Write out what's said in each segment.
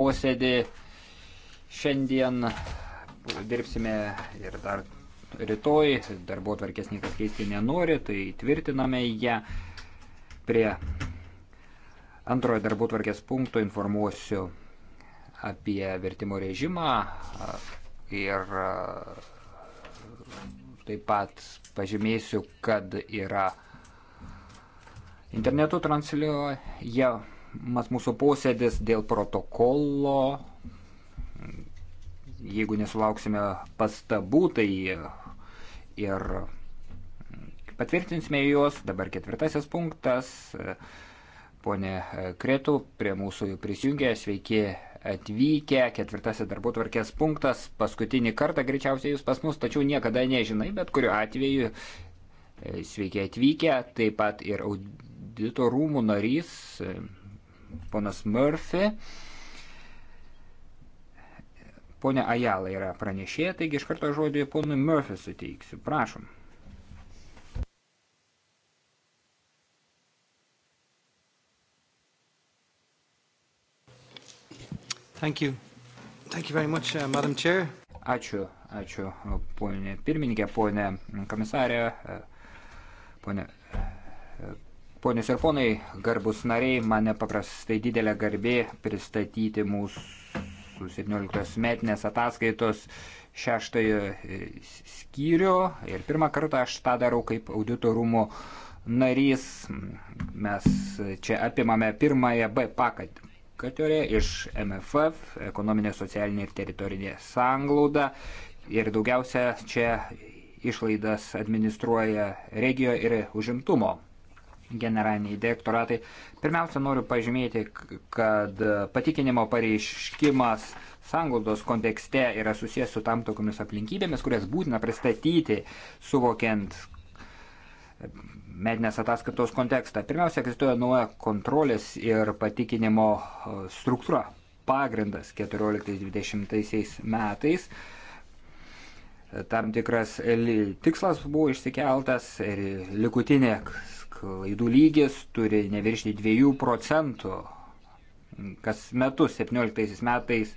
posėdį. Šiandien dirbsime ir dar rytoj. Darbo tvarkės niekas keisti nenori, tai tvirtiname ją. Prie antrojo darbo tvarkės punkto informuosiu apie vertimo režimą ir e, taip pat pažymėsiu, kad yra internetu transliuoja Mas mūsų posėdis dėl protokolo. Jeigu nesulauksime pastabų, tai ir patvirtinsime juos. Dabar ketvirtasis punktas. Pone Kretų, prie mūsų prisijungė, sveiki atvykę, ketvirtasis darbų tvarkės punktas, paskutinį kartą greičiausiai jūs pas mus, tačiau niekada nežinai, bet kuriu atveju e, sveiki atvykę, taip pat ir audito rūmų narys e, ponas Murphy. Pone Ajala yra pranešėja, taigi iš karto žodį ponui Murphy suteiksiu. Prašom. Thank you. Thank you very much, uh, Madam Chair. Ačiū, ačiū, ponė pirmininkė, ponė komisarė, uh, ponė uh, Ponius ir ponai, garbus nariai, man nepaprastai didelė garbė pristatyti mūsų 17 metinės ataskaitos šeštąjį e, skyrių. Ir pirmą kartą aš tą darau kaip auditorumo narys. Mes čia apimame pirmąją B pakatorę iš MFF, ekonominė, socialinė ir teritorinė sanglauda. Ir daugiausia čia išlaidas administruoja regio ir užimtumo generaliniai direktoratai. Pirmiausia, noriu pažymėti, kad patikinimo pareiškimas sanglaudos kontekste yra susijęs su tam tokiamis aplinkybėmis, kurias būtina pristatyti, suvokiant medinės ataskaitos kontekstą. Pirmiausia, egzistuoja nauja kontrolės ir patikinimo e, struktūra pagrindas 14-20 metais tam tikras tikslas buvo išsikeltas ir likutinė klaidų lygis turi neviršti 2 procentų. Kas metus, 17 metais,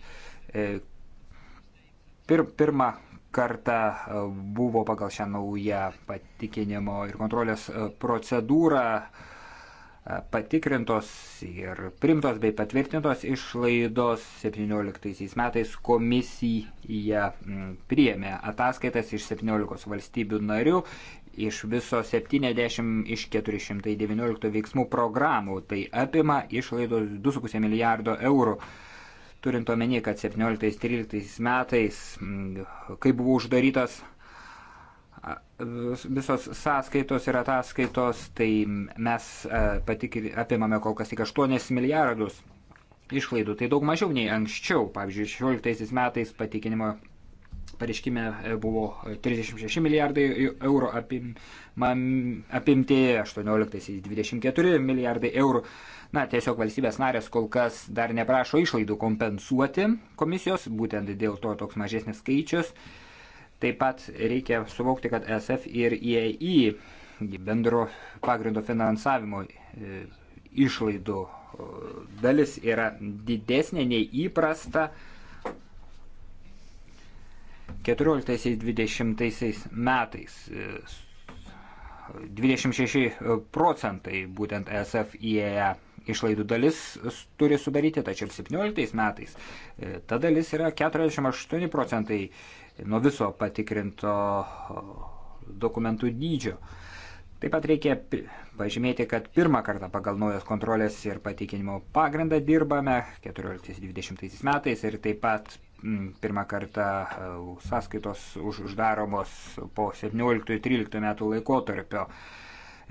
e, pir, pirmą kartą e, buvo pagal šią naują patikinimo ir kontrolės e, procedūrą patikrintos ir primtos bei patvirtintos išlaidos 17 metais komisija priėmė ataskaitas iš 17 valstybių narių iš viso 70 iš 419 veiksmų programų. Tai apima išlaidos 2,5 milijardo eurų. Turint omeny, kad 17-13 metais, mm, kai buvo uždarytas visos sąskaitos ir ataskaitos, tai mes patikri, apimame kol kas tik 8 milijardus išlaidų. Tai daug mažiau nei anksčiau. Pavyzdžiui, 16 metais patikinimo pareiškime e, buvo 36 e, milijardai eurų apim, apimti, 18-24 milijardai eurų. Na, tiesiog valstybės narės kol kas dar neprašo išlaidų kompensuoti komisijos, būtent dėl to toks mažesnis skaičius. Taip pat reikia suvokti, kad SF ir IEI e bendro pagrindo finansavimo išlaidų dalis yra didesnė nei įprasta. 14-20 metais 26 procentai būtent ESF IEE e išlaidų dalis turi sudaryti, tačiau 17 metais e, ta dalis yra 48 procentai nuo viso patikrinto dokumentų dydžio. Taip pat reikia pažymėti, kad pirmą kartą pagal naujas kontrolės ir patikinimo pagrindą dirbame 14-20 metais ir taip pat pirmą kartą e, sąskaitos už uždaromos po 17-13 metų laikotarpio.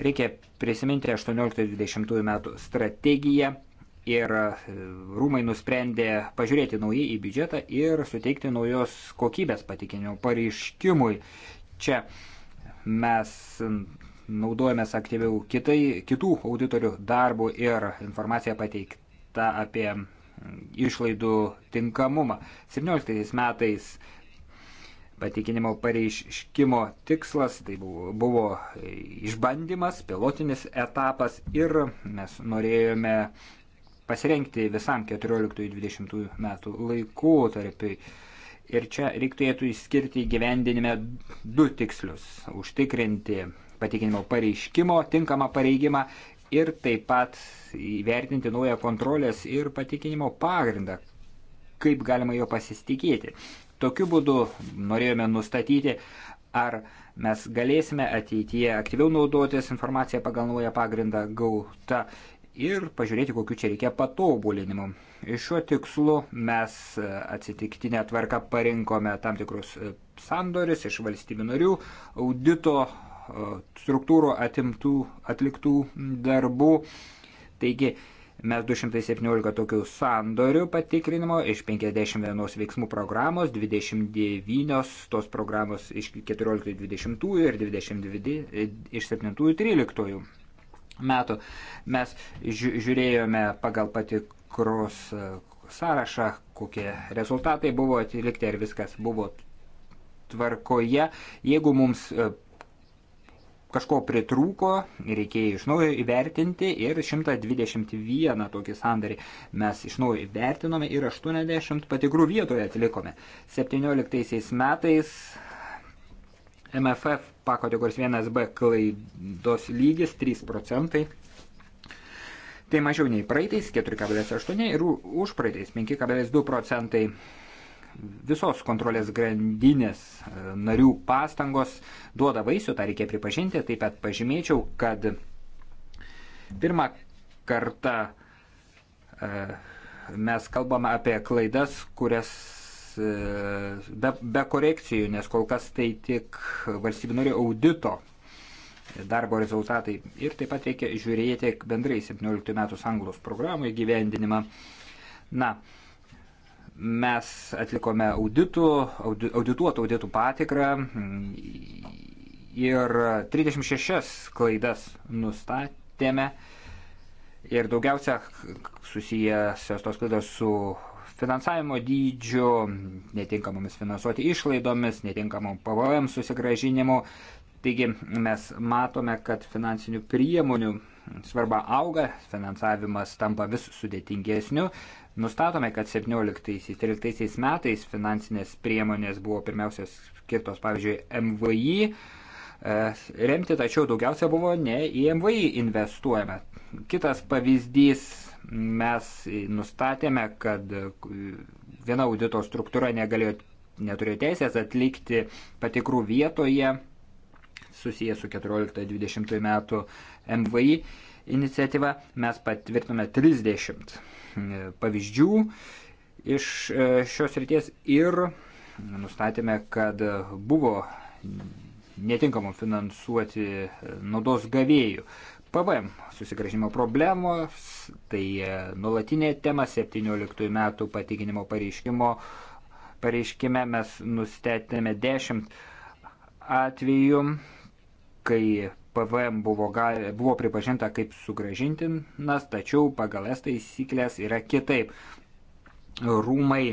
Reikia prisiminti 18-20 metų strategiją ir e, rūmai nusprendė pažiūrėti naujai į biudžetą ir suteikti naujos kokybės patikinimo pareiškimui. Čia mes naudojamės aktyviau kitai, kitų auditorių darbų ir informacija pateikta apie išlaidų tinkamumą. 17 metais patikinimo pareiškimo tikslas tai buvo, buvo išbandymas, pilotinis etapas ir mes norėjome pasirengti visam 14-20 metų laikotarpiui. Ir čia reikėtų išskirti įgyvendinime du tikslius - užtikrinti patikinimo pareiškimo tinkamą pareigimą ir taip pat įvertinti naują kontrolės ir patikinimo pagrindą, kaip galima jo pasistikėti. Tokiu būdu norėjome nustatyti, ar mes galėsime ateityje aktyviau naudotis informaciją pagal naują pagrindą gautą ir pažiūrėti, kokiu čia reikia patobulinimu. Iš šiuo tikslu mes atsitiktinę tvarką parinkome tam tikrus sandorius iš valstybių narių, audito struktūrų atimtų, atliktų darbų. Taigi mes 217 tokių sandorių patikrinimo iš 51 veiksmų programos, 29 tos programos iš 14-20 ir 22 iš 7-13 metų. Mes žiūrėjome pagal patikros sąrašą, kokie rezultatai buvo atlikti, ar viskas buvo tvarkoje. Jeigu mums kažko pritrūko, reikėjo iš naujo įvertinti ir 121 tokį sandarį mes iš naujo įvertinome ir 80 patikrų vietoje atlikome. 17 metais MFF pakotikos 1B klaidos lygis 3 procentai. Tai mažiau nei praeitais 4,8 ir už praeitais 5,2 procentai visos kontrolės grandinės e, narių pastangos duoda vaisių, tą reikia pripažinti. Taip pat pažymėčiau, kad pirmą kartą e, mes kalbame apie klaidas, kurias e, be, be korekcijų, nes kol kas tai tik valstybių narių audito darbo rezultatai. Ir taip pat reikia žiūrėti bendrai 17 metų sanglos programų įgyvendinimą. Na, Mes atlikome auditų, audituotų auditų patikrą ir 36 klaidas nustatėme ir daugiausia susijęs tos klaidos su finansavimo dydžiu, netinkamomis finansuoti išlaidomis, netinkamom pavojam susigražinimu. Taigi mes matome, kad finansinių priemonių svarba auga, finansavimas tampa vis sudėtingesniu, Nustatome, kad 17-13 metais finansinės priemonės buvo pirmiausia skirtos, pavyzdžiui, MVI e, remti, tačiau daugiausia buvo ne į MVI investuojame. Kitas pavyzdys, mes nustatėme, kad viena audito struktūra negalėjo, neturėjo teisės atlikti patikrų vietoje susijęs su 14-20 metų MVI iniciatyva, mes patvirtume 30 pavyzdžių iš e, šios ryties ir nustatėme, kad buvo netinkamų finansuoti e, naudos gavėjų. PVM susigražimo problemos, tai e, nulatinė tema 17 metų patikinimo pareiškimo. Pareiškime mes nustatėme 10 atvejų, kai PVM buvo, gal, buvo pripažinta kaip sugražintinas, tačiau pagal es taisyklės yra kitaip. Rūmai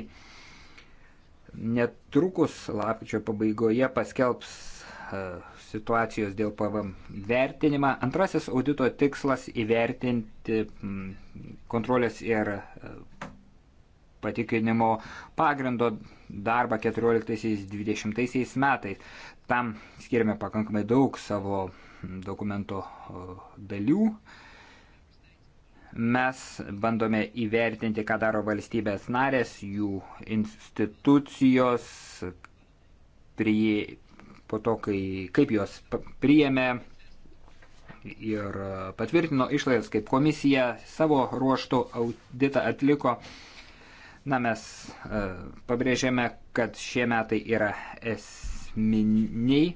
netrukus lapkričio pabaigoje paskelbs e, situacijos dėl PVM vertinimą. Antrasis audito tikslas įvertinti kontrolės ir e, patikinimo pagrindo darbą 14-20 metais. Tam skiriame pakankamai daug savo dokumento dalių. Mes bandome įvertinti, ką daro valstybės narės, jų institucijos, prie, po to, kai, kaip jos priėmė ir patvirtino išlaidas, kaip komisija savo ruoštų auditą atliko. Na, mes e, pabrėžėme, kad šie metai yra esminiai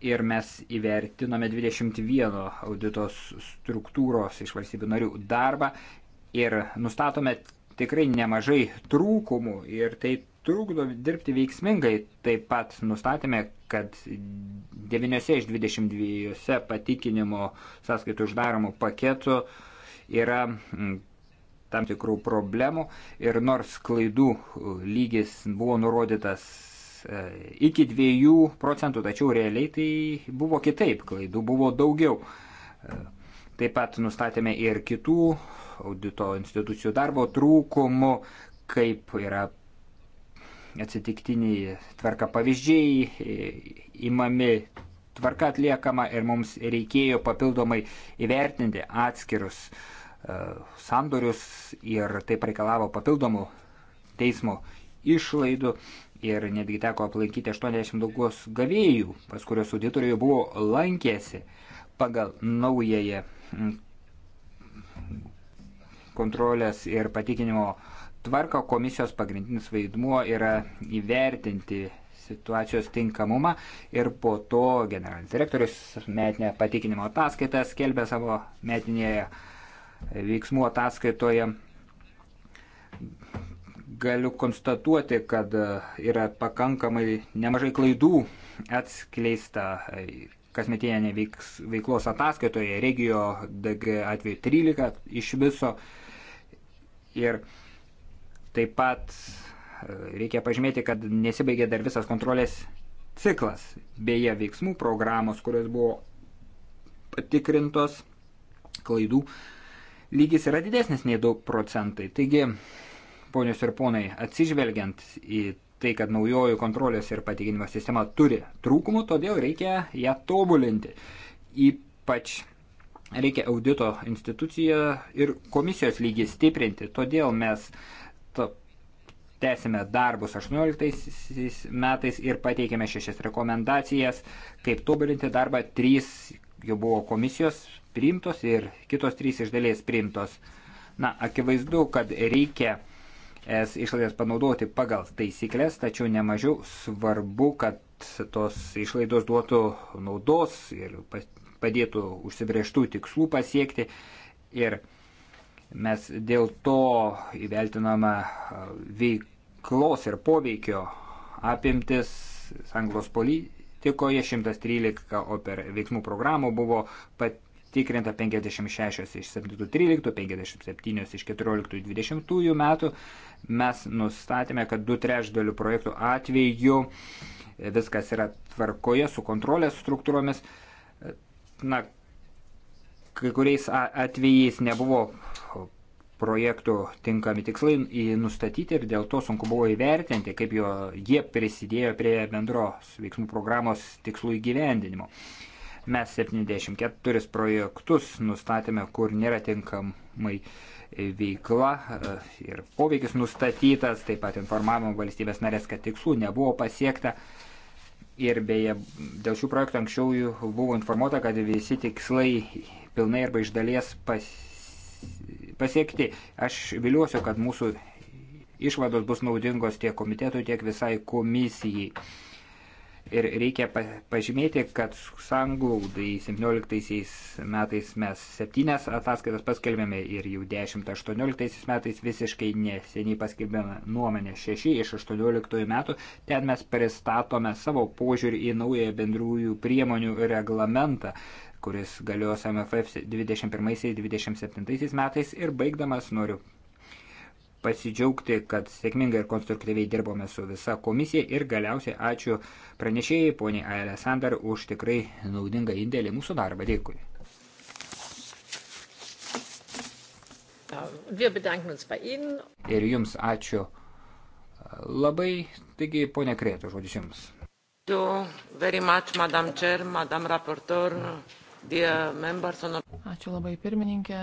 ir mes įvertinome 21 auditos struktūros iš valstybių narių darbą ir nustatome tikrai nemažai trūkumų ir tai trukdo dirbti veiksmingai. Taip pat nustatėme, kad 9 iš 22 patikinimo sąskaitų uždaromų paketų yra mm, tam tikrų problemų ir nors klaidų lygis buvo nurodytas E, iki 2 procentų, tačiau realiai tai buvo kitaip, klaidų buvo daugiau. E, taip pat nustatėme ir kitų audito institucijų darbo trūkumų, kaip yra atsitiktiniai tvarka pavyzdžiai, e, imami tvarka atliekama ir mums reikėjo papildomai įvertinti atskirus sandorius ir tai reikalavo papildomų teismo išlaidų ir netgi teko aplankyti 80 daugos gavėjų, pas kurios auditorijoje buvo lankėsi pagal naująją mm, kontrolės ir patikinimo tvarką komisijos pagrindinis vaidmuo yra įvertinti situacijos tinkamumą ir po to generalinis direktorius metinę patikinimo ataskaitą skelbė savo metinėje veiksmų ataskaitoje galiu konstatuoti, kad e, yra pakankamai nemažai klaidų atskleista e, kasmetinė veiks, veiklos ataskaitoje, regio DG atveju 13 iš viso. Ir taip pat e, reikia pažymėti, kad nesibaigė dar visas kontrolės ciklas. Beje, veiksmų programos, kurios buvo patikrintos klaidų, lygis yra didesnis nei 2 procentai. Taigi ponios ir ponai, atsižvelgiant į tai, kad naujoji kontrolės ir patikinimo sistema turi trūkumų, todėl reikia ją tobulinti. Ypač reikia audito instituciją ir komisijos lygį stiprinti, todėl mes tęsime darbus 18 metais ir pateikėme šešias rekomendacijas, kaip tobulinti darbą. Trys jau buvo komisijos priimtos ir kitos trys iš dalies priimtos. Na, akivaizdu, kad reikia es išlaidas panaudoti pagal taisyklės, tačiau nemažiau svarbu, kad tos išlaidos duotų naudos ir padėtų užsibrieštų tikslų pasiekti. Ir mes dėl to įveltiname veiklos ir poveikio apimtis anglos politikoje 113 oper veiksmų programų buvo pat patikrinta 56 iš 713, 57 iš 14-20 metų. Mes nustatėme, kad du trešdalių projektų atveju viskas yra tvarkoje su kontrolės struktūromis. Na, kai kuriais atvejais nebuvo projektų tinkami tikslai nustatyti ir dėl to sunku buvo įvertinti, kaip jo, jie prisidėjo prie bendros veiksmų programos tikslų įgyvendinimo. Uh, Mes 74 projektus nustatėme, kur nėra tinkamai veikla e, ir poveikis nustatytas, taip pat informavimo valstybės narės, kad tikslų nebuvo pasiekta. Ir beje, dėl šių projektų anksčiau buvo informuota, kad visi tikslai pilnai arba iš dalies pas, pasiekti. Aš viliuosiu, kad mūsų išvados bus naudingos tiek komitetui, tiek visai komisijai. Ir reikia pažymėti, kad sanglaudai 17 metais mes septynes ataskaitas paskelbėme ir jau 10-18 metais visiškai neseniai paskelbėme nuomonę 6 iš 18 metų. Ten mes pristatome savo požiūrį į naują bendrųjų priemonių reglamentą kuris galios MFF 21-27 metais ir baigdamas noriu pasidžiaugti, kad sėkmingai ir konstruktyviai dirbome su visa komisija ir galiausiai ačiū pranešėjai, poniai Alessandar, už tikrai naudingą indėlį mūsų darbą. Dėkui. Ir jums ačiū labai, taigi ponia Krėtų, žodis jums. Much, Madam Chair, Madam Rapporteur, Ačiū labai pirmininkė,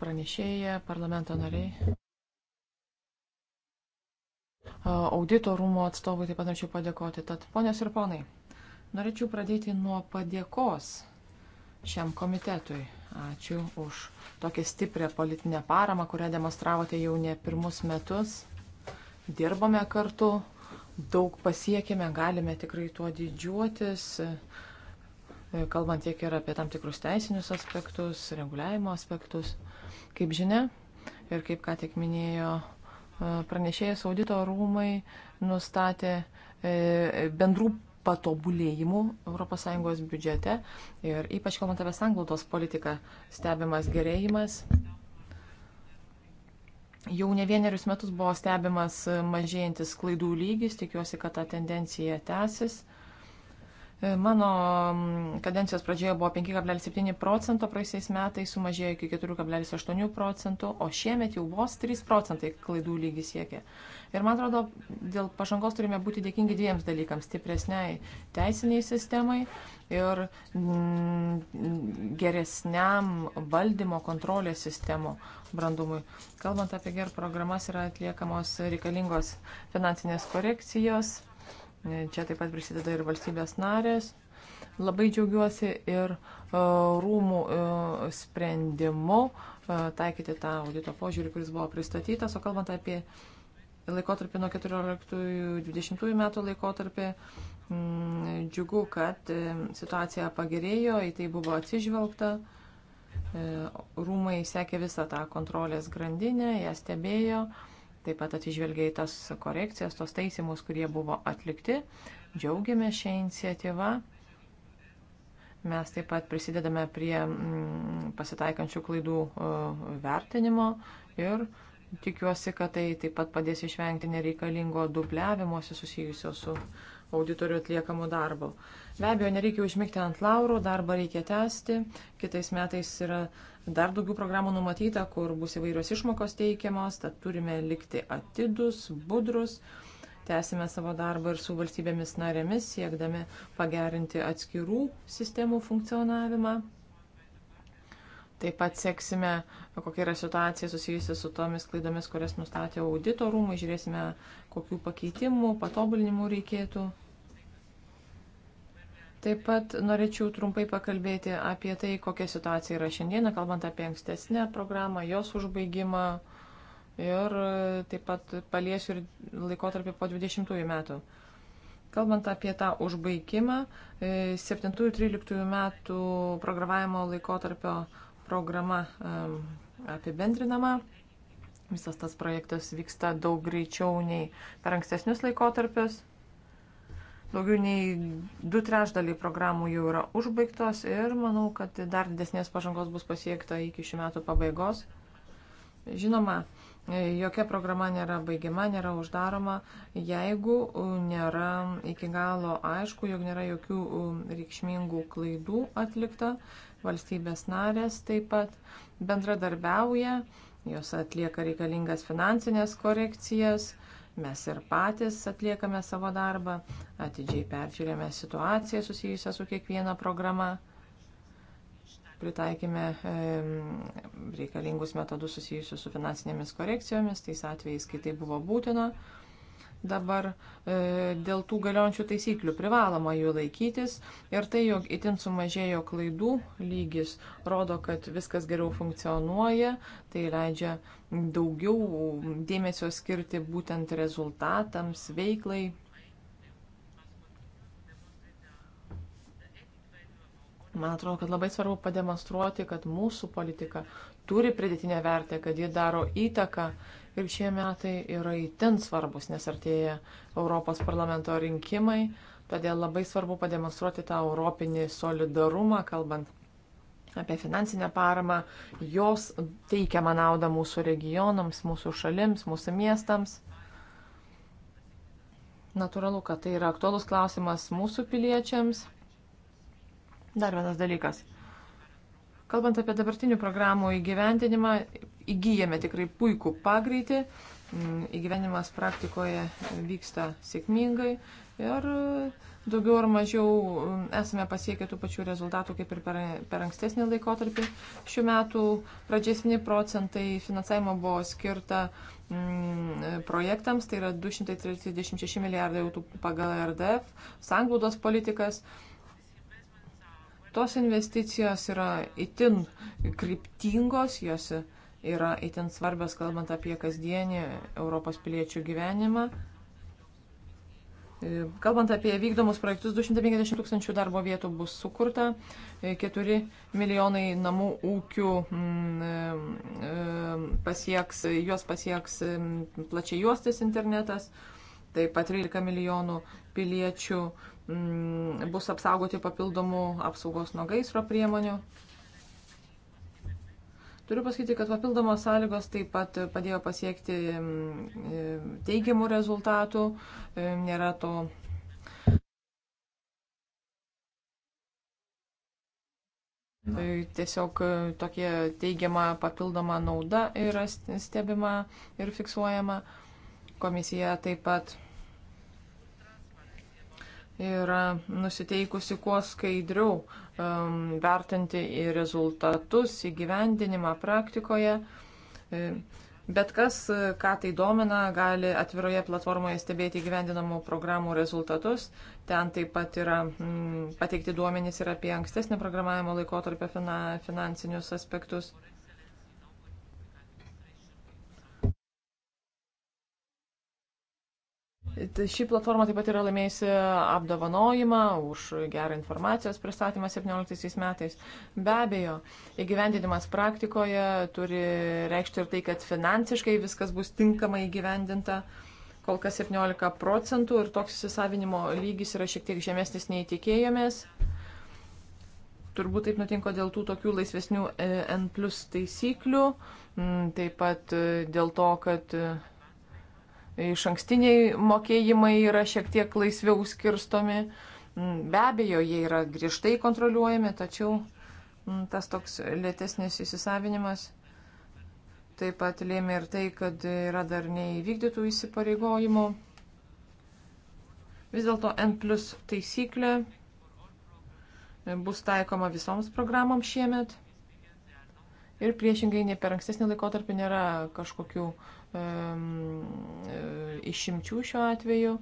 pranešėja, parlamento nariai audito rūmo atstovui taip pat norėčiau padėkoti. Tad, ponios ir ponai, norėčiau pradėti nuo padėkos šiam komitetui. Ačiū už tokią stiprią politinę paramą, kurią demonstravote jau ne pirmus metus. Dirbome kartu, daug pasiekėme, galime tikrai tuo didžiuotis, e, kalbant tiek ir apie tam tikrus teisinius aspektus, reguliavimo aspektus. Kaip žinia, ir kaip ką tik minėjo Pranešėjas audito rūmai nustatė e, bendrų patobulėjimų ES biudžete ir ypač kalbant apie sanglautos politiką stebimas gerėjimas. Jau ne vienerius metus buvo stebimas mažėjantis klaidų lygis, tikiuosi, kad ta tendencija tęsis. Mano mm, kadencijos pradžioje buvo 5,7 procento, praeisiais metais sumažėjo iki 4,8 procentų, o šiemet jau vos 3 procentai klaidų lygis siekia. Ir man atrodo, dėl pažangos turime būti dėkingi dviems dalykams - stipresniai teisiniai sistemai ir mm, geresniam valdymo kontrolės sistemo brandumui. Kalbant apie GER programas, yra atliekamos reikalingos finansinės korekcijos Čia taip pat prisideda ir valstybės narės. Labai džiaugiuosi ir e, rūmų e, sprendimu e, taikyti tą audito požiūrį, kuris buvo pristatytas. O kalbant apie laikotarpį nuo 14-20 metų laikotarpį, mm, džiugu, kad situacija pagerėjo, į tai buvo atsižvelgta. Rūmai sekė visą tą kontrolės grandinę, ją stebėjo taip pat atsižvelgia į tas korekcijas, tos taisimus, kurie buvo atlikti. Džiaugiamės šią iniciatyvą. Mes taip pat prisidedame prie mm, pasitaikančių klaidų e, vertinimo ir tikiuosi, kad tai taip pat padės išvengti nereikalingo dubliavimuose susijusio su auditorių atliekamų darbo. Be abejo, nereikia užmigti ant laurų, darbą reikia tęsti. Kitais metais yra dar daugiau programų numatyta, kur bus įvairios išmokos teikiamos, tad turime likti atidus, budrus. Tęsime savo darbą ir su valstybėmis narėmis, siekdami pagerinti atskirų sistemų funkcionavimą. Taip pat seksime, kokia yra situacija susijusi su tomis klaidomis, kurias nustatė audito rūmai, žiūrėsime, kokių pakeitimų, patobulinimų reikėtų. Taip pat norėčiau trumpai pakalbėti apie tai, kokia situacija yra šiandieną, kalbant apie ankstesnę programą, jos užbaigimą ir taip pat paliesiu ir laikotarpį po 20 metų. Kalbant apie tą užbaigimą, 7-13 e, metų programavimo laikotarpio programa apibendrinama. Visas tas projektas vyksta daug greičiau nei per ankstesnius laikotarpius. Daugiau nei du trešdaliai programų jau yra užbaigtos ir manau, kad dar didesnės pažangos bus pasiekta iki šių metų pabaigos. Žinoma, jokia programa nėra baigiama, nėra uždaroma, jeigu nėra iki galo aišku, jog nėra jokių um, reikšmingų klaidų atlikta, valstybės narės taip pat bendradarbiauja, jos atlieka reikalingas finansinės korekcijas Mes ir patys atliekame savo darbą, atidžiai peržiūrėme situaciją susijusią su kiekviena programa, pritaikėme e, reikalingus metodus susijusius su finansinėmis korekcijomis, tais atvejais, kai tai buvo būtina. E, dabar e, dėl tų galiojančių taisyklių privaloma jų laikytis ir tai, jog itin sumažėjo klaidų lygis, rodo, kad viskas geriau funkcionuoja, tai leidžia daugiau dėmesio skirti būtent rezultatams, veiklai. Man atrodo, kad labai svarbu pademonstruoti, kad mūsų politika turi pridėtinę vertę, kad ji daro įtaką ir šie metai yra įtin svarbus, nes artėja Europos parlamento rinkimai, todėl labai svarbu pademonstruoti tą europinį solidarumą, kalbant apie finansinę paramą, jos teikiamą naudą mūsų regionams, mūsų šalims, mūsų miestams. Natūralu, kad tai yra aktuolus klausimas mūsų piliečiams. Dar vienas dalykas. Kalbant apie dabartinių programų įgyvendinimą, įgyjame tikrai puikų pagreitį, mm, įgyvenimas praktikoje vyksta sėkmingai ir e, daugiau ar mažiau mm, esame pasiekę tų pačių rezultatų kaip ir per, per ankstesnį laikotarpį. Šiuo metu pradžiai 7 procentai finansavimo buvo skirta mm, projektams, tai yra 236 milijardai eurų pagal RDF, sanglaudos politikas. Tos investicijos yra itin kryptingos, jos yra yra itin svarbios, kalbant apie kasdienį Europos piliečių gyvenimą. E, kalbant apie vykdomus projektus, 250 tūkstančių darbo vietų bus sukurta, 4 e, milijonai namų ūkių mm, e, pasieks, juos pasieks plačiai juostis internetas, taip pat 13 milijonų piliečių bus apsaugoti papildomų apsaugos nuo gaisro priemonių. Turiu pasakyti, kad papildomos sąlygos taip pat padėjo pasiekti mm, e, teigiamų rezultatų. E, nėra to. Tai tiesiog e, tokia teigiama papildoma nauda yra stebima ir fiksuojama. Komisija taip pat yra nusiteikusi kuo skaidriau um, vertinti į rezultatus, įgyvendinimą praktikoje. E, bet kas, e, ką tai domina, gali atviroje platformoje stebėti įgyvendinamų programų rezultatus. Ten taip pat yra mm, pateikti duomenys ir apie ankstesnį programavimo laikotarpio fina, finansinius aspektus. Tai ši platforma taip pat yra laimėjusi apdovanojimą už gerą informacijos pristatymą 17 metais. Be abejo, įgyvendinimas praktikoje turi reikšti ir tai, kad finansiškai viskas bus tinkamai įgyvendinta. Kol kas 17 procentų ir toks įsisavinimo lygis yra šiek tiek žemesnis nei tikėjomės. Turbūt taip nutinko dėl tų tokių laisvesnių e, N plus taisyklių, mm, taip pat e, dėl to, kad e, iš ankstiniai mokėjimai yra šiek tiek laisviau skirstomi. Mm, be abejo, jie yra griežtai kontroliuojami, tačiau mm, tas toks lėtesnis įsisavinimas taip pat lėmė ir tai, kad yra dar neįvykdytų įsipareigojimų. Vis dėlto N plus taisyklė bus taikoma visoms programoms šiemet. Ir priešingai, nei per ankstesnį laikotarpį nėra kažkokių um, išimčių šiuo atveju.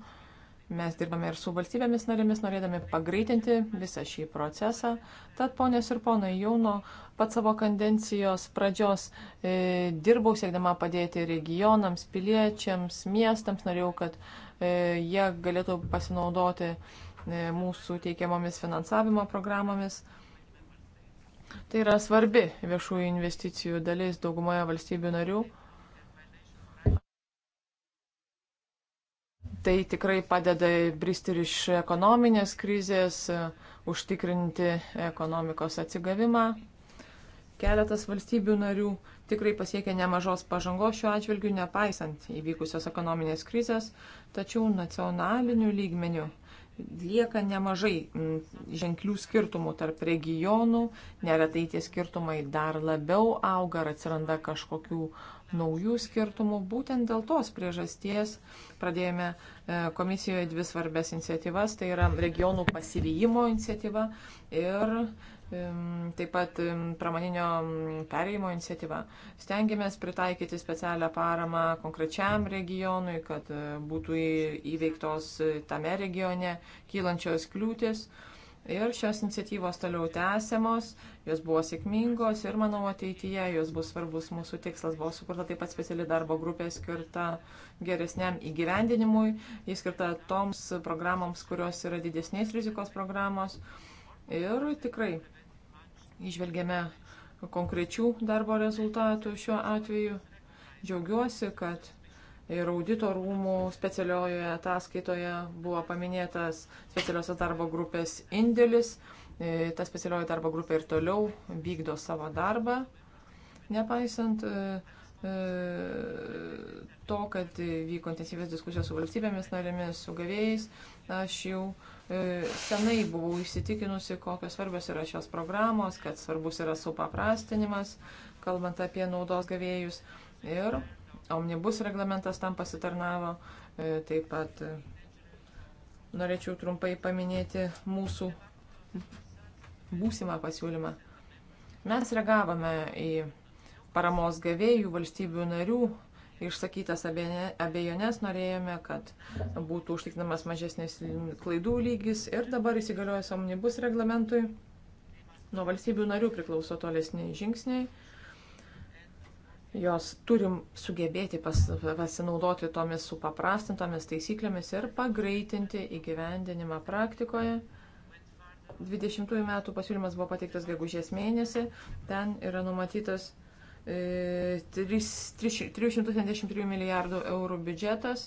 Mes dirbame ir su valstybėmis narėmis, norėdami pagreitinti visą šį procesą. Tad, ponės ir ponai, jau nuo pat savo kandencijos pradžios e, dirbau siekdama padėti regionams, piliečiams, miestams. Norėjau, kad e, jie galėtų pasinaudoti e, mūsų teikiamomis finansavimo programomis. E, Tai yra svarbi viešųjų investicijų dalis daugumoje valstybių narių. Tai tikrai padeda bristi ir iš ekonominės krizės, užtikrinti ekonomikos atsigavimą. Keletas valstybių narių tikrai pasiekė nemažos pažangos šiuo atžvilgiu, nepaisant įvykusios ekonominės krizės, tačiau nacionaliniu lygmeniu lieka nemažai mm, ženklių skirtumų tarp regionų, neretai tie skirtumai dar labiau auga ar atsiranda kažkokių naujų skirtumų. Būtent dėl tos priežasties pradėjome e, komisijoje dvi svarbės iniciatyvas, tai yra regionų pasivyjimo iniciatyva ir taip pat pramoninio perėjimo iniciatyva. Stengiamės pritaikyti specialią paramą konkrečiam regionui, kad e, būtų įveiktos e, tame regione kylančios kliūtis. Ir šios iniciatyvos toliau tęsiamos, jos buvo sėkmingos ir manau ateityje jos bus svarbus mūsų tikslas. Buvo sukurta taip pat speciali darbo grupė skirta geresniam įgyvendinimui, jis skirta toms programoms, kurios yra didesnės rizikos programos. Ir tikrai išvelgėme konkrečių darbo rezultatų šiuo atveju. Džiaugiuosi, kad ir audito rūmų specialiojoje ataskaitoje buvo paminėtas specialiosios darbo grupės indėlis. E, ta specialioji darbo grupė ir toliau vykdo savo darbą, nepaisant e, e, to, kad vyko intensyvės diskusijos su valstybėmis narėmis, su gavėjais, aš jau uh, E, senai buvau įsitikinusi, kokios svarbios yra šios programos, kad svarbus yra supaprastinimas, kalbant apie naudos gavėjus. Ir omnibus reglamentas tam pasitarnavo. E, taip pat e, norėčiau trumpai paminėti mūsų būsimą pasiūlymą. Mes reagavome į paramos gavėjų valstybių narių išsakytas abejonės, norėjome, kad būtų užtikrinamas mažesnis klaidų lygis ir dabar įsigaliojus omnibus reglamentui nuo valstybių narių priklauso tolesni žingsniai. Jos turim sugebėti pas, pasinaudoti tomis supaprastintomis taisyklėmis ir pagreitinti įgyvendinimą praktikoje. 20 metų pasiūlymas buvo pateiktas gegužės mėnesį, ten yra numatytas 373 milijardų eurų biudžetas.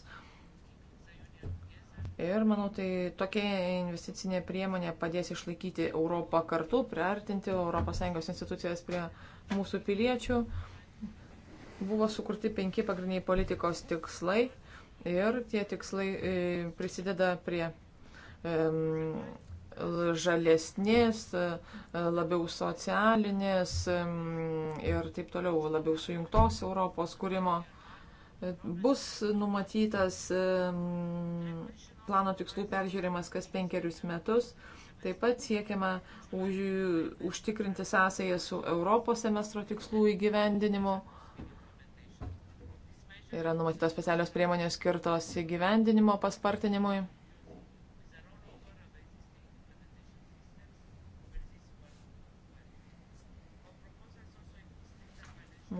Ir manau, tai tokia investicinė priemonė padės išlaikyti Europą kartu, priartinti ES institucijas prie mūsų piliečių. Buvo sukurti penki pagrindiniai politikos tikslai ir tie tikslai e, prisideda prie žalesnės, labiau socialinės ir taip toliau, labiau sujungtos Europos kūrimo. Bus numatytas plano tikslų peržiūrimas kas penkerius metus. Taip pat siekiama už, užtikrinti sąsąją su Europos semestro tikslų įgyvendinimu. Yra numatytos specialios priemonės skirtos įgyvendinimo paspartinimui.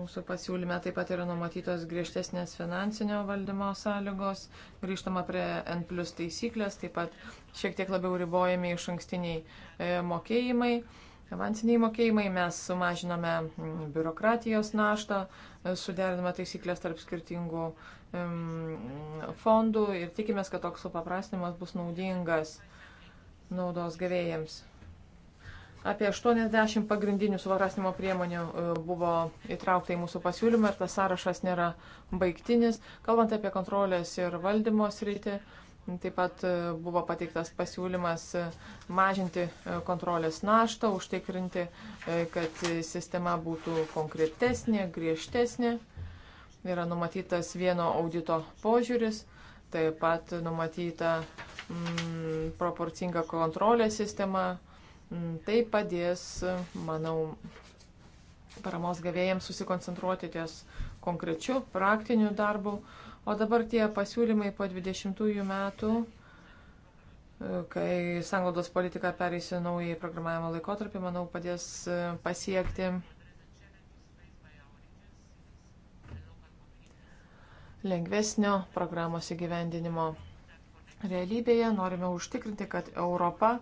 Mūsų pasiūlyme taip pat yra numatytos griežtesnės finansinio valdymo sąlygos, grįžtama prie N plus taisyklės, taip pat šiek tiek labiau ribojami iš ankstiniai e, mokėjimai. Avansiniai mokėjimai mes sumažiname biurokratijos naštą, e, suderiname taisyklės tarp skirtingų fondų ir tikimės, kad toks supaprastinimas bus naudingas naudos gavėjams. Apie 80 pagrindinių suvarasnimo priemonių e, buvo įtraukta į mūsų pasiūlymą ir tas sąrašas nėra baigtinis. Kalbant apie kontrolės ir valdymo sritį, taip pat e, buvo pateiktas pasiūlymas e, mažinti kontrolės naštą, užtikrinti, kad sistema būtų konkretesnė, griežtesnė. Yra numatytas vieno audito požiūris, taip pat numatyta mm, proporcinga kontrolės sistema Mm, tai padės, manau, paramos gavėjams susikoncentruoti ties konkrečiu praktiniu darbu. O dabar tie pasiūlymai po 20 metų, e, kai sanglaudos politika pereisi naują programavimo laikotarpį, manau, padės e, pasiekti lengvesnio programos įgyvendinimo realybėje. Norime užtikrinti, kad Europa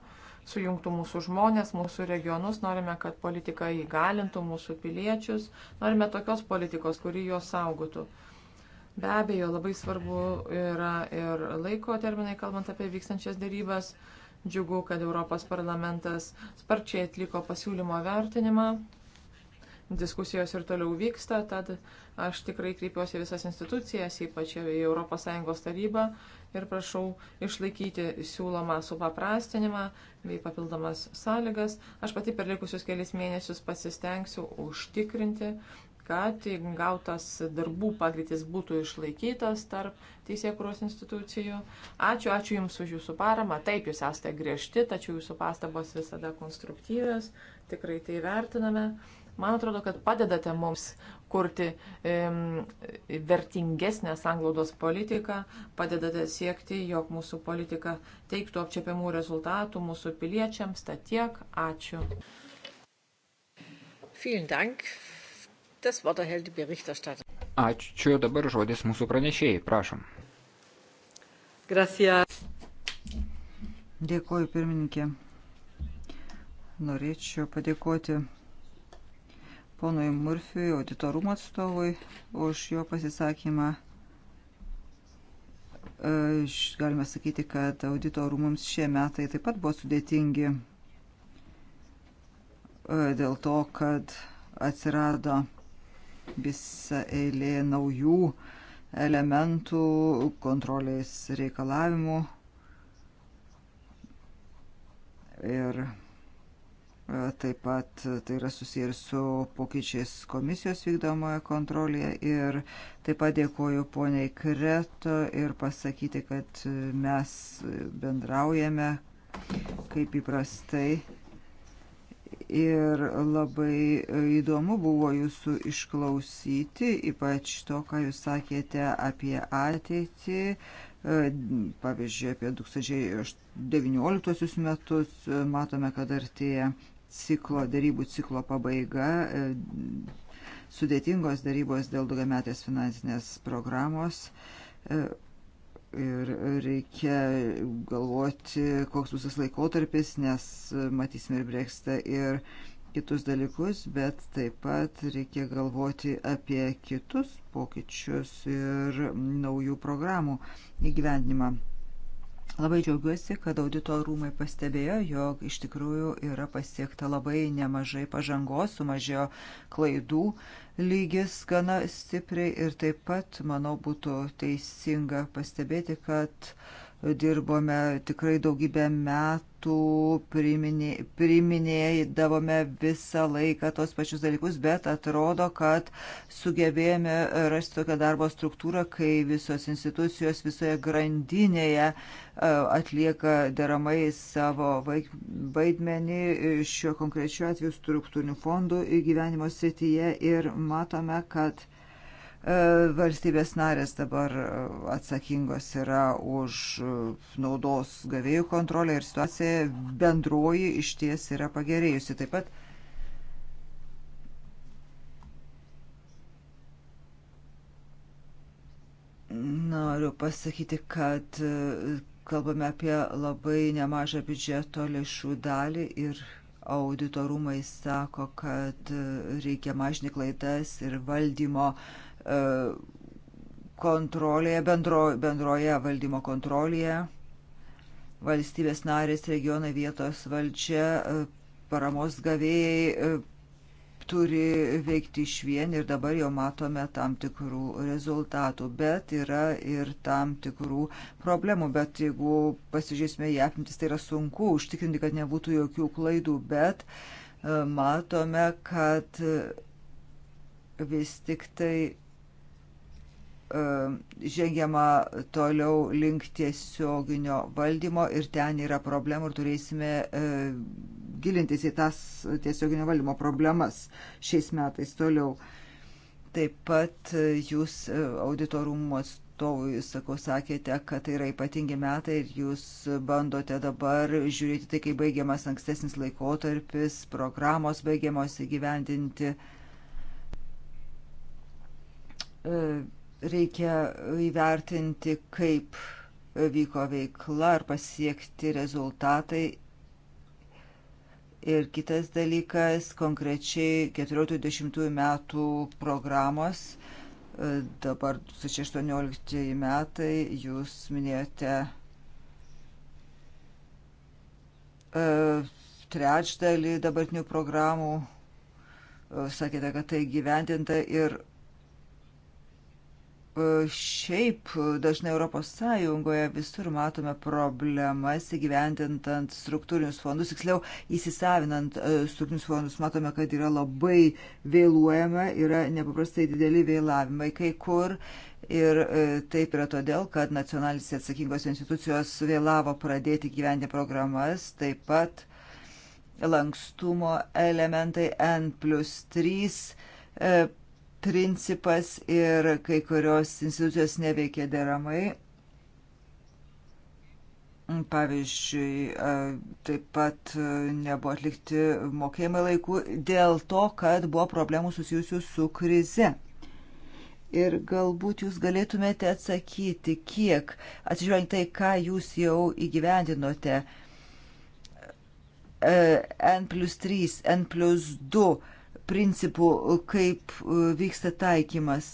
sujungtų mūsų žmonės, mūsų regionus, norime, kad politika įgalintų mūsų piliečius, norime tokios politikos, kuri juos saugotų. Be abejo, labai svarbu yra ir laiko terminai, kalbant apie vykstančias dėrybas. Džiugu, kad Europos parlamentas sparčiai atliko pasiūlymo vertinimą diskusijos ir toliau vyksta, tad aš tikrai kreipiuosi visas institucijas, ypač į ES tarybą ir prašau išlaikyti siūlomą supaprastinimą bei papildomas sąlygas. Aš pati per likusius kelias mėnesius pasistengsiu užtikrinti, kad gautas darbų pagreitis būtų išlaikytas tarp teisėkuros institucijų. Ačiū, ačiū Jums už Jūsų paramą. Taip, Jūs esate griežti, tačiau Jūsų pastabos visada konstruktyvios. Tikrai tai vertiname. Man atrodo, kad padedate mums kurti e, vertingesnę sanglaudos politiką, padedate siekti, jog mūsų politika teiktų apčiapiamų rezultatų mūsų piliečiams. Tad tiek. Ačiū. Vielen Dank. Das Wort erhält die Berichterstatterin. Ačiū dabar žodis mūsų pranešėjai, prašom. Gracias. Dėkuoju, pirmininkė. Norėčiau padėkoti ponui Murfiui, auditorumo atstovui, už jo pasisakymą. E, galime sakyti, kad auditorumams šie metai taip pat buvo sudėtingi e, dėl to, kad atsirado visa eilė naujų elementų, kontrolės reikalavimų taip pat tai yra susiję ir su pokyčiais komisijos vykdomoje kontrolėje ir taip pat dėkoju poniai Kreto ir pasakyti, kad mes bendraujame kaip įprastai. Ir labai įdomu buvo jūsų išklausyti, ypač to, ką jūs sakėte apie ateitį, pavyzdžiui, apie 2019 metus matome, kad artėja ciklo, darybų ciklo pabaiga, e, sudėtingos darybos dėl daugiametės finansinės programos e, ir reikia galvoti, koks bus tas laikotarpis, nes e, matysime ir brekstą ir kitus dalykus, bet taip pat reikia galvoti apie kitus pokyčius ir naujų programų įgyvendinimą. Labai džiaugiuosi, kad audito rūmai pastebėjo, jog iš tikrųjų yra pasiekta labai nemažai pažangos, sumažėjo klaidų lygis gana stipriai ir taip pat, manau, būtų teisinga pastebėti, kad dirbome tikrai daugybę metų, priminė, priminėdavome visą laiką tos pačius dalykus, bet atrodo, kad sugebėjome rasti tokią darbo struktūrą, kai visos institucijos visoje grandinėje e, atlieka deramai savo vaidmenį šiuo konkrečiu atveju struktūrinių fondų įgyvenimo srityje ir matome, kad E, valstybės narės dabar e, atsakingos yra už e, naudos gavėjų kontrolę ir situacija bendroji iš ties yra pagerėjusi. Taip pat noriu pasakyti, kad kalbame apie labai nemažą biudžeto lėšų dalį ir auditorumai sako, kad reikia mažinti klaidas ir valdymo uh, E, kontrolėje, bendro, bendroje valdymo kontrolėje. Valstybės narės, regionai, vietos valdžia, e, paramos gavėjai e, turi veikti iš vien ir dabar jau matome tam tikrų rezultatų, bet yra ir tam tikrų problemų, bet jeigu pasižiūrėsime į apimtis, tai yra sunku užtikrinti, kad nebūtų jokių klaidų, bet matome, kad vis tik tai E, žengiama toliau link tiesioginio valdymo ir ten yra problemų ir turėsime e, gilintis į tas tiesioginio valdymo problemas šiais metais toliau. Taip pat e, jūs auditorumo atstovui, sakau, sakėte, kad tai yra ypatingi metai ir jūs bandote dabar žiūrėti tai, kai baigiamas ankstesnis laikotarpis, programos baigiamos įgyvendinti. E, reikia įvertinti, kaip vyko veikla ar pasiekti rezultatai. Ir kitas dalykas, konkrečiai 14-20 metų programos, dabar 2018 metai, jūs minėjote e, trečdalį dabartinių programų, e, sakėte, kad tai gyvendinta ir E, šiaip dažnai Europos Sąjungoje visur matome problemas įgyvendintant struktūrinius fondus, tiksliau įsisavinant e, struktūrinius fondus, matome, kad yra labai vėluojama, yra nepaprastai dideli vėlavimai kai kur ir e, taip yra todėl, kad nacionalinės atsakingos institucijos vėlavo pradėti gyventi programas, taip pat lankstumo elementai N plus 3 principas ir kai kurios institucijos neveikia deramai. Pavyzdžiui, taip pat nebuvo atlikti mokėjimai laikų dėl to, kad buvo problemų susijusių su krize. Ir galbūt jūs galėtumėte atsakyti, kiek, atsižiūrėjant tai, ką jūs jau įgyvendinote, e, N plus 3, N plus 2 principų, kaip e, vyksta taikymas.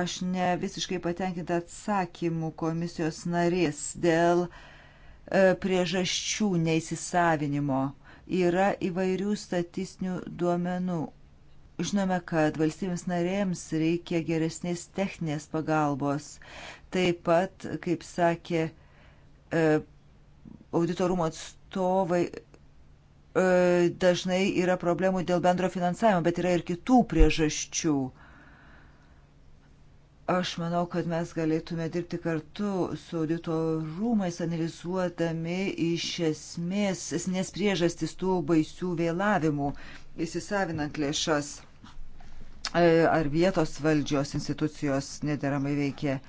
Aš ne visiškai patenkinta atsakymų komisijos narės dėl e, priežasčių neįsisavinimo. Yra įvairių statistinių duomenų. Žinome, kad valstybėms narėms reikia geresnės techninės pagalbos. Taip pat, kaip sakė e, auditorumo atstovai, E, dažnai yra problemų dėl bendro finansavimo, bet yra ir kitų priežasčių. Aš manau, kad mes galėtume dirbti kartu su audito rūmais, analizuodami iš esmės, esmės priežastis tų baisių vėlavimų, įsisavinant lėšas. E, ar vietos valdžios institucijos nederamai veikia?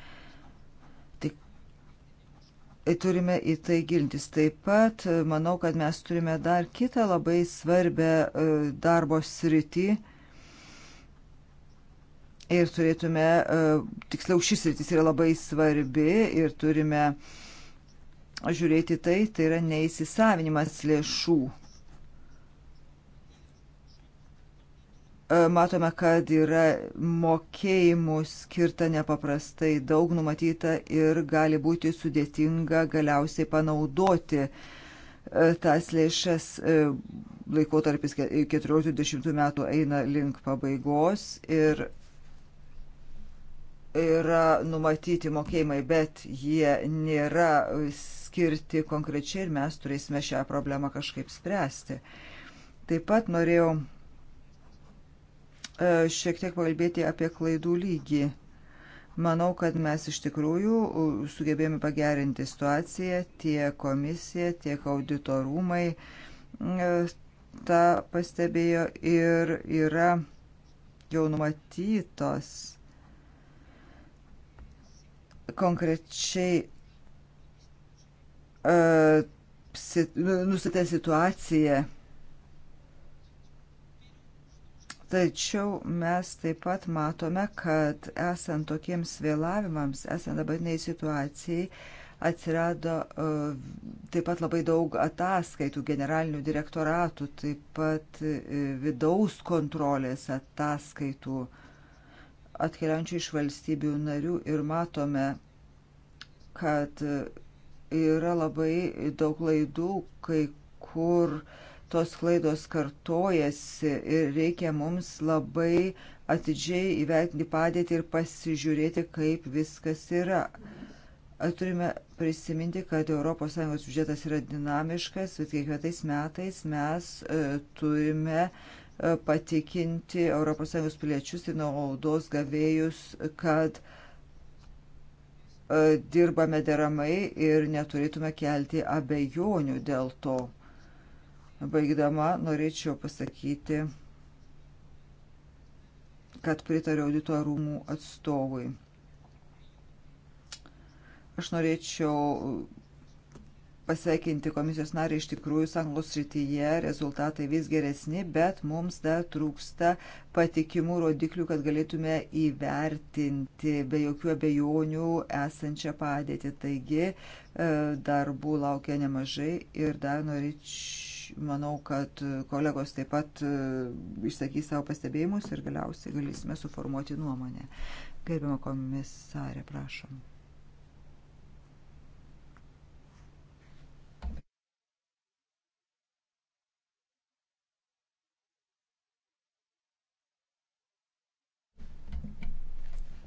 turime į tai gilintis. Taip pat e, manau, kad mes turime dar kitą labai svarbę e, darbo sritį. Ir turėtume, e, tiksliau, šis sritis yra labai svarbi ir turime žiūrėti tai, tai yra neįsisavinimas lėšų. E, matome, kad yra mokėjimų skirta nepaprastai daug numatyta ir gali būti sudėtinga galiausiai panaudoti e, tas lėšas. E, laikotarpis 14-20 metų eina link pabaigos ir yra numatyti mokėjimai, bet jie nėra skirti konkrečiai ir mes turėsime šią problemą kažkaip spręsti. Taip pat norėjau E, šiek tiek pakalbėti apie klaidų lygį. Manau, kad mes iš tikrųjų sugebėjome pagerinti situaciją, tiek komisija, tiek auditorumai e, tą pastebėjo ir yra jau numatytos konkrečiai e, uh, nu, nustatę situaciją Tačiau mes taip pat matome, kad esant tokiems vėlavimams, esant dabartiniai situacijai, atsirado e, taip pat labai daug ataskaitų generalinių direktoratų, taip pat e, vidaus kontrolės ataskaitų atkeliančių iš valstybių narių ir matome, kad e, yra labai daug laidų, kai kur uh, tos klaidos kartojasi ir reikia mums labai atidžiai įvertinti padėtį ir pasižiūrėti, kaip viskas yra. Turime prisiminti, kad ES biudžetas yra dinamiškas, bet kiekvienais metais mes e, turime e, patikinti ES piliečius ir naudos gavėjus, kad e, dirbame deramai ir neturėtume kelti abejonių dėl to. Baigdama norėčiau pasakyti, kad pritariu audito rūmų atstovui. Aš norėčiau pasveikinti komisijos narį iš tikrųjų sanglos srityje, rezultatai vis geresni, bet mums dar trūksta patikimų rodiklių, kad galėtume įvertinti be jokių abejonių esančią padėtį. Taigi e, darbų laukia nemažai ir dar norėčiau manau, kad kolegos taip pat e, išsakys savo pastebėjimus ir galiausiai galėsime suformuoti nuomonę. Gerbiamą komisarę, prašom.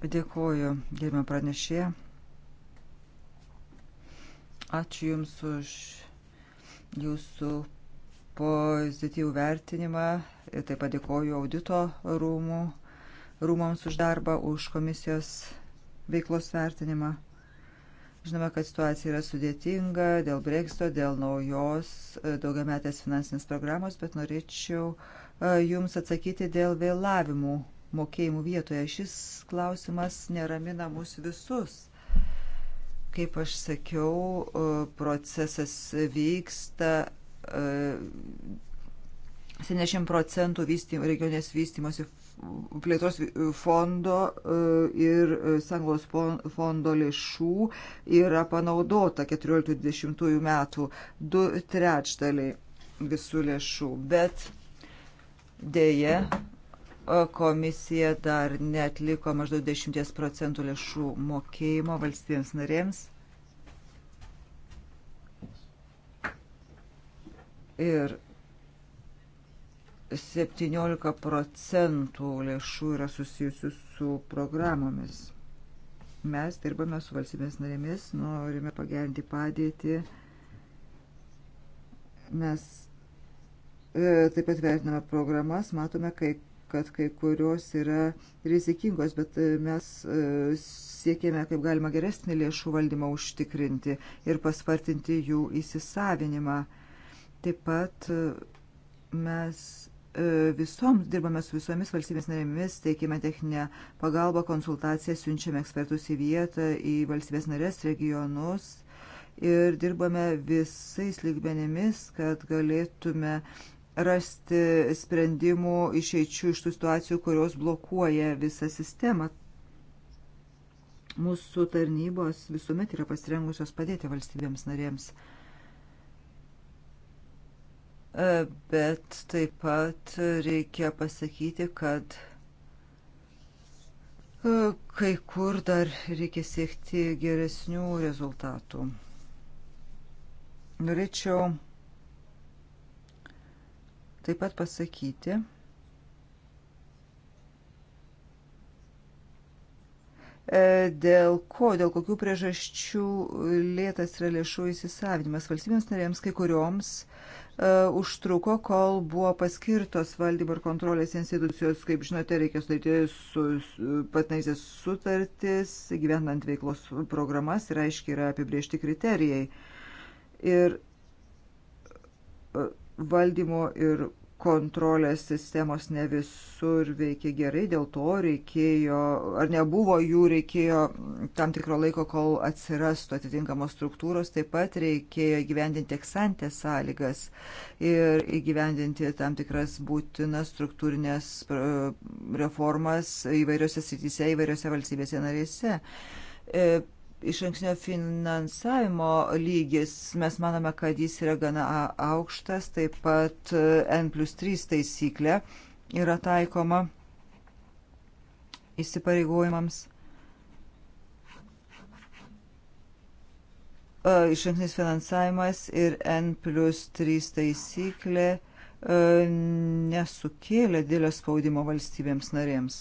Dėkuoju, gerbėm pranešė. Ačiū Jums už Jūsų pozityvų vertinimą ir taip pat dėkoju audito rūmų, rūmams už darbą, už komisijos veiklos vertinimą. Žinome, kad situacija yra sudėtinga dėl Brexito, dėl naujos e, daugiametės finansinės programos, bet norėčiau e, Jums atsakyti dėl vėlavimų mokėjimų vietoje. Šis klausimas neramina mus visus kaip aš sakiau, e, procesas vyksta, 70 procentų vystymo, regionės vystimosi plėtros fondo e, ir e, sanglos fondo lėšų yra panaudota 14-20 metų du trečdaliai visų lėšų, bet dėje e, komisija dar netliko maždaug 10 procentų lėšų mokėjimo valstybėms narėms Ir 17 procentų lėšų yra susijusių su programomis. Mes dirbame su valstybės narėmis, norime pagerinti padėtį. Mes e, taip pat vertiname programas, matome, kai, kad kai kurios yra rizikingos, bet e, mes e, siekėme kaip galima geresnį lėšų valdymą užtikrinti ir paspartinti jų įsisavinimą. E, Taip pat e, mes e, visoms, dirbame su visomis valstybės narėmis, teikime techninę pagalbą, konsultaciją, siunčiame ekspertus į vietą, į valstybės narės, regionus ir dirbame visais lygmenimis, kad galėtume rasti sprendimų išeičių iš tų situacijų, kurios blokuoja visą sistemą. Mūsų tarnybos visuomet yra pasirengusios padėti valstybėms narėms bet taip pat reikia pasakyti, kad e, kai kur dar reikia siekti geresnių rezultatų. Norėčiau taip pat pasakyti, e, dėl ko, dėl kokių priežasčių lėtas yra lėšų įsisavinimas valstybėms narėms, kai kurioms E, užtruko, kol buvo paskirtos valdymo ir kontrolės institucijos. Kaip žinote, reikia sudaryti su, su patnaisės sutartis, gyvenant veiklos programas ir aiškiai yra apibriežti kriterijai. Ir e, valdymo ir kontrolės sistemos ne visur veikia gerai, dėl to reikėjo, ar nebuvo jų, reikėjo tam tikro laiko, kol atsirastų atitinkamos struktūros, taip pat reikėjo gyvendinti eksantės sąlygas ir įgyvendinti tam tikras būtinas struktūrinės e, reformas įvairiose srityse, įvairiose valstybėse narėse e, iš anksnio finansavimo lygis, mes manome, kad jis yra gana aukštas, taip pat e, N plus 3 taisyklė yra taikoma įsipareigojimams. E, Išankstinis finansavimas ir N plus 3 taisyklė e, nesukėlė dėlio spaudimo valstybėms narėms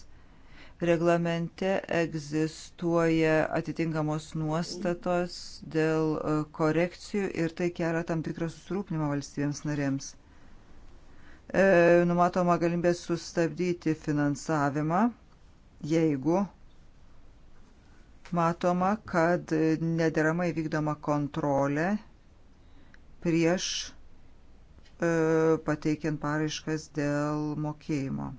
reglamente egzistuoja atitinkamos nuostatos dėl e, korekcijų ir tai kelia tam tikrą susirūpinimą valstybėms narėms. E, numatoma galimybė sustabdyti finansavimą, jeigu matoma, kad nederamai vykdoma kontrolė prieš e, pateikiant paraiškas dėl mokėjimo.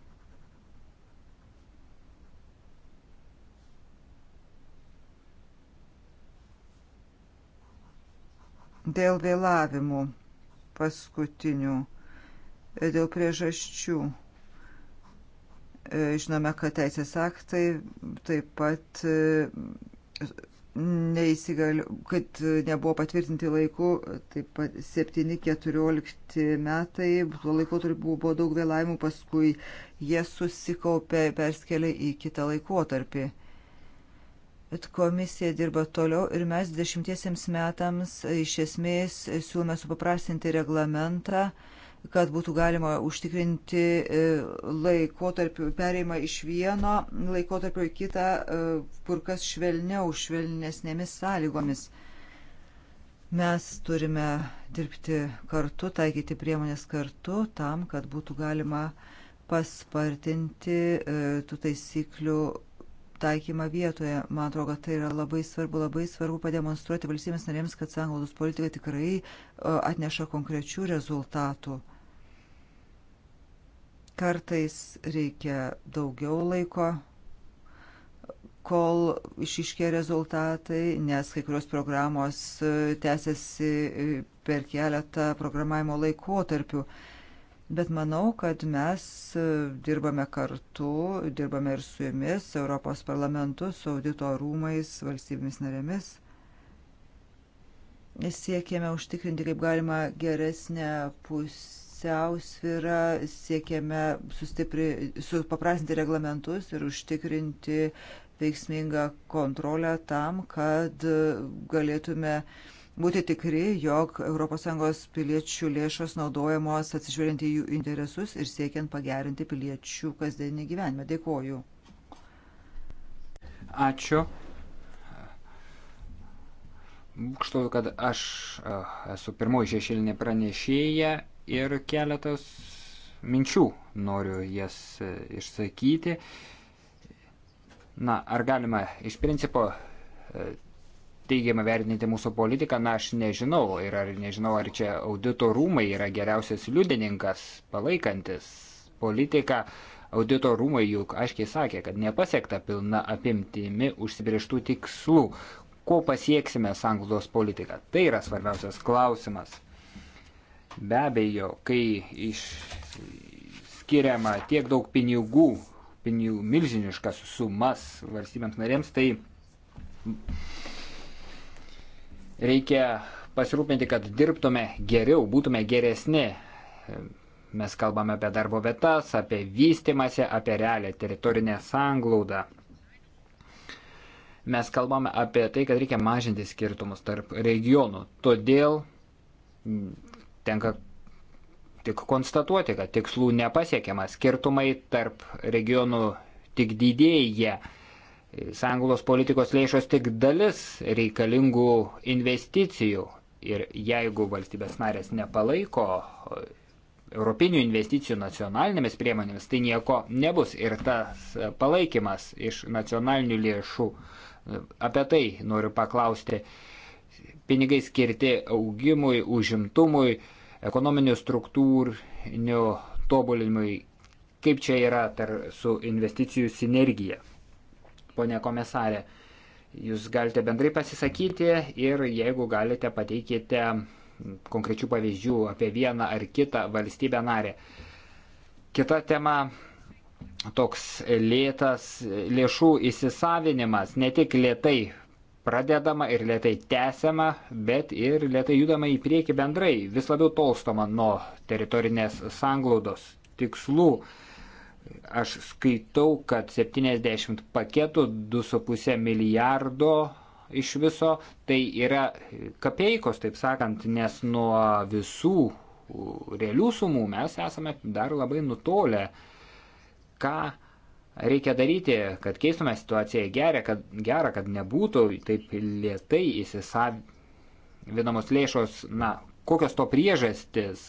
dėl vėlavimų paskutinių, e, dėl priežasčių. E, žinome, kad teisės aktai taip pat e, neįsigali, kad nebuvo patvirtinti laiku, taip pat 7-14 metai, tuo laiko buvo daug vėlavimų, paskui jie susikaupė, perskelė į kitą laikotarpį. tarpį Komisija dirba toliau ir mes 20 metams iš esmės siūlome supaprastinti reglamentą, kad būtų galima užtikrinti e, laikotarpių pereimą iš vieno laikotarpio į kitą e, kur kas švelniau, švelnesnėmis sąlygomis. Mes turime dirbti kartu, taikyti priemonės kartu tam, kad būtų galima paspartinti e, tų taisyklių taikymą vietoje. Man atrodo, kad tai yra labai svarbu, labai svarbu pademonstruoti valstybės narėms, kad sanglaudos politika tikrai atneša konkrečių rezultatų. Kartais reikia daugiau laiko, kol išiškė rezultatai, nes kai kurios programos e, tęsiasi e, per keletą programavimo laikotarpių. tarpių Bet manau, kad mes e, dirbame kartu, dirbame ir su jumis, Europos parlamentu, su audito rūmais, valstybėmis narėmis. Siekėme užtikrinti kaip galima geresnę pusiausvyrą, siekėme supaprastinti reglamentus ir užtikrinti veiksmingą kontrolę tam, kad galėtume uh, būti tikri, jog ES piliečių lėšos naudojamos atsižvelgiant į jų interesus ir siekiant pagerinti piliečių kasdienį gyvenimą. Dėkuoju. Ačiū. Būkštoju, kad aš esu pirmoji šešėlinė pranešėja ir keletas minčių noriu jas e, išsakyti. Na, ar galima iš principo e, teigiamai vertinti mūsų politiką, na aš nežinau ir ar nežinau, ar čia audito rūmai yra geriausias liudininkas palaikantis politiką. Audito rūmai juk aiškiai sakė, kad nepasiekta pilna apimtimi užsibrieštų tikslų. Ko pasieksime sanglaudos politiką? Tai yra svarbiausias klausimas. Be abejo, kai išskiriama tiek daug pinigų, pinigų milžiniškas sumas valstybėms narėms, tai Reikia pasirūpinti, kad dirbtume geriau, būtume geresni. Mes kalbame apie darbo vietas, apie vystimąsi, apie realią teritorinę sanglaudą. Mes kalbame apie tai, kad reikia mažinti skirtumus tarp regionų. Todėl tenka tik konstatuoti, kad tikslų nepasiekiama. Skirtumai tarp regionų tik didėja sąjungos politikos lėšos tik dalis reikalingų investicijų. Ir jeigu valstybės narės nepalaiko e, europinių investicijų nacionalinėmis priemonėmis, tai nieko nebus. Ir tas e, palaikymas iš nacionalinių lėšų, e, apie tai noriu paklausti, pinigai skirti augimui, užimtumui, ekonominių struktūrinių tobulinimui, kaip čia yra per, su investicijų sinergija ponė komisarė. Jūs galite bendrai pasisakyti ir jeigu galite pateikite konkrečių pavyzdžių apie vieną ar kitą valstybę narę. Kita tema toks lėtas lėšų įsisavinimas, ne tik lėtai pradedama ir lietai tęsiama, bet ir lietai judama į priekį bendrai, vis labiau tolstama nuo teritorinės sanglaudos tikslų. Aš skaitau, kad 70 paketų, 2,5 milijardo iš viso, tai yra kapeikos, taip sakant, nes nuo visų realių sumų mes esame dar labai nutolę. Ką reikia daryti, kad keistume situaciją į gerą, kad, gerą, kad nebūtų taip lietai įsisavinamos lėšos, na, kokios to priežastis,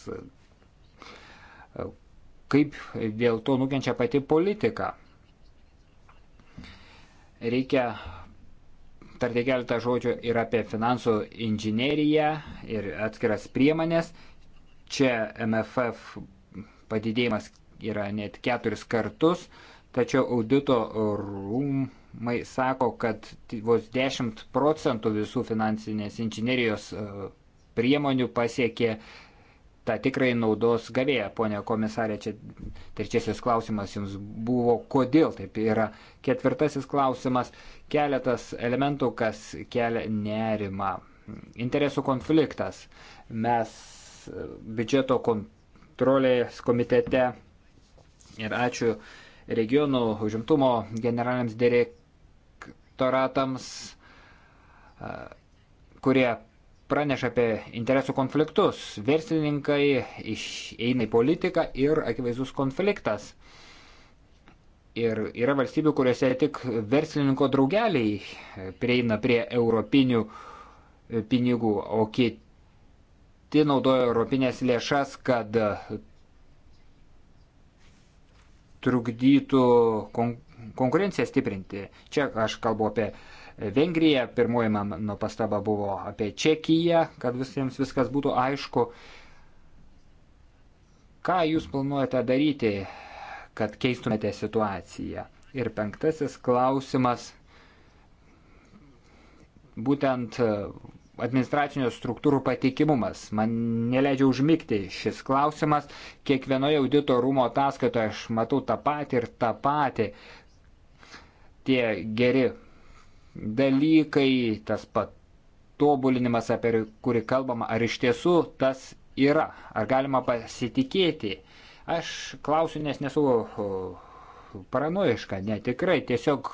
kaip dėl to nukenčia pati politika. Reikia tarti keletą žodžių ir apie finansų inžineriją ir atskiras priemonės. Čia MFF padidėjimas yra net keturis kartus, tačiau audito rūmai sako, kad vos 10 procentų visų finansinės inžinerijos e, priemonių pasiekė uh, tą tikrai naudos gavėją. Pone komisarė, čia trečiasis klausimas jums buvo, kodėl taip yra. Ketvirtasis klausimas - keletas elementų, kas kelia nerimą. Interesų konfliktas. Mes e, biudžeto kontrolės komitete ir ačiū regionų užimtumo generaliniams direktoratams e, kurie praneša apie interesų konfliktus. Verslininkai eina į politiką ir akivaizdus konfliktas. Ir yra valstybių, kuriuose tik verslininko draugeliai e, prieina prie europinių e, pinigų, o kiti naudoja europinės lėšas, kad e, trukdytų konkurenciją stiprinti. Čia aš kalbu apie uh, Vengrija, pirmoji mano pastaba buvo apie Čekiją, kad visiems viskas būtų aišku. Ką jūs planuojate daryti, kad keistumėte situaciją? Ir penktasis klausimas. Būtent e, administracinių struktūrų patikimumas. Man neleidžia užmygti šis klausimas. Kiekvienoje audito rūmo ataskaitoje aš matau tą patį ir tą patį. Tie geri dalykai, tas patobulinimas, apie kurį kalbama, ar iš tiesų tas yra, ar galima pasitikėti. Aš klausiu, nes nesu uh, paranoiška, ne tikrai, tiesiog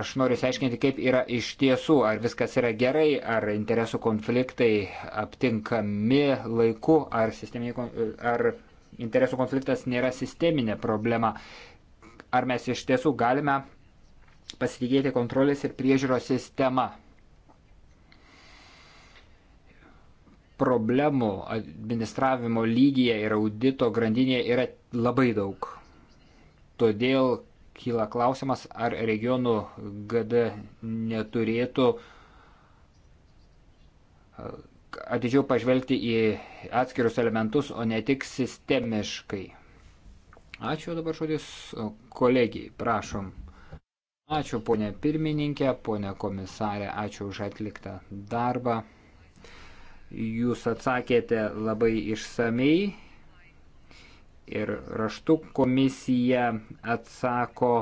aš noriu išsiaiškinti, kaip yra iš tiesų, ar viskas yra gerai, ar interesų konfliktai aptinkami laiku, ar, ar interesų konfliktas nėra sisteminė problema. Ar mes iš tiesų galime pasitikėti kontrolės ir priežiūros sistema. Problemų administravimo lygyje ir audito grandinėje yra labai daug. Todėl kyla klausimas, ar regionų GD neturėtų atidžiau pažvelgti į atskirus elementus, o ne tik sistemiškai. Ačiū dabar žodis kolegijai, prašom. Ačiū ponė pirmininkė, ponė komisarė, ačiū už atliktą darbą. Jūs atsakėte labai išsamei ir raštų komisija atsako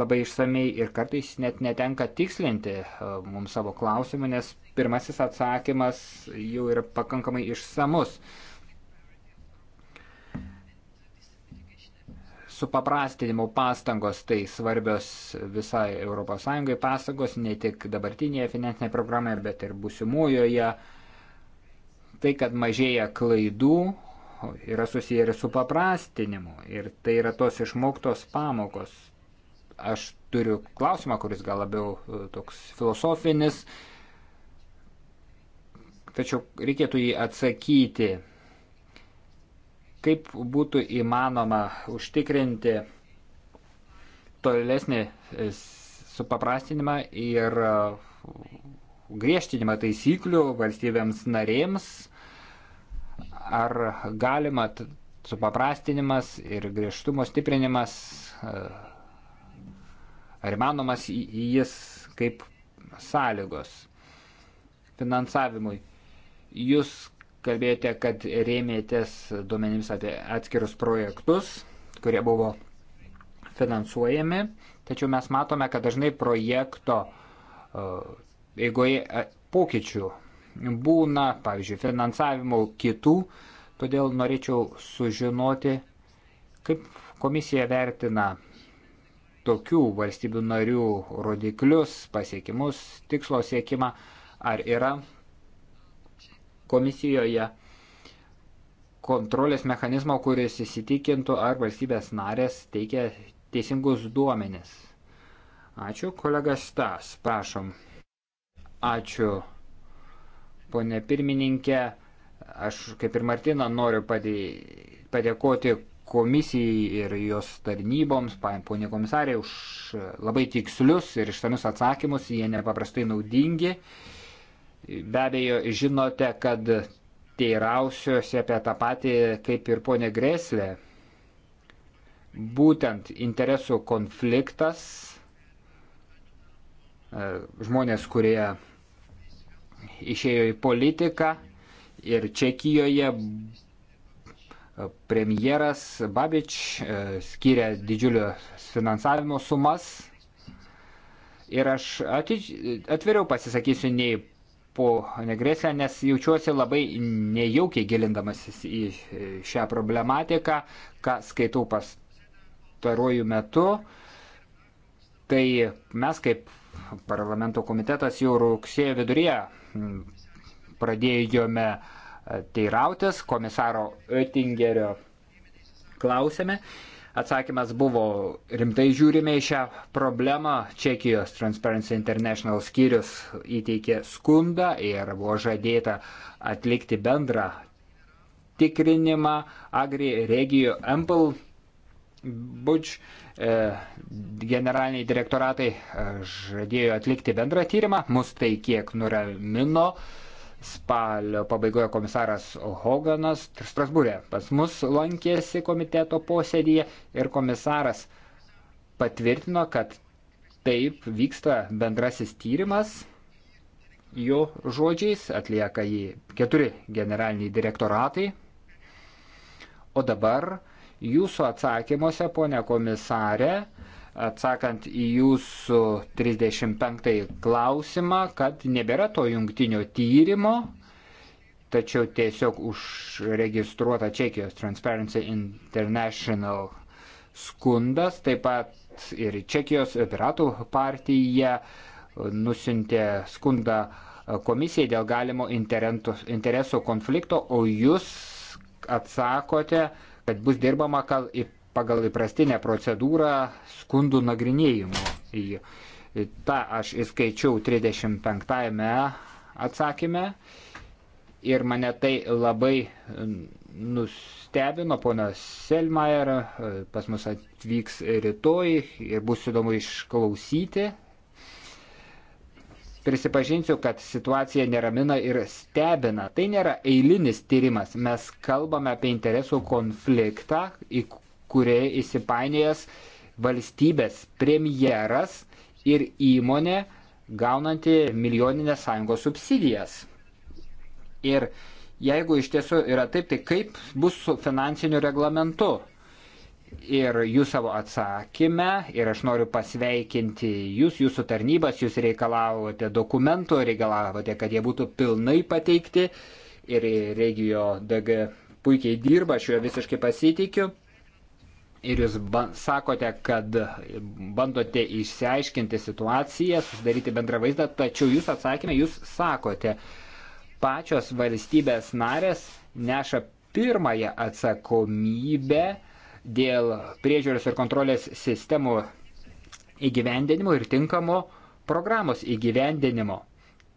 labai išsamei ir kartais net netenka tikslinti e, mums savo klausimą, nes pirmasis atsakymas jau yra pakankamai išsamus. supaprastinimo pastangos, tai svarbios visai ES pastangos, ne tik dabartinėje finansinėje programoje, bet ir busimuojoje. Tai, kad mažėja klaidų, yra susiję ir su paprastinimu. Ir tai yra tos išmoktos pamokos. Aš turiu klausimą, kuris gal labiau e, toks filosofinis, tačiau reikėtų jį atsakyti. Kaip būtų įmanoma užtikrinti tolesnį e, supaprastinimą ir e, griežtinimą taisyklių valstybėms narėms, ar galima supaprastinimas ir griežtumo stiprinimas, e, ar įmanomas jis kaip sąlygos finansavimui. Jūs kalbėjote, kad rėmėtės duomenims apie atskirus projektus, kurie buvo finansuojami, tačiau mes matome, kad dažnai projekto e, eigoje e, pokyčių būna, pavyzdžiui, finansavimo kitų, todėl norėčiau sužinoti, kaip komisija vertina tokių valstybių narių rodiklius, pasiekimus, tikslo siekimą, ar yra komisijoje kontrolės mechanizmo, kuris įsitikintų, ar valstybės narės teikia teisingus duomenis. Ačiū, kolega Stas, prašom. Ačiū, ponė pirmininkė. Aš kaip ir Martina noriu padėkoti komisijai ir jos tarnyboms, ponė komisarė, už labai tikslius ir ištanius atsakymus, jie nepaprastai naudingi. Be abejo, žinote, kad teirausiuosi apie tą patį kaip ir ponė Greslė. Būtent interesų konfliktas, e, žmonės, kurie išėjo į politiką ir Čekijoje premjeras Babič e, skiria didžiulio finansavimo sumas. Ir aš atidž... atviriau pasisakysiu nei ponė Grėsė, nes jaučiuosi labai nejaukiai gilindamasis į šią problematiką, ką skaitau pastaruoju metu. Tai mes kaip parlamento komitetas jau rugsėjo viduryje mm, pradėjome e, teirautis komisaro Oettingerio klausime Atsakymas buvo rimtai žiūrime į šią problemą. Čekijos Transparency International skyrius įteikė skundą ir buvo žadėta atlikti bendrą tikrinimą Agri Regio Ample Budge. E, generaliniai direktoratai e, žadėjo atlikti bendrą tyrimą, mus tai kiek nuramino. Spalio pabaigoje komisaras Hoganas Strasbūrė pas mus lankėsi komiteto posėdėje ir komisaras patvirtino, kad taip vyksta bendrasis tyrimas. Jo žodžiais atlieka jį keturi generaliniai direktoratai. O dabar jūsų atsakymuose, ponė komisarė, atsakant į jūsų 35 klausimą, kad nebėra to jungtinio tyrimo, tačiau tiesiog užregistruota Čekijos Transparency International skundas, taip pat ir Čekijos piratų partija nusintė skundą komisijai dėl galimo interesų konflikto, o jūs atsakote, kad bus dirbama, kad pagal įprastinę procedūrą skundų nagrinėjimo. Ta aš įskaičiau 35-ame atsakymę ir mane tai labai nustebino, ponas Selmayer pas mus atvyks rytoj ir bus įdomu išklausyti. Prisipažinsiu, kad situacija neramina ir stebina. Tai nėra eilinis tyrimas. Mes kalbame apie interesų konfliktą, į kurie įsipainėjęs valstybės premjeras ir įmonė gaunanti milijoninę sąjungos subsidijas. Ir jeigu iš tiesų yra taip, tai kaip bus su finansiniu reglamentu? Ir jūs savo atsakymę, ir aš noriu pasveikinti jūs, jūsų tarnybas, jūs reikalavote dokumentų, reikalavote, kad jie būtų pilnai pateikti, ir regio DG puikiai dirba, aš juo visiškai pasitikiu ir jūs sakote, kad bandote išsiaiškinti situaciją, susidaryti bendrą vaizdą, tačiau jūs atsakymė, jūs sakote, pačios valstybės narės neša pirmąją atsakomybę dėl priežiūros ir kontrolės sistemų įgyvendinimo ir tinkamo programos įgyvendinimo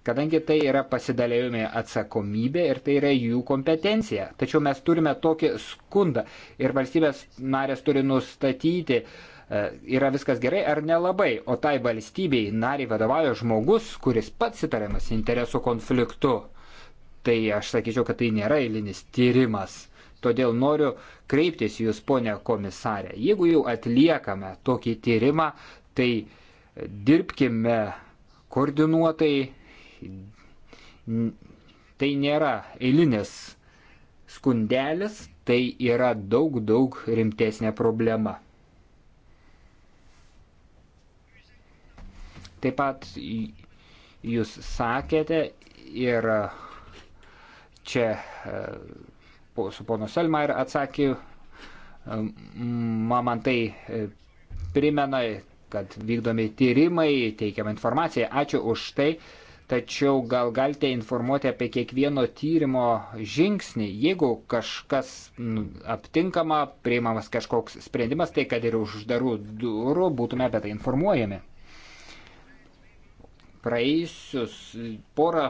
kadangi tai yra pasidalėjumi atsakomybė ir tai yra jų kompetencija. Tačiau mes turime tokį skundą ir valstybės narės turi nustatyti, e, yra viskas gerai ar nelabai, o tai valstybei nariai vadovauja žmogus, kuris pats įtariamas interesų konfliktu. Tai aš sakyčiau, kad tai nėra eilinis tyrimas. Todėl noriu kreiptis jūs, ponė komisarė. Jeigu jau atliekame tokį tyrimą, tai dirbkime koordinuotai tai nėra eilinis skundelis, tai yra daug, daug rimtesnė problema. Taip pat jūs sakėte ir čia e, su ponu Selma ir atsakė, man tai e, primena, kad vykdomi tyrimai, teikiama informacija. Ačiū už tai tačiau gal galite informuoti apie kiekvieno tyrimo žingsnį. Jeigu kažkas nu, aptinkama, priimamas kažkoks sprendimas, tai kad ir už uždarų durų būtume apie tai informuojami. Praėjusius porą,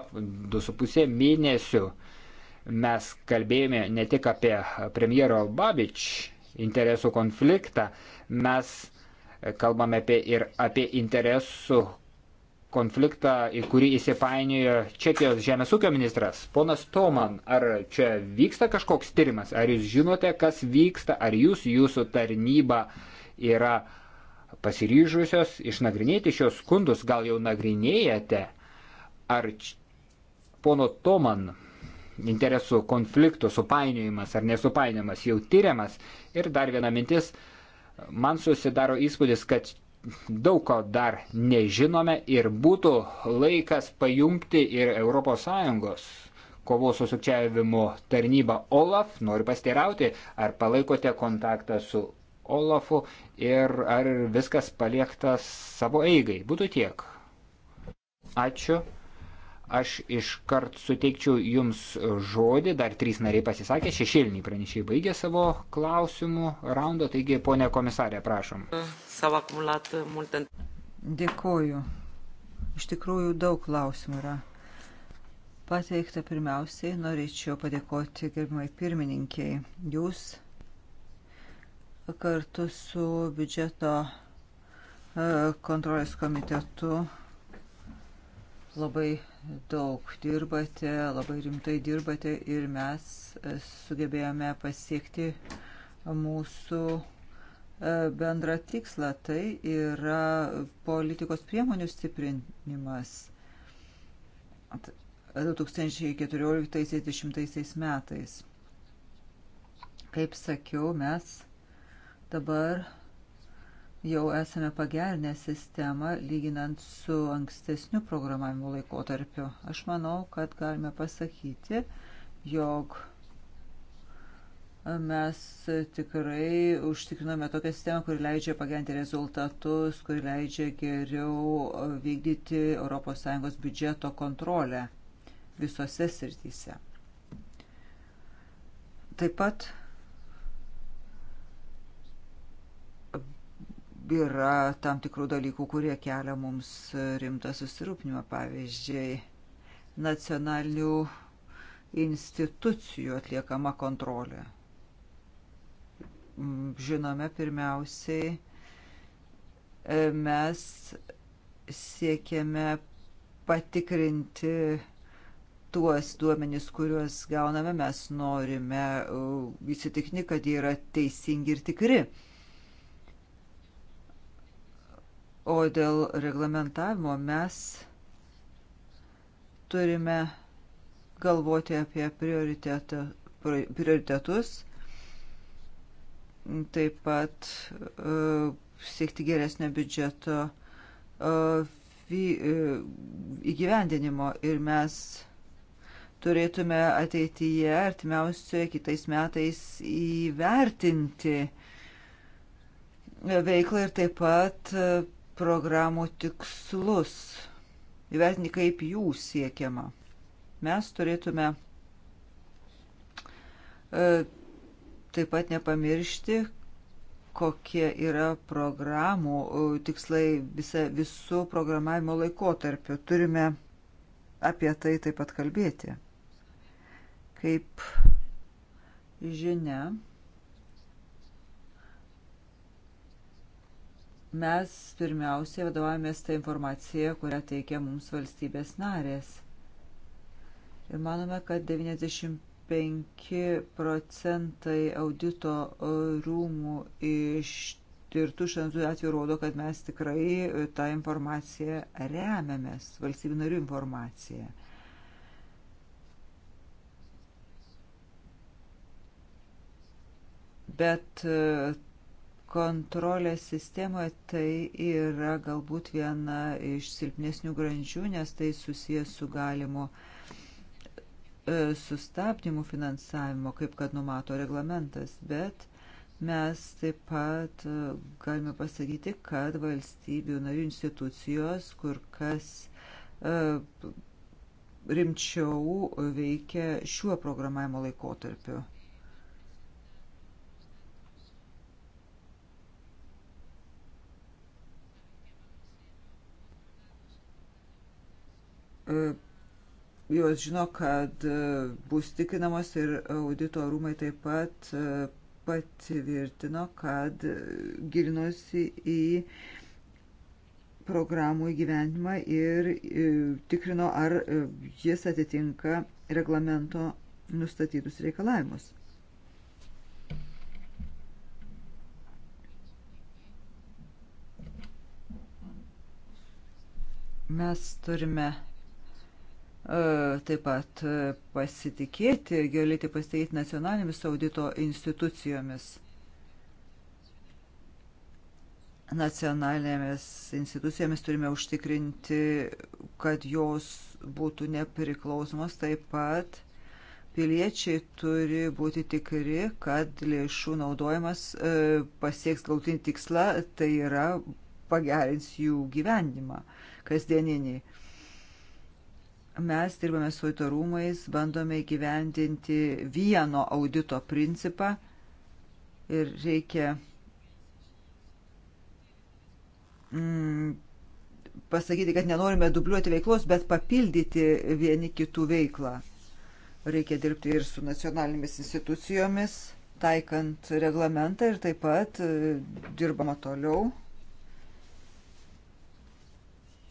du su pusė mėnesių mes kalbėjome ne tik apie premjero Babič interesų konfliktą, mes kalbame apie ir apie interesų konfliktą, į kurį įsipainiojo Čekijos žemės ūkio ministras. Ponas Toman, ar čia vyksta kažkoks tyrimas, ar jūs žinote, kas vyksta, ar jūs, jūsų tarnyba yra pasiryžusios išnagrinėti šios skundus, gal jau nagrinėjate, ar pono Toman interesų konfliktų supainiojimas ar nesupainiojimas jau tyriamas. Ir dar viena mintis, man susidaro įspūdis, kad daug ko dar nežinome ir būtų laikas pajungti ir ES kovos su sukčiavimo tarnyba OLAF. Noriu pasteirauti, ar palaikote kontaktą su OLAFu ir ar viskas paliektas savo eigai. Būtų tiek. Ačiū. Aš iškart suteikčiau Jums žodį, dar trys nariai pasisakė, šešėliniai pranešiai baigė savo klausimų raundą, taigi ponė komisarė, prašom. Dėkoju. Iš tikrųjų daug klausimų yra. Pateikta pirmiausiai, norėčiau padėkoti gerbimai pirmininkiai. Jūs kartu su biudžeto e, kontrolės komitetu labai daug dirbate, labai rimtai dirbate ir mes e, sugebėjome pasiekti mūsų e, bendrą tikslą. Tai yra politikos priemonių stiprinimas 2014-2020 metais. Kaip sakiau, mes dabar jau esame pagernę sistemą lyginant su ankstesniu programavimo laikotarpiu. Aš manau, kad galime pasakyti, jog mes tikrai užtikriname tokią sistemą, kuri leidžia pagerinti rezultatus, kuri leidžia geriau vykdyti ES biudžeto kontrolę visose srityse. Taip pat yra tam tikrų dalykų, kurie kelia mums rimtą susirūpinimą, pavyzdžiui, nacionalinių institucijų atliekama kontrolė. Mm, žinome, pirmiausiai e, mes siekiame patikrinti tuos duomenys, kuriuos gauname, mes norime e, įsitikinti, kad jie yra teisingi ir tikri. O dėl reglamentavimo mes turime galvoti apie prioritetus, taip pat uh, siekti geresnio biudžeto uh, įgyvendinimo ir mes turėtume ateityje, artimiausioje kitais metais įvertinti veiklą ir taip pat uh, programų tikslus, įvertinti, kaip jų siekiama. Mes turėtume e, taip pat nepamiršti, kokie yra programų e, tikslai visa, visų programavimo laikotarpiu. Turime apie tai taip pat kalbėti. Kaip žinia, mes pirmiausiai vadovavomės tą informaciją, kurią teikia mums valstybės narės. Ir manome, kad 95 procentai audito rūmų ištirtų šansų atveju rodo, kad mes tikrai tą informaciją remiamės, valstybių narių informaciją. Bet kontrolės sistemoje tai yra galbūt viena iš silpnesnių grandžių, nes tai susijęs su galimu e, sustabdymu finansavimo, kaip kad numato reglamentas, bet mes taip pat e, galime pasakyti, kad valstybių narių institucijos kur kas e, rimčiau veikia šiuo programavimo laikotarpiu. E, jos žino, kad e, bus tikrinamos ir audito rūmai taip pat e, patvirtino, kad gilinosi į programų įgyvendimą ir tikrino, ar jis atitinka reglamento nustatytus reikalavimus. Mes turime E, taip pat e, pasitikėti, galėti pasitikėti nacionalinėmis audito institucijomis. Nacionalinėmis institucijomis turime užtikrinti, kad jos būtų nepriklausomos, taip pat piliečiai turi būti tikri, kad lėšų naudojimas e, pasieks galutinį tikslą, tai yra pagerins jų gyvenimą kasdieninį mes dirbame su auditorumais, bandome įgyvendinti vieno audito principą ir reikia mm, pasakyti, kad nenorime dubliuoti veiklos, bet papildyti vieni kitų veiklą. Reikia dirbti ir su nacionalinėmis institucijomis, taikant reglamentą ir taip pat e, dirbama toliau.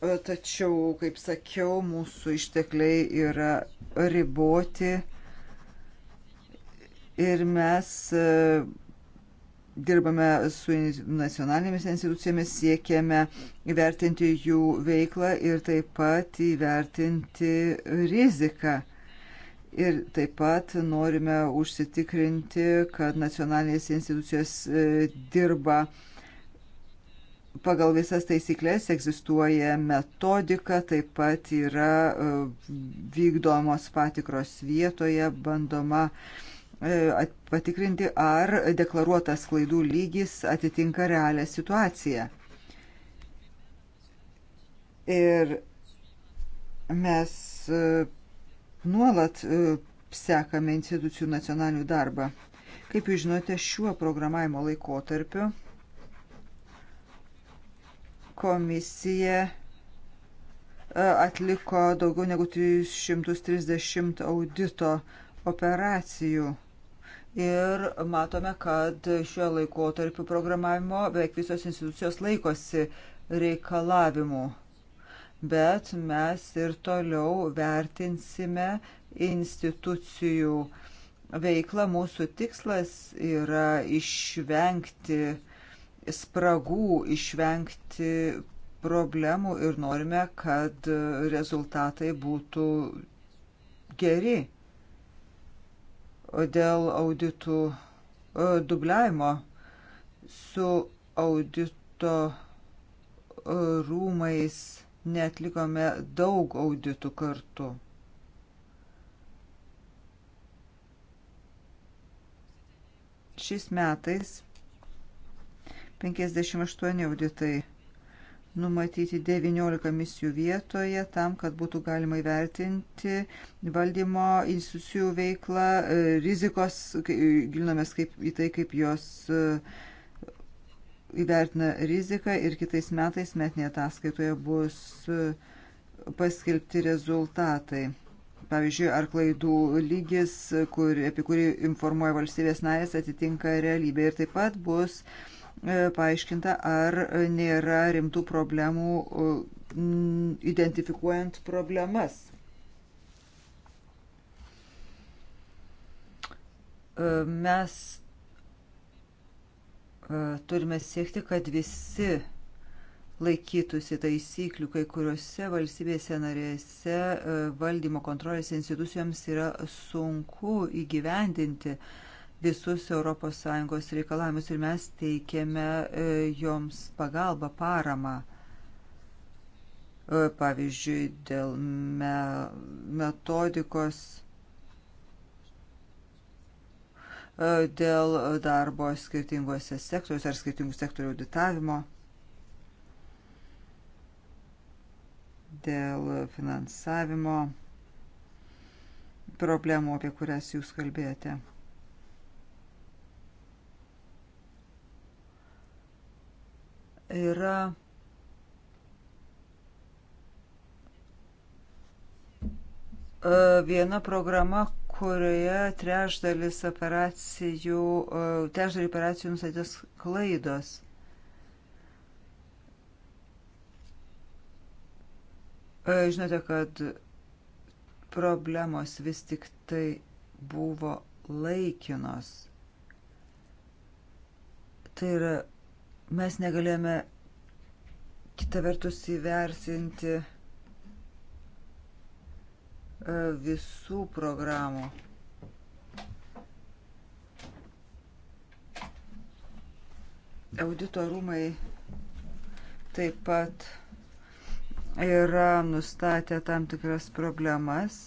E, tačiau, kaip sakiau, mūsų ištekliai yra riboti ir mes e, dirbame su nacionalinėmis institucijomis, siekiame įvertinti jų veiklą ir taip pat įvertinti riziką. Ir taip pat norime užsitikrinti, kad nacionalinės institucijos e, dirba uh, pagal visas taisyklės egzistuoja metodika, taip pat yra e, vykdomos patikros vietoje, bandoma e, patikrinti, ar deklaruotas klaidų lygis atitinka realią situaciją. Ir mes e, nuolat sekame institucijų nacionalinių darbą. Kaip jūs žinote, šiuo programavimo laikotarpiu Komisija e, atliko daugiau negu 330 audito operacijų. Ir matome, kad šiuo laikotarpiu programavimo beveik visos institucijos laikosi reikalavimų. Bet mes ir toliau vertinsime institucijų veiklą. Mūsų tikslas yra išvengti uh, spragų, išvengti problemų ir norime, kad rezultatai būtų geri. O dėl auditų e, dubliavimo su audito e, rūmais netlikome daug auditų kartu. Šiais metais 58 auditai numatyti 19 misijų vietoje tam, kad būtų galima įvertinti valdymo institucijų veiklą, e, rizikos, gilinomės kaip, į tai, kaip jos e, įvertina riziką ir kitais metais metinėje ataskaitoje bus e, paskelbti rezultatai. Pavyzdžiui, ar klaidų lygis, kur, apie kurį informuoja valstybės narės, atitinka realybę ir taip pat bus uh, E, paaiškinta, ar nėra rimtų problemų e, identifikuojant problemas. E, mes turime siekti, kad visi laikytųsi taisyklių, kai kuriuose valstybėse narėse valdymo kontrolės institucijoms yra sunku įgyvendinti uh, visus ES reikalavimus ir mes teikiame e, joms pagalbą, paramą. E, pavyzdžiui, dėl metodikos e, dėl darbo skirtinguose sektoriuose ar skirtingų sektorių auditavimo, dėl finansavimo problemų, apie kurias jūs kalbėjote. yra e, viena programa, kurioje trešdalis operacijų, e, trešdalį operacijų nustatės klaidos. E, žinote, kad problemos vis tik tai buvo laikinos. Tai yra Mes negalėjome kitą vertus įvertinti e, visų programų. Audito rūmai taip pat yra nustatę tam tikras problemas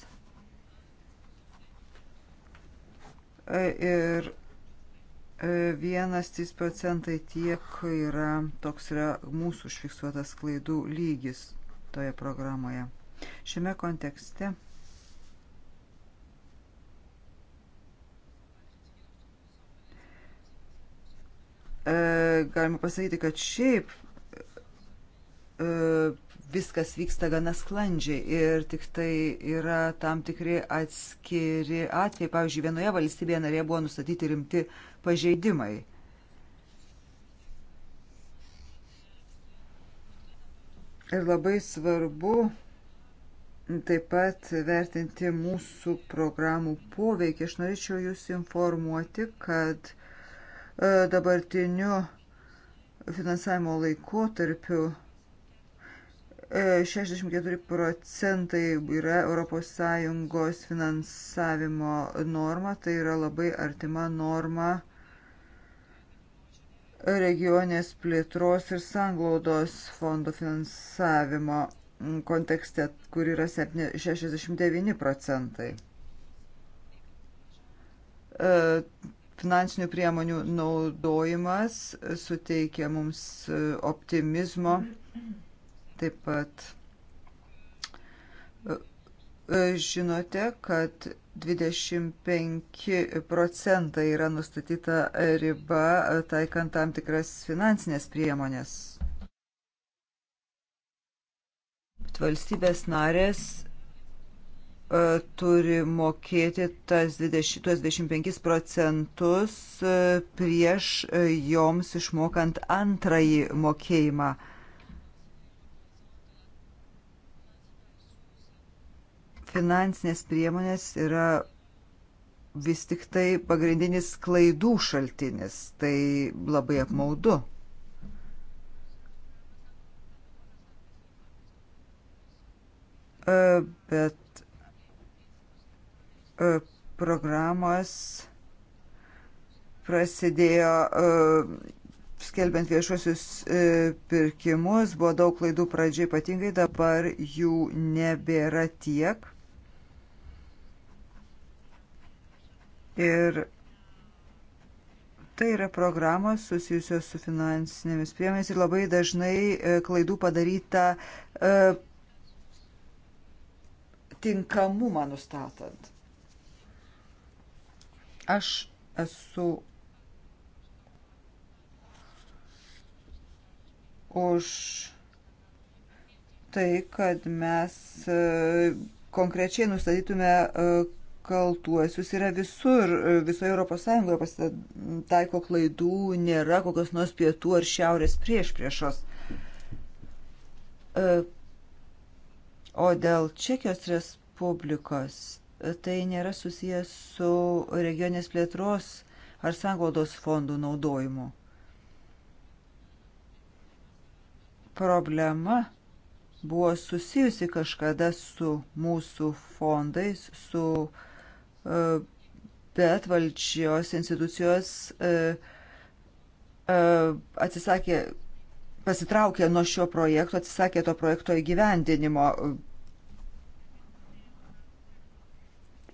e, ir 1-3 procentai tiek yra, toks yra mūsų užfiksuotas klaidų lygis toje programoje. Šiame kontekste e, galima pasakyti, kad šiaip e, viskas vyksta gana sklandžiai ir tik tai yra tam tikri atskiri atvejai. Pavyzdžiui, vienoje valstybėje narėje buvo nustatyti rimti pažeidimai. Ir labai svarbu taip pat vertinti mūsų programų poveikį. Aš norėčiau Jūs informuoti, kad e, dabartiniu finansavimo laikotarpiu 64 e, procentai yra ES finansavimo norma, tai yra labai artima norma regionės plėtros ir sanglaudos fondo finansavimo kontekste, kur yra 69 procentai. E, finansinių priemonių naudojimas suteikia mums optimizmo. Mm -hmm Taip pat e, e, žinote, kad 25 procentai yra nustatyta riba e, taikant tam tikras finansinės priemonės. Bet valstybės narės turi mokėti tas 20, tuos 25 procentus prieš joms išmokant antrąjį mokėjimą. finansinės priemonės yra vis tik tai pagrindinis klaidų šaltinis. Tai labai apmaudu. E, bet e, programos prasidėjo e, skelbiant viešuosius pirkimus, buvo daug klaidų pradžiai, ypatingai dabar jų nebėra tiek. Ir tai yra programos susijusios su finansinėmis priemonėmis ir labai dažnai e, klaidų padaryta e, tinkamumą nustatant. Aš esu už tai, kad mes e, konkrečiai nustatytume, e, kaltuosius yra visur, visoje Europos Sąjungoje pasitaiko klaidų, nėra kokios nors pietų ar šiaurės prieš priešos. E, o dėl Čekijos Respublikos tai nėra susijęs su regionės plėtros ar sanglaudos fondų naudojimu. Problema buvo susijusi kažkada su mūsų fondais, su uh, E, bet valdžios institucijos e, e, atsisakė, pasitraukė nuo šio projekto, atsisakė to projekto įgyvendinimo.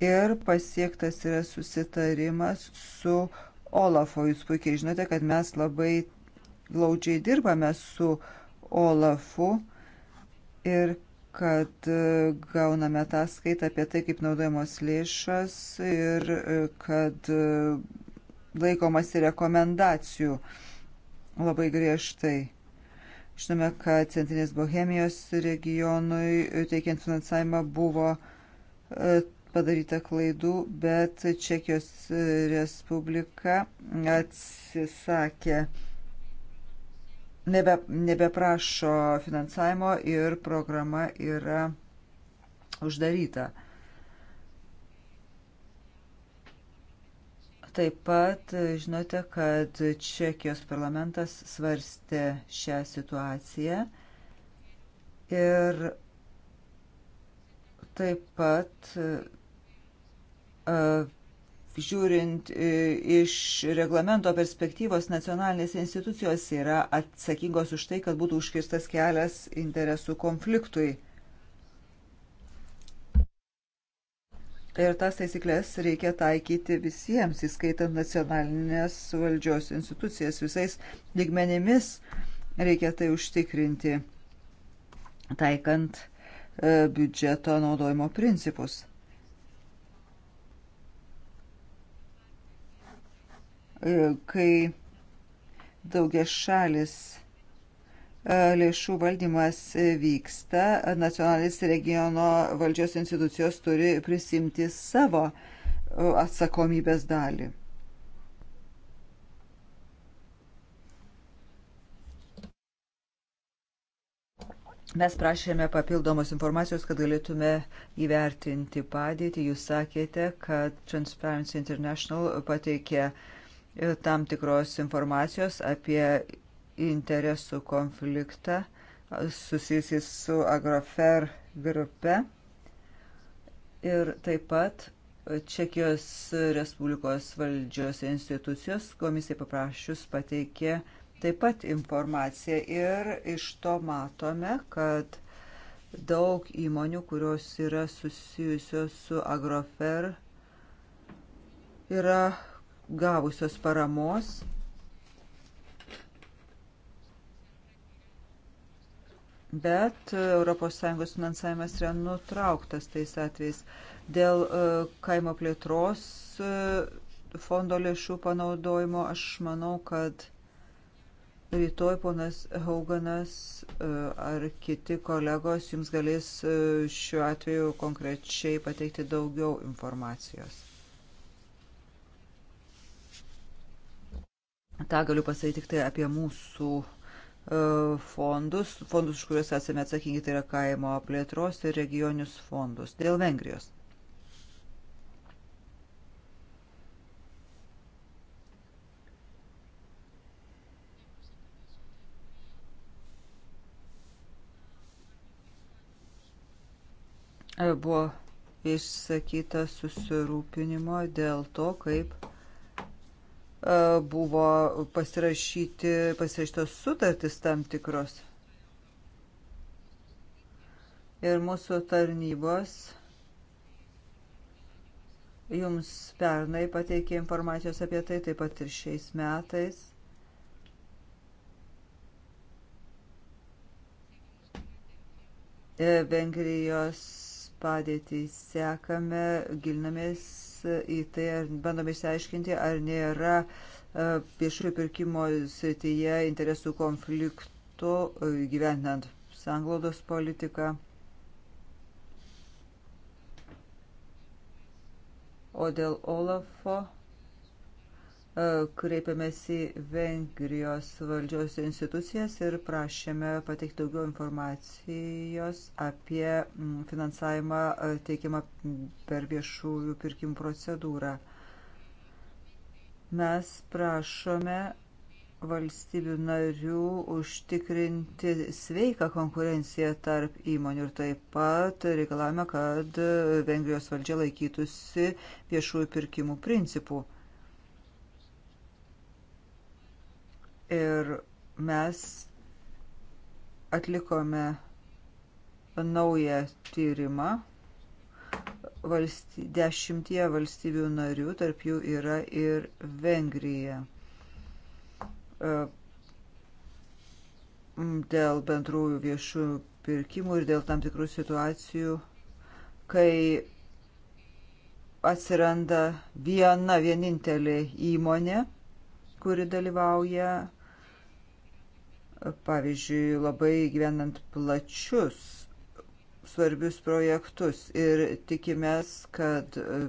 Ir pasiektas yra susitarimas su Olafu. Jūs puikiai žinote, kad mes labai glaudžiai dirbame su Olafu ir kad e, gauname tą skaitą apie tai, kaip naudojamos lėšas ir e, kad e, laikomasi rekomendacijų labai griežtai. Žinome, kad Centrinės Bohemijos regionui teikiant finansavimą buvo padaryta klaidų, bet Čekijos Respublika atsisakė nebe, nebeprašo finansavimo ir programa yra uždaryta. Taip pat žinote, kad Čekijos parlamentas svarstė šią situaciją ir taip pat žiūrint e, iš reglamento perspektyvos, nacionalinės institucijos yra atsakingos už tai, kad būtų užkirstas kelias interesų konfliktui. Ir tas taisyklės reikia taikyti visiems, įskaitant nacionalinės valdžios institucijas, visais digmenimis reikia tai užtikrinti, taikant e, biudžeto naudojimo principus. E, kai daugia šalis e, lėšų valdymas e, vyksta, nacionalinis regiono valdžios institucijos turi prisimti savo atsakomybės dalį. Mes prašėme papildomos informacijos, kad galėtume įvertinti padėtį. Jūs sakėte, kad Transparency International pateikė uh, tam tikros informacijos apie interesų konfliktą susijusį su Agrofer grupe. Ir taip pat Čekijos Respublikos valdžios institucijos komisijai paprašius pateikė taip pat informaciją ir iš to matome, kad daug įmonių, kurios yra susijusios su Agrofer, yra gavusios paramos bet ES finansavimas yra nutrauktas tais atvejais dėl e, kaimo plėtros e, fondo lėšų panaudojimo. Aš manau, kad rytoj ponas Hauganas e, ar kiti kolegos jums galės šiuo atveju konkrečiai pateikti daugiau informacijos. tą galiu pasakyti tik tai apie mūsų e, fondus, fondus, už kuriuos esame atsakingi, tai yra kaimo plėtros ir regionius fondus dėl Vengrijos. E, buvo išsakyta susirūpinimo dėl to, kaip buvo pasirašytos sutartys tam tikros. Ir mūsų tarnybos jums pernai pateikė informacijos apie tai, taip pat ir šiais metais. E, Vengrijos padėtį sekame, gilinamės į tai bandome išsiaiškinti, ar nėra e, viešųjų pirkimo srityje interesų konfliktų e, gyvenant sanglaudos politiką. O dėl Olafo kreipėmės į Vengrijos valdžios institucijas ir prašėme pateikti daugiau informacijos apie mm, finansavimą e, teikiamą per viešųjų pirkimų procedūrą. Mes prašome valstybių narių užtikrinti sveiką konkurenciją tarp įmonių ir taip pat reikalavome, kad Vengrijos valdžia laikytųsi viešųjų pirkimų principų Ir mes atlikome naują tyrimą valsty, dešimtie valstybių narių, tarp jų yra ir Vengrija. E, dėl bendrųjų viešų pirkimų ir dėl tam tikrų situacijų, kai atsiranda viena vienintelė įmonė, kuri dalyvauja pavyzdžiui, labai gyvenant plačius svarbius projektus ir tikimės, kad e,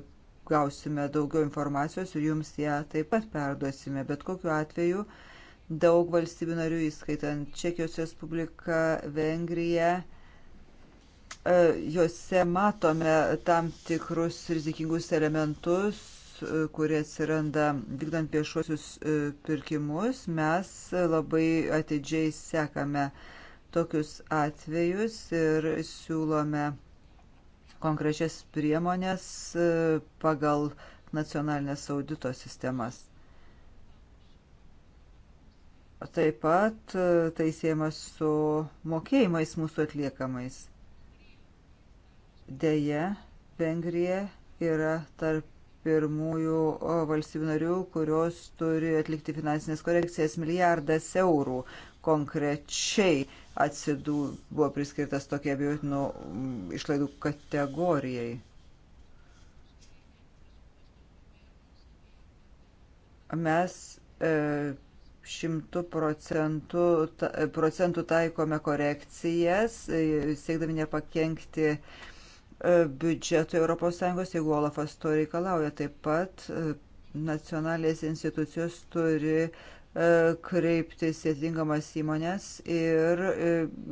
gausime daugiau informacijos ir jums ją taip pat perduosime. Bet kokiu atveju daug valstybių narių, įskaitant Čekijos Respubliką, Vengriją, e, juose matome tam tikrus rizikingus elementus kurie atsiranda vykdant viešuosius e, pirkimus, mes labai atidžiai sekame tokius atvejus ir siūlome konkrečias priemonės e, pagal nacionalinės audito sistemas. Taip pat e, tai siejamas su mokėjimais mūsų atliekamais. Deja, Vengrija yra tarp pirmųjų valstybių narių, kurios turi atlikti finansinės korekcijas milijardas eurų. Konkrečiai atsidų buvo priskirtas tokie abijotinų išlaidų kategorijai. Mes e, šimtų procentų, procentų taikome korekcijas, e, siekdami nepakenkti uh, E, biudžetui ES, jeigu Olafas to reikalauja. Taip pat e, nacionalinės institucijos turi e, kreiptis į atingamas įmonės ir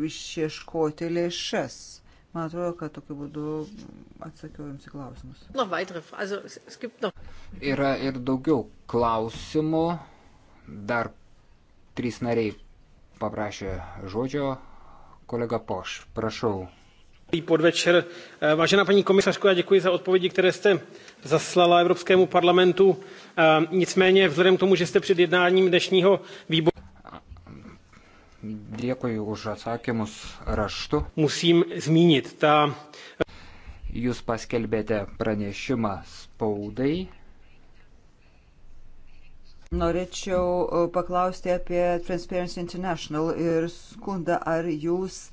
išieškoti lėšas. Man atrodo, kad tokiu būdu atsakiau Jums į klausimus. Yra ir daugiau klausimų. Dar trys nariai paprašė žodžio. Kolega Poš, prašau podvečer. Eh, vážená paní komisařko, já děkuji za odpovědi, které jste zaslala Evropskému parlamentu. Eh, nicméně vzhledem k tomu, že jste před jednáním dnešního výboru Dėkui už atsakymus raštu. Musim zmínit tą. Jūs paskelbėte pranešimą spaudai. Norėčiau eh, paklausti apie Transparency International ir skundą, ar jūs uh,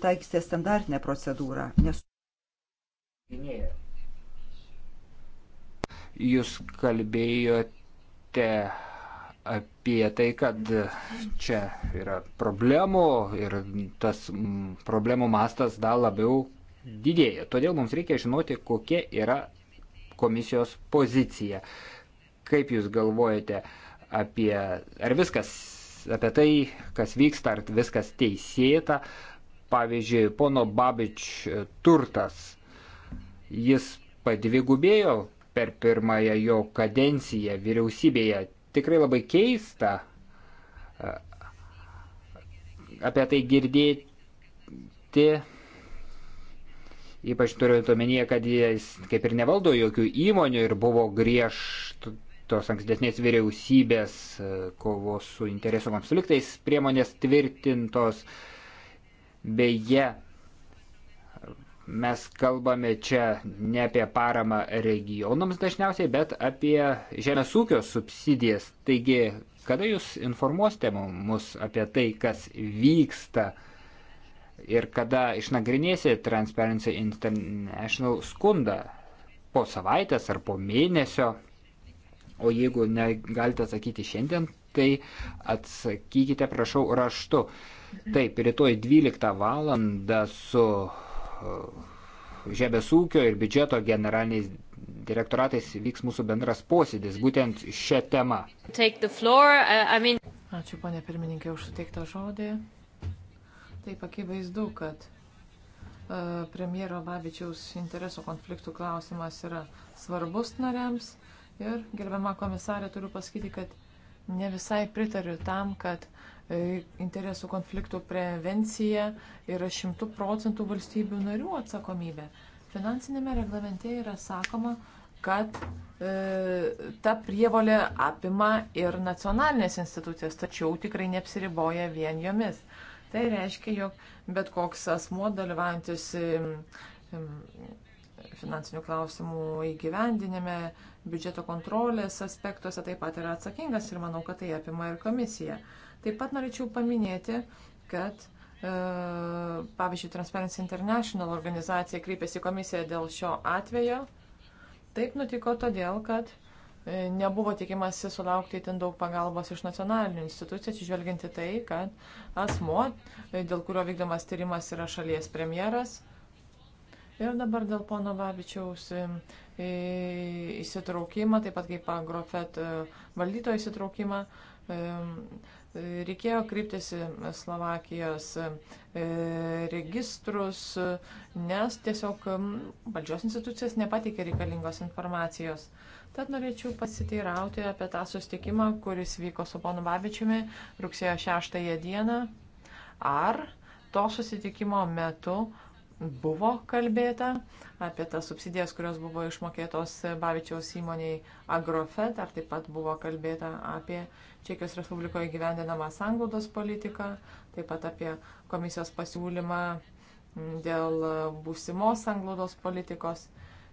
taikysite standartinę procedūrą? Nes... Jūs kalbėjote apie tai, kad čia yra problemų ir tas problemų mastas dar labiau didėja. Todėl mums reikia žinoti, kokia yra komisijos pozicija. Kaip jūs galvojate apie, ar viskas, apie tai, kas vyksta, ar viskas teisėta, Pavyzdžiui, pono Babič turtas. Jis padvigubėjo per pirmąją jo kadenciją vyriausybėje. Tikrai labai keista e, apie tai girdėti, ypač turint omenyje, kad jis kaip ir nevaldo jokių įmonių ir buvo griežtos ankstesnės vyriausybės e, kovos su interesų konfliktais priemonės tvirtintos. Uh, Beje, mes kalbame čia ne apie paramą regionams dažniausiai, bet apie žemės ūkio subsidijas. Taigi, kada jūs informuosite mus apie tai, kas vyksta ir kada išnagrinėsi Transparency International skundą po savaitės ar po mėnesio, o jeigu negalite atsakyti šiandien, tai atsakykite, prašau, raštu. Taip, rytoj 12 val. su uh, Žemės ūkio ir biudžeto generaliniais direktoratais vyks mūsų bendras posėdis būtent šią temą. Floor, uh, I mean... Ačiū, ponė pirmininkė, už suteiktą žodį. Taip akivaizdu, kad uh, premjero Babičiaus interesų konfliktų klausimas yra svarbus nariams. Ir gerbiama komisarė, turiu pasakyti, kad ne visai pritariu tam, kad e, interesų konfliktų prevencija yra šimtų procentų valstybių narių atsakomybė. Finansinėme reglamente yra sakoma, kad e, ta prievolė apima ir nacionalinės institucijas, tačiau tikrai neapsiriboja vien jomis. Tai reiškia, jog bet koks asmuo dalyvaujantis finansinių klausimų įgyvendinime, biudžeto kontrolės aspektuose taip pat yra atsakingas ir manau, kad tai apima ir komisija. Taip pat norėčiau paminėti, kad e, pavyzdžiui, Transparency International organizacija kreipėsi komisiją dėl šio atvejo. Taip nutiko todėl, kad e, nebuvo tikimasi sulaukti itin daug pagalbos iš nacionalinių institucijų, atsižvelginti tai, kad asmo, e, dėl kurio vykdomas tyrimas yra šalies premjeras, Ir dabar dėl pono Vavičiaus e, įsitraukimą, taip pat kaip agrofet e, valdytojo įsitraukimą, e, reikėjo kryptis į Slovakijos registrus, nes tiesiog valdžios institucijas nepateikė reikalingos informacijos. Tad norėčiau pasiteirauti apie tą sustikimą, kuris vyko su ponu Vavičiumi rugsėjo 6 dieną. Ar to susitikimo metu buvo kalbėta apie tas subsidijas, kurios buvo išmokėtos Bavičiaus įmoniai Agrofed, ar taip pat buvo kalbėta apie Čekijos Respublikoje gyvendinamą sanglaudos politiką, taip pat apie komisijos pasiūlymą mm, dėl būsimos sanglaudos politikos.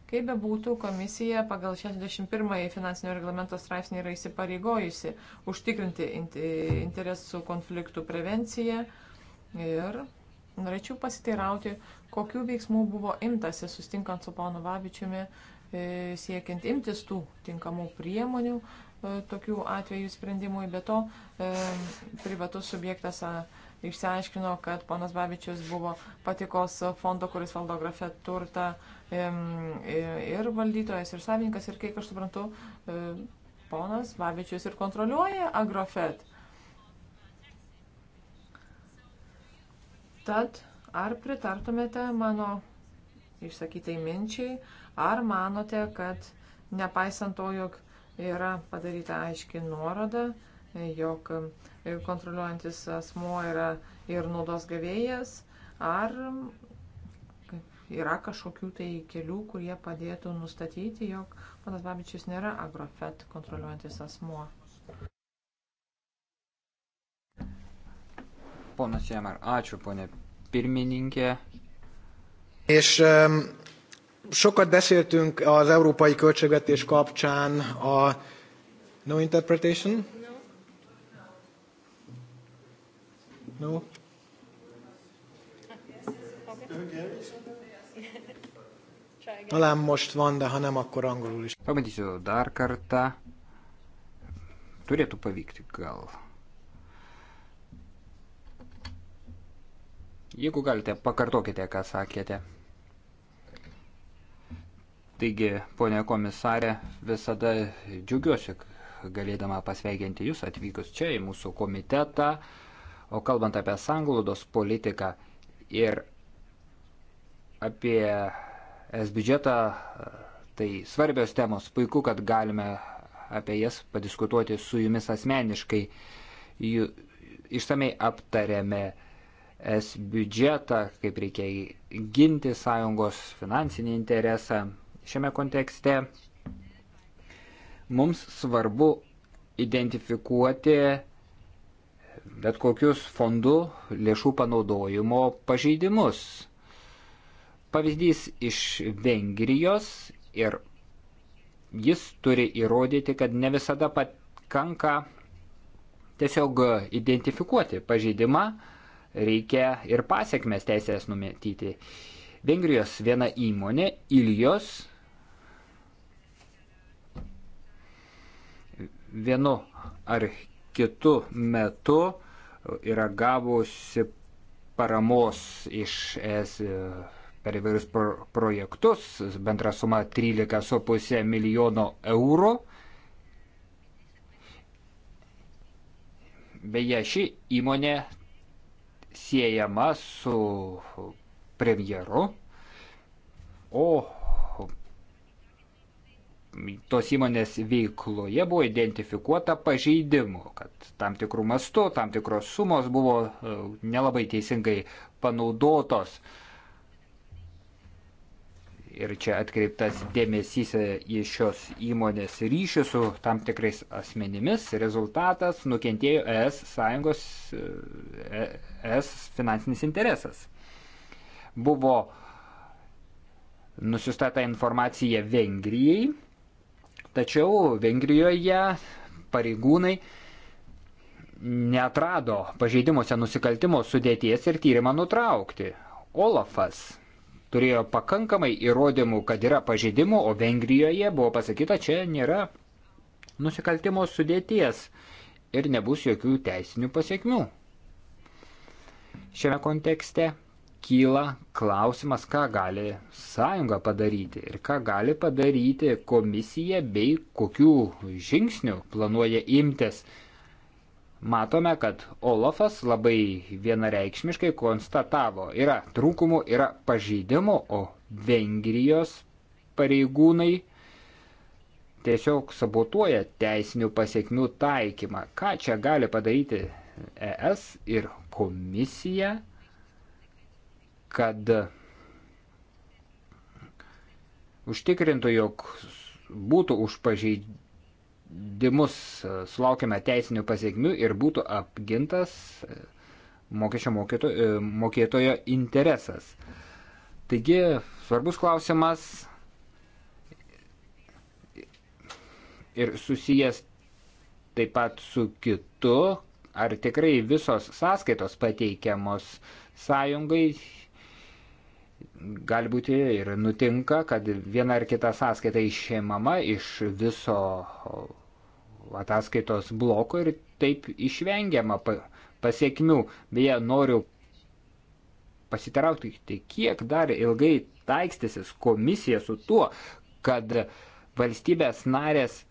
Kaip bebūtų, komisija pagal 61 finansinio reglamento straipsnį yra įsipareigojusi užtikrinti interesų konfliktų prevenciją ir Norėčiau pasiteirauti, kokiu veiksmu buvo imtasi sustinkant su ponu Vabičiumi, e, siekiant imtis tų tinkamų priemonių e, tokių atvejų sprendimui. Be to, e, privatus subjektas išsiaiškino, kad ponas Babičius buvo patikos fondo, kuris valdo grafę turtą ir valdytojas, ir savininkas. Ir kiek aš suprantu, ponas Babičius ir kontroliuoja agrofet. Tad ar pritartumėte mano išsakytai minčiai, ar manote, kad nepaisant to, jog yra padaryta aiški nuoroda, jog kontroliuojantis asmuo yra ir naudos gavėjas, ar yra kažkokių tai kelių, kurie padėtų nustatyti, jog panas Babičius nėra agrofet kontroliuojantis asmuo. Ponas Jamar, ačiū, ponė pirmininkė. És um, sokat beszéltünk az európai költségvetés kapcsán a no interpretation? No. no? Talán most van, de ha nem, akkor angolul is. Pabandysiu dar kartą. Turėtų pavykti gal. Jeigu galite, pakartokite, ką sakėte. Taigi, ponė komisarė, visada džiugiuosi galėdama pasveikinti Jūs atvykus čia į mūsų komitetą, o kalbant apie sanglaudos politiką ir apie es biudžetą, tai svarbios temos, puiku, kad galime apie jas padiskutuoti su Jumis asmeniškai. Išsamei aptarėme es biudžetą, kaip reikia ginti sąjungos finansinį interesą. Šiame kontekste mums svarbu identifikuoti bet kokius fondų lėšų panaudojimo pažeidimus. Pavyzdys iš Vengrijos ir jis turi įrodyti, kad ne visada pakanka tiesiog identifikuoti pažeidimą, reikia ir pasiekmes teisės numetyti. Vengrijos viena įmonė, Ilijos, vienu ar kitu metu yra gavusi paramos iš es per įvairius pro projektus, bendra suma 13,5 milijono eurų. Beje, ši įmonė siejama su premjeru, o tos įmonės veikloje buvo identifikuota pažeidimų, kad tam tikrų mastų, tam tikros sumos buvo e, nelabai teisingai panaudotos. Uh, ir čia atkreiptas dėmesys į šios įmonės ryšių su tam tikrais asmenimis. Rezultatas nukentėjo ES sąjungos e, ES finansinis interesas. Buvo nusistata informacija Vengrijai, tačiau Vengrijoje pareigūnai neatrado pažeidimuose nusikaltimo sudėties ir tyrimą nutraukti. Olafas turėjo pakankamai įrodymų, kad yra pažeidimų, o Vengrijoje buvo pasakyta, čia nėra nusikaltimo sudėties ir nebus jokių teisinių pasiekmių. Šiame kontekste kyla klausimas, ką gali sąjunga padaryti ir ką gali padaryti komisija bei kokių žingsnių planuoja imtis matome, kad Olafas labai vienareikšmiškai konstatavo, yra trūkumų, yra pažeidimų, o Vengrijos pareigūnai tiesiog sabotuoja teisinių pasiekmių taikymą. Ką čia gali padaryti ES ir komisija, kad užtikrintų, jog būtų už pažeidimą sprendimus sulaukime teisinių pasiekmių ir būtų apgintas e, mokesčio e, mokėtojo interesas. Taigi, svarbus klausimas ir susijęs taip pat su kitu, ar tikrai visos sąskaitos pateikiamos sąjungai gali būti ir nutinka, kad viena ar kita sąskaita išėmama iš viso ataskaitos bloko ir taip išvengiama pasiekmių. Beje, noriu pasiterauti, tai kiek dar ilgai taikstysis komisija su tuo, kad valstybės narės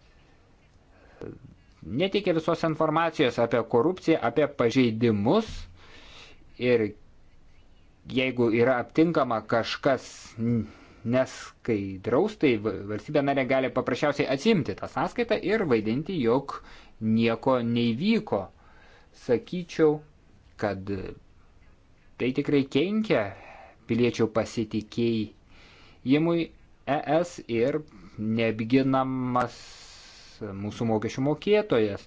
neteikia visos informacijos apie korupciją, apie pažeidimus ir jeigu yra aptinkama kažkas neskaidraus, tai valstybė narė gali paprasčiausiai atsimti tą sąskaitą ir vaidinti, jog nieko neįvyko. Sakyčiau, kad tai tikrai kenkia piliečių pasitikėjimui ES ir neapginamas mūsų mokesčių mokėtojas.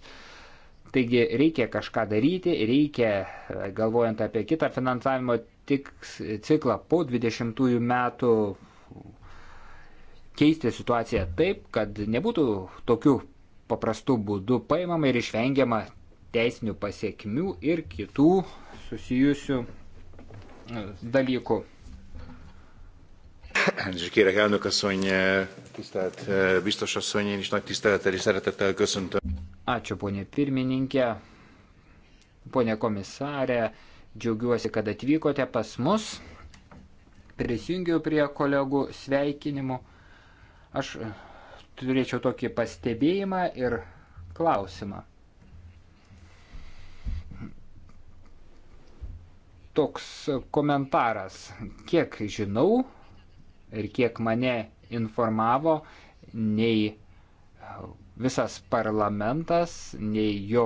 Taigi reikia kažką daryti, reikia, galvojant apie kitą finansavimo tik ciklą po 20 metų keisti situaciją taip, kad nebūtų tokių paprastų būdų paimama ir išvengiama teisinių pasiekmių ir kitų susijusių e, dalykų. És kérek elnök asszony, e, tisztelt e, biztos asszony, én is nagy tisztelettel és szeretettel köszöntöm. Ačiū, ponė pirmininkė, ponė komisarė. Džiaugiuosi, kad atvykote pas mus. Prisijungiau prie kolegų sveikinimų. Aš turėčiau tokį pastebėjimą ir klausimą. Toks komentaras, kiek žinau ir kiek mane informavo, nei visas parlamentas, nei jo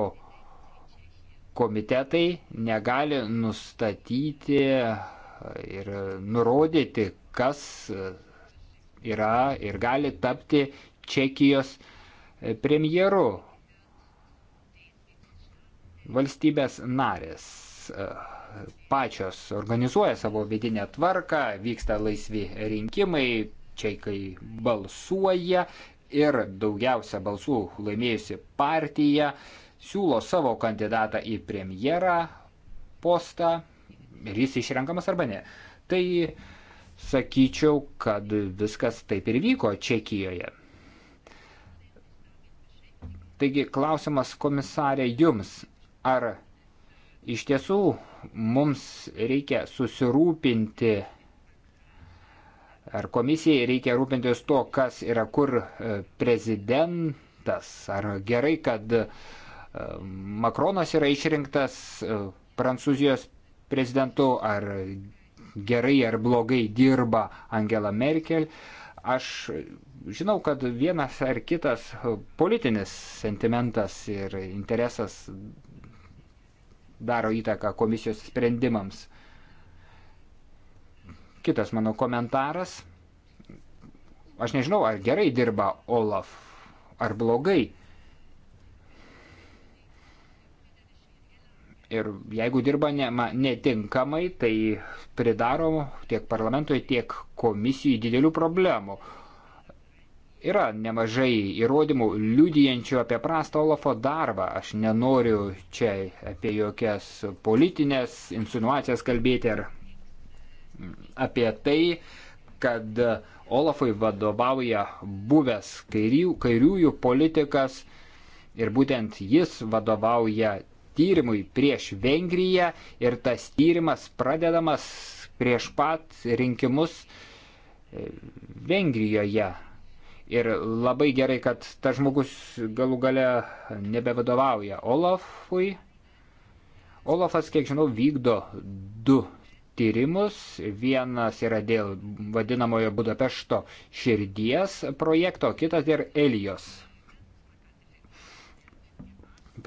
komitetai negali nustatyti ir nurodyti, kas yra ir gali tapti Čekijos premjeru. Valstybės narės e, pačios organizuoja savo vidinę tvarką, vyksta laisvi rinkimai, čekai balsuoja ir daugiausia balsų laimėjusi partija uh, siūlo savo kandidatą į premjerą postą ir jis išrenkamas arba ne. Tai sakyčiau, kad viskas taip ir vyko Čekijoje. Taigi klausimas komisarė jums, ar iš tiesų mums reikia susirūpinti, ar komisijai reikia rūpintis to, kas yra kur e, prezidentas, ar gerai, kad uh, Makronas yra išrinktas e, Prancūzijos prezidentu, ar gerai ar blogai dirba Angela Merkel. Aš žinau, kad vienas ar kitas politinis sentimentas ir interesas daro įtaką komisijos sprendimams. Kitas mano komentaras. Aš nežinau, ar gerai dirba Olaf, ar blogai ir jeigu dirba ne, ma, netinkamai, tai pridaro tiek parlamentui, tiek komisijai didelių problemų. Yra nemažai įrodymų liudijančių apie prastą Olafo darbą. Aš nenoriu čia apie jokias politinės insinuacijas kalbėti ar apie tai, kad Olafui vadovauja buvęs kairių, kairiųjų politikas ir būtent jis vadovauja tyrimui prieš Vengriją ir tas tyrimas pradedamas prieš pat rinkimus e, Vengrijoje. Ir labai gerai, kad tas žmogus galų gale nebevadovauja Olafui. Olafas, kiek žinau, vykdo du tyrimus. Vienas yra dėl vadinamojo Budapešto širdies projekto, kitas dėl Elijos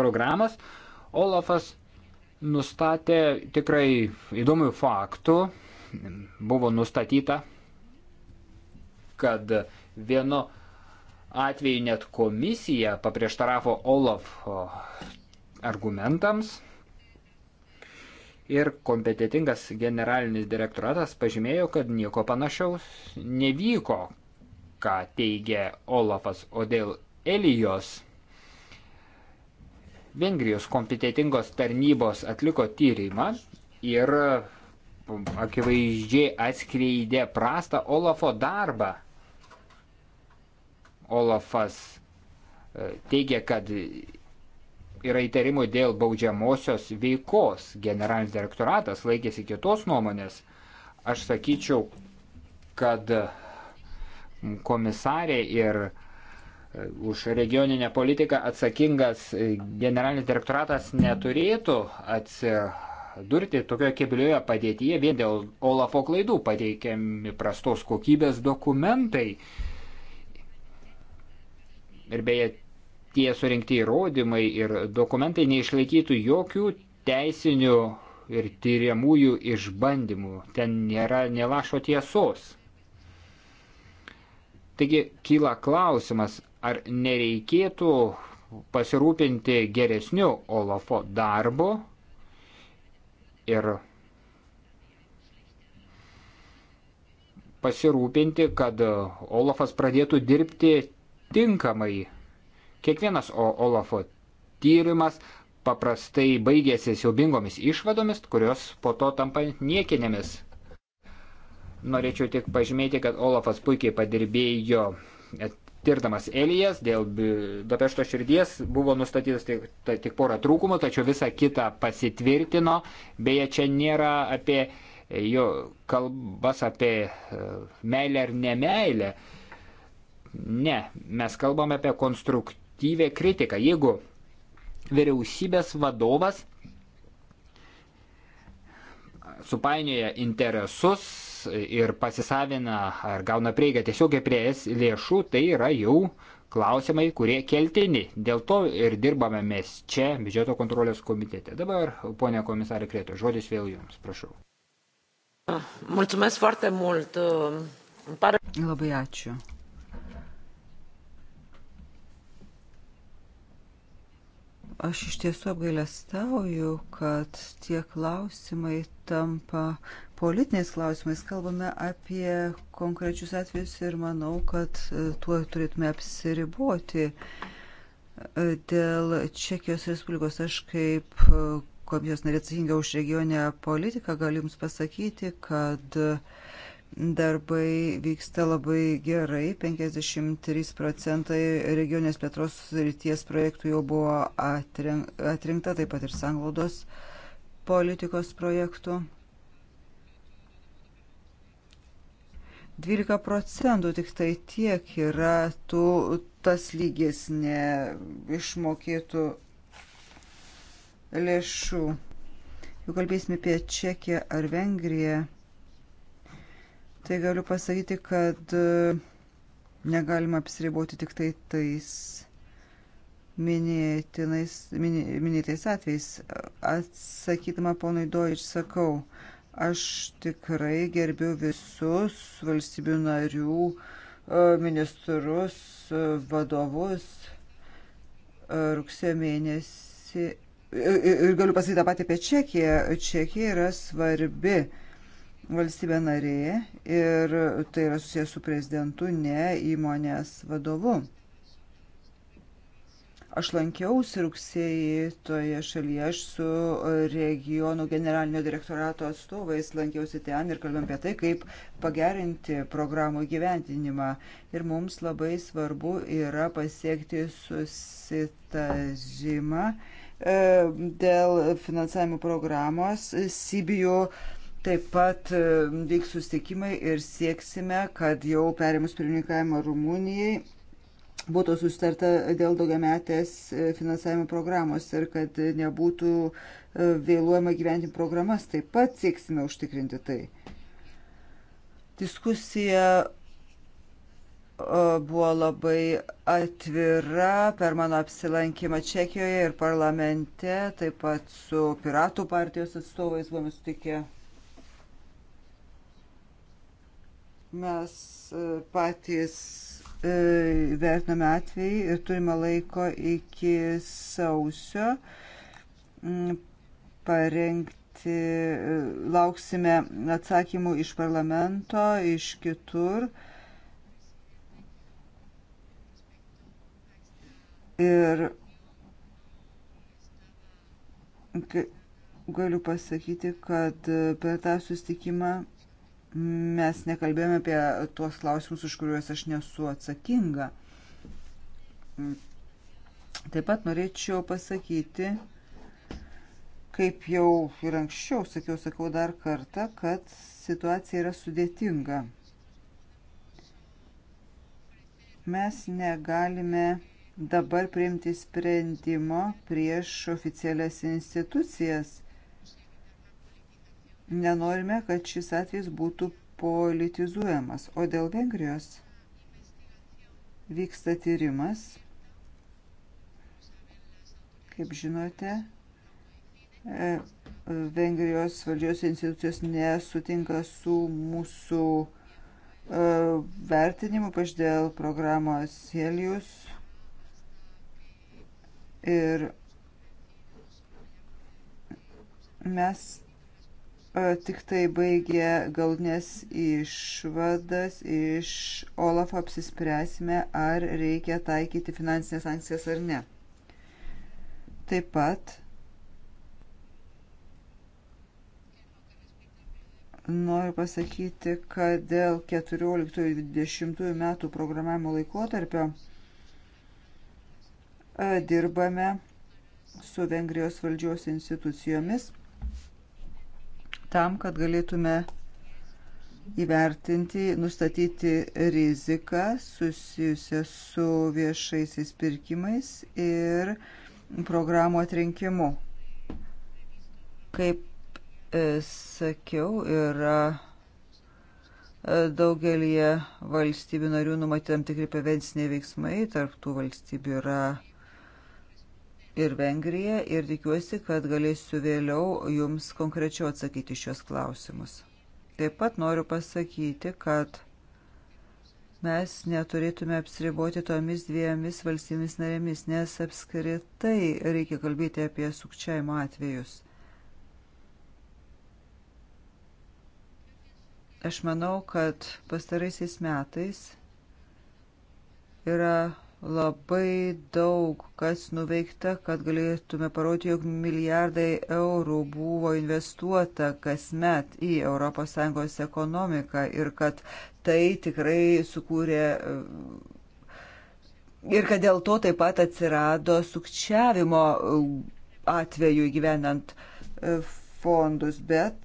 programos. Olafas nustatė tikrai įdomių faktų. Buvo nustatyta, kad vienu atveju net komisija paprieštaravo Olaf argumentams ir kompetitingas generalinis direktoratas pažymėjo, kad nieko panašaus nevyko, ką teigė Olafas, o dėl Elijos Vengrijos kompetitingos tarnybos atliko tyrimą ir um, akivaizdžiai atskleidė prastą Olafo darbą. Olafas e, teigia, kad yra įtarimų dėl baudžiamosios veikos. Generalinis direktoratas laikėsi kitos nuomonės. Aš sakyčiau, kad komisarė ir uh, E, už regioninę politiką atsakingas e, generalinis direktoratas neturėtų atsidurti tokioje keblioje padėtyje vien dėl Olafo klaidų pateikiami prastos kokybės dokumentai. Ir beje, tie surinkti įrodymai ir dokumentai neišlaikytų jokių teisinių ir tyriamųjų išbandymų. Ten nėra nelašo tiesos. Taigi kyla klausimas, ar nereikėtų pasirūpinti geresniu Olafo darbu ir pasirūpinti, kad Olafas pradėtų dirbti tinkamai. Kiekvienas Olafo tyrimas paprastai baigėsi siaubingomis išvadomis, kurios po to tampa niekinėmis. Norėčiau tik pažymėti, kad Olafas puikiai padirbėjo e, tirdamas Elijas, dėl Budapešto širdies buvo nustatytas tik, ta, tik porą trūkumų, tačiau visa kita pasitvirtino. Beje, čia nėra apie e, jo kalbas apie e, meilę ar nemailę. Ne, mes kalbame apie konstruktyvę kritiką. Jeigu vyriausybės vadovas supainioja interesus, ir pasisavina ar gauna prieigą tiesiogiai prie es lėšų, tai yra jau klausimai, kurie keltini. Dėl to ir dirbame mes čia, biudžeto kontrolės komitete. Dabar, ponia komisarė Kreto, žodis vėl jums, prašau. Mulțumesc foarte mult. Labai ačiū. aš iš tiesų apgailestauju, kad tie klausimai tampa politiniais klausimais, kalbame apie konkrečius atvejus ir manau, kad e, tuo turėtume apsiriboti. E, dėl Čekijos Respublikos aš kaip e, komisijos narė atsakinga už regionę politiką galiu Jums pasakyti, kad darbai vyksta labai gerai. 53 procentai regionės plėtros ryties projektų jau buvo atrinkta, taip pat ir sanglaudos politikos projektų. 12 procentų tik tai tiek yra tų, tas lygis neišmokėtų lėšų. Jau kalbėsime apie Čekiją ar Vengriją. Tai galiu pasakyti, kad e, negalima apsiriboti tik tai tais minėtinais, minėtais atvejais. Atsakydama ponui Doič sakau, Aš tikrai gerbiu visus valstybių narių e, ministrus, e, vadovus. E, rugsėjo mėnesį. Ir galiu pasakyti tą patį apie Čekiją. Čekija yra svarbi valstybė narė ir tai yra susijęs su prezidentu, ne įmonės vadovu. Aš lankiausi rugsėjį toje šalyje, aš su regionų generalinio direktorato atstovais lankiausi ten ir kalbėjom apie tai, kaip pagerinti programų gyventinimą. Ir mums labai svarbu yra pasiekti susitarimą e, dėl finansavimo programos Sibijo. Taip pat e, vyks susitikimai ir sieksime, kad jau perėmus pirmininkavimą Rumunijai būtų sustarta dėl daugiametės e, finansavimo programos ir kad nebūtų e, vėluojama gyventi programas. Taip pat sieksime užtikrinti tai. Diskusija buvo labai atvira per mano apsilankymą Čekijoje ir parlamente, taip pat su Piratų partijos atstovais buvome sutikę. Mes e, patys E, vertiname atvejį ir turime laiko iki sausio mm, parengti, e, lauksime atsakymų iš parlamento, iš kitur. Ir galiu pasakyti, kad e, per tą sustikimą mes nekalbėjome apie tuos klausimus, už kuriuos aš nesu atsakinga. Taip pat norėčiau pasakyti, kaip jau ir anksčiau sakiau, sakau dar kartą, kad situacija yra sudėtinga. Mes negalime dabar priimti sprendimo prieš oficialias institucijas Nenorime, kad šis atvejs būtų politizuojamas. O dėl Vengrijos vyksta tyrimas. Kaip žinote, e, Vengrijos valdžios institucijos nesutinka su mūsų e, vertinimu, paž dėl programos Helius ir mes tik tai baigė galutinės išvadas iš Olafo apsispręsime, ar reikia taikyti finansinės sankcijas ar ne. Taip pat noriu pasakyti, kad dėl 14-20 metų programavimo laikotarpio dirbame su Vengrijos valdžios institucijomis – tam, kad galėtume įvertinti, nustatyti riziką susijusią su viešaisiais pirkimais ir programų atrinkimu. Kaip e, sakiau, yra e, daugelie valstybių narių numatyti tam tikri prevenciniai veiksmai, tarp tų valstybių yra ir Vengrija ir tikiuosi, kad galėsiu vėliau jums konkrečiau atsakyti šios klausimus. Taip pat noriu pasakyti, kad mes neturėtume apsiriboti tomis dviejomis valstybėmis narėmis, nes apskritai reikia kalbėti apie sukčiavimo atvejus. Aš manau, kad pastaraisiais metais yra Labai daug kas nuveikta, kad galėtume parodyti, jog milijardai eurų buvo investuota kasmet į ES ekonomiką ir kad tai tikrai sukūrė ir kad dėl to taip pat atsirado sukčiavimo atveju įgyvenant e, fondus, bet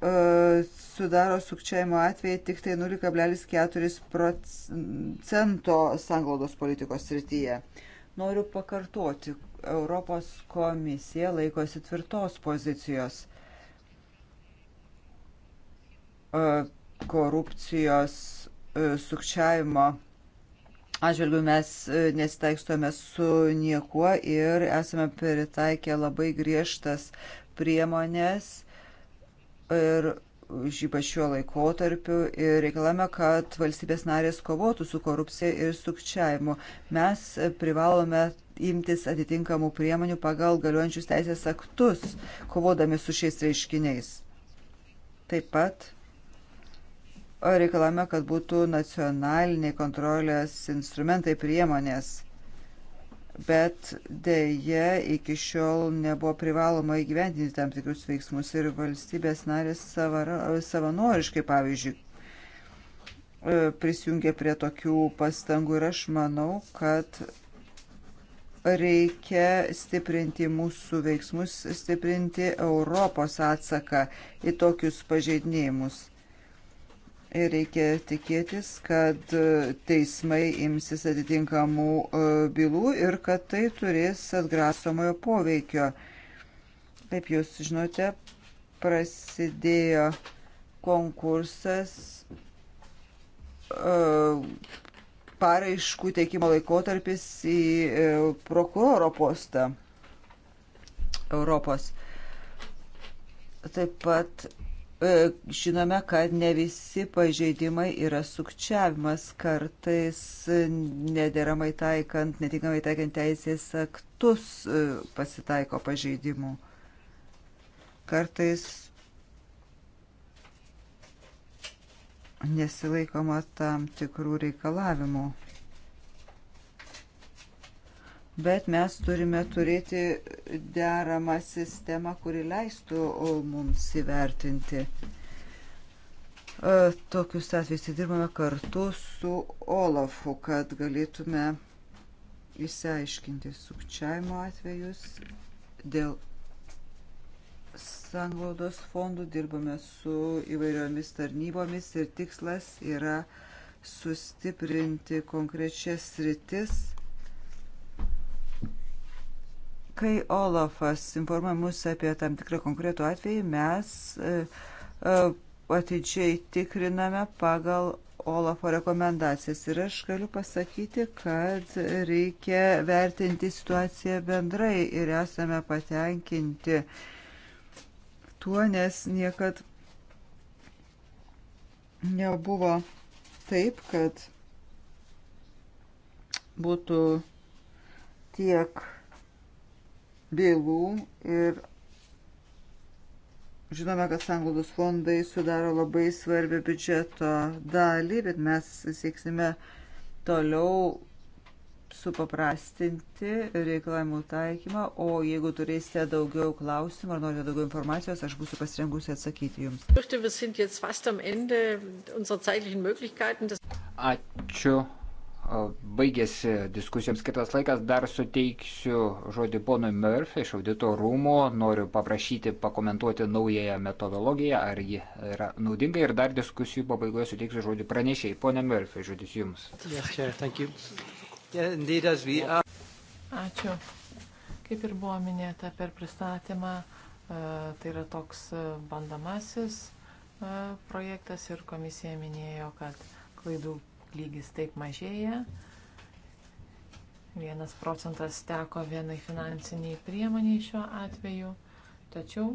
e, sudaro sukčiavimo atvejai tik tai 0,4 procento sanglaudos politikos srityje. Noriu pakartoti, Europos komisija laikosi tvirtos pozicijos e, korupcijos e, sukčiavimo atžvilgių mes e, nesitaikstome su niekuo ir esame pritaikę labai griežtas priemonės ir ypač šiuo laikotarpiu ir reikalame, kad valstybės narės kovotų su korupcija ir sukčiavimu. Mes privalome imtis atitinkamų priemonių pagal galiuojančius teisės aktus, kovodami su šiais reiškiniais. Taip pat reikalame, kad būtų nacionaliniai kontrolės instrumentai priemonės bet dėje iki šiol nebuvo privaloma įgyvendinti tam tikrus veiksmus ir valstybės narės savanoriškai, pavyzdžiui, e, prisijungė prie tokių pastangų ir aš manau, kad reikia stiprinti mūsų veiksmus, stiprinti Europos atsaką į tokius pažeidinėjimus. Ir reikia tikėtis, kad e, teismai imsis atitinkamų e, bylų ir kad tai turės atgrasomojo poveikio. Kaip jūs žinote, prasidėjo konkursas e, paraiškų teikimo laikotarpis į prokuroro postą Europos. Taip pat E, žinome, kad ne visi pažeidimai yra sukčiavimas, kartais nederamai taikant, netinkamai taikant teisės aktus e, pasitaiko pažeidimų. Kartais nesilaikoma tam tikrų reikalavimų bet mes turime turėti deramą sistemą, kuri leistų mums įvertinti. E, tokius atvejus įdirbame kartu su Olafu, kad galėtume įsiaiškinti sukčiavimo atvejus dėl sanglaudos fondų, dirbame su įvairiomis tarnybomis ir tikslas yra sustiprinti konkrečias sritis Kai Olafas informuoja mus apie tam tikrą konkretų atvejį, mes e, e, atidžiai tikriname pagal Olafo rekomendacijas. Ir aš galiu pasakyti, kad reikia vertinti situaciją bendrai ir esame patenkinti tuo, nes niekad nebuvo taip, kad būtų tiek bylų ir žinome, kad sanglaudos fondai sudaro labai svarbią biudžeto dalį, bet mes sieksime toliau supaprastinti reikalavimų taikymą, o jeigu turėsite daugiau klausimų ar norite daugiau informacijos, aš būsiu pasirengusi atsakyti jums. Ačiū baigėsi diskusijoms kitas laikas, dar suteiksiu žodį ponui Murphy iš audito rūmų. Noriu paprašyti pakomentuoti naująją metodologiją, ar ji yra naudinga ir dar diskusijų pabaigoje suteiksiu žodį pranešėjai. Pone Murphy, žodis jums. Ačiū. Kaip ir buvo minėta per pristatymą, e, tai yra toks e, bandamasis e, projektas ir komisija minėjo, kad klaidų lygis taip mažėja. Vienas procentas teko vienai finansiniai priemoniai šiuo atveju, tačiau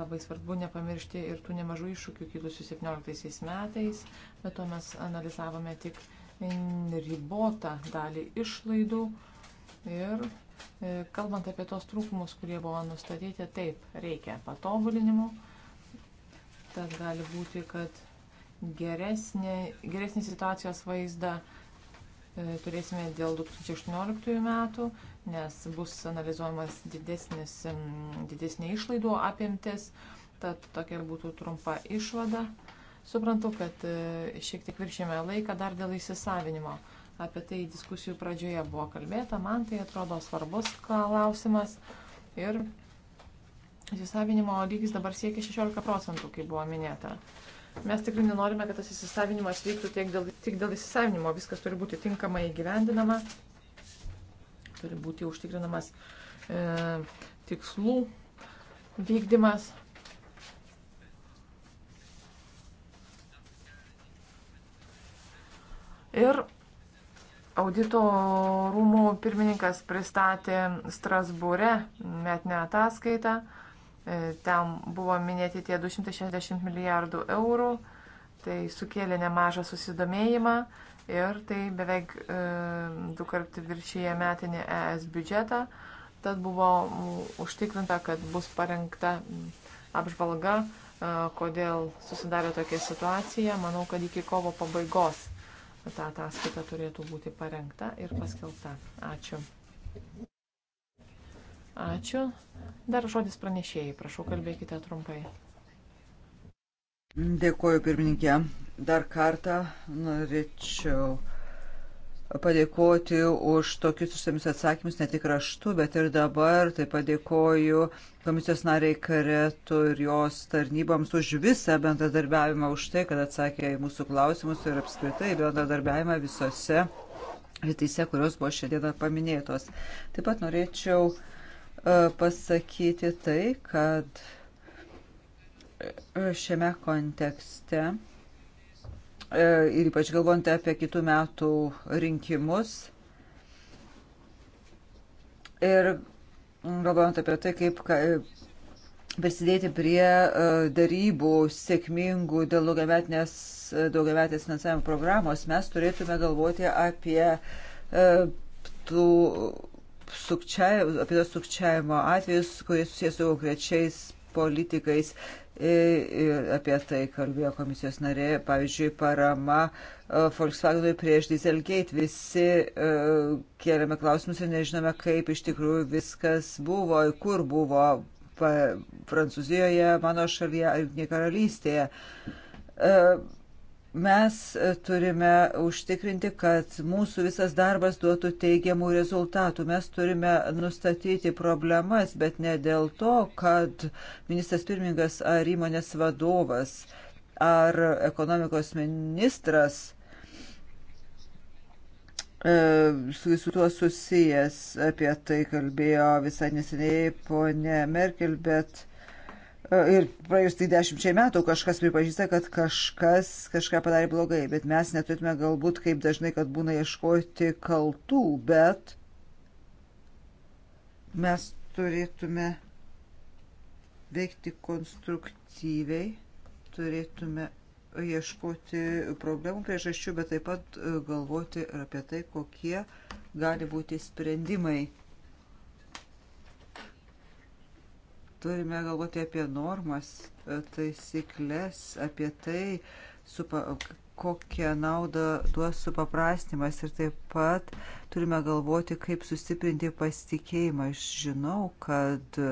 labai svarbu nepamiršti ir tų nemažų iššūkių kilusių 17 metais, bet to mes analizavome tik ribotą dalį išlaidų ir e, kalbant apie tos trūkumus, kurie buvo nustatyti, taip, reikia patobulinimų. Tad gali būti, kad geresnį, geresnį situacijos vaizdą e, turėsime dėl 2018 metų, nes bus analizuojamas didesnis, didesnė išlaidų apimtis, tad tokia būtų trumpa išvada. Suprantu, kad e, šiek tiek viršėme laiką dar dėl įsisavinimo. Apie tai diskusijų pradžioje buvo kalbėta, man tai atrodo svarbus klausimas. Ir įsisavinimo lygis dabar siekia 16 procentų, kaip buvo minėta. Mes tikrai nenorime, kad tas įsisavinimas vyktų dėl, tik dėl įsisavinimo. Viskas turi būti tinkamai įgyvendinama, turi būti užtikrinamas e, tikslų vykdymas. Ir audito rūmų pirmininkas pristatė Strasbūre metinę ataskaitą. E, E, ten buvo minėti tie 260 milijardų eurų, tai sukėlė nemažą susidomėjimą ir tai beveik e, du kart viršyje metinį ES biudžetą. Tad buvo užtikrinta, kad bus parengta apžvalga, e, kodėl susidarė tokia situacija. Manau, kad iki kovo pabaigos ta ataskaita turėtų būti parengta ir paskelbta. Ačiū. Ačiū. Dar žodis pranešėjai, prašau, kalbėkite trumpai. Dėkuoju pirmininkė. Dar kartą norėčiau padėkoti už tokius išsamius atsakymus, ne tik raštu, bet ir dabar. Taip padėkoju komisijos nariai Karetų ir jos tarnyboms už visą bendradarbiavimą, už tai, kad atsakė į mūsų klausimus ir apskritai bendradarbiavimą visose rytise, kurios buvo šiandieną paminėtos. Taip pat norėčiau uh, E, pasakyti tai, kad e, šiame kontekste e, ir ypač galvojant apie kitų metų rinkimus ir galvojant apie tai, kaip prisidėti prie darybų sėkmingų dėl daugiametės, daugiametės finansavimo programos, mes turėtume galvoti apie tų sukčia, apie tos sukčiavimo atvejus, kurie susijęs su konkrečiais politikais. Ir apie tai kalbėjo komisijos narė, pavyzdžiui, parama e, Volkswagenui prieš Dieselgate. Visi e, keliame klausimus ir nežinome, kaip iš tikrųjų viskas buvo, kur buvo Prancūzijoje, mano šalyje ar Jungtinėje karalystėje. E, Mes e, turime užtikrinti, kad mūsų visas darbas duotų teigiamų rezultatų. Mes turime nustatyti problemas, bet ne dėl to, kad ministras pirmingas ar įmonės vadovas ar ekonomikos ministras e, su visu tuo susijęs apie tai kalbėjo visai neseniai ponė Merkel, bet Ir praėjus tik dešimčiai metų kažkas pripažįsta, kad kažkas kažką padarė blogai, bet mes neturėtume galbūt kaip dažnai, kad būna ieškoti kaltų, bet mes turėtume veikti konstruktyviai, turėtume ieškoti problemų priežasčių, bet taip pat galvoti ir apie tai, kokie gali būti sprendimai Turime galvoti apie normas, e, taisyklės, apie tai, su, kokią naudą duos supaprastimas ir taip pat turime galvoti, kaip sustiprinti pasitikėjimą. Aš žinau, kad e,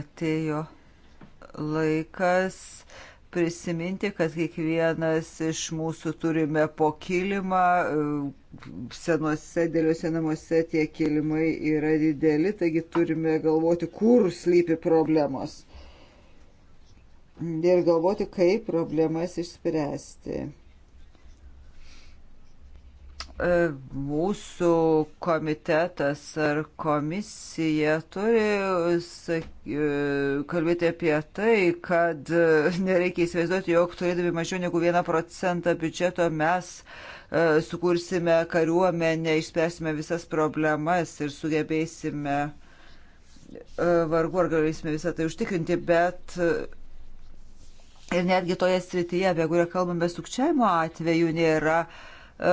atėjo laikas prisiminti, kad kiekvienas iš mūsų turime po kilimą, senuose dėliuose namuose tie kilimai yra dideli, taigi turime galvoti, kur slypi problemos. Ir galvoti, kaip problemas išspręsti. E, mūsų komitetas ar komisija turi saky, e, kalbėti apie tai, kad e, nereikia įsivaizduoti, jog turėdami mažiau negu 1 procentą biudžeto mes sukursime kariuomenę, išspręsime visas problemas ir sugebėsime vargu ar galėsime visą tai užtikrinti, bet ir netgi toje srityje, apie kurią kalbame, sukčiavimo atveju nėra uh, E,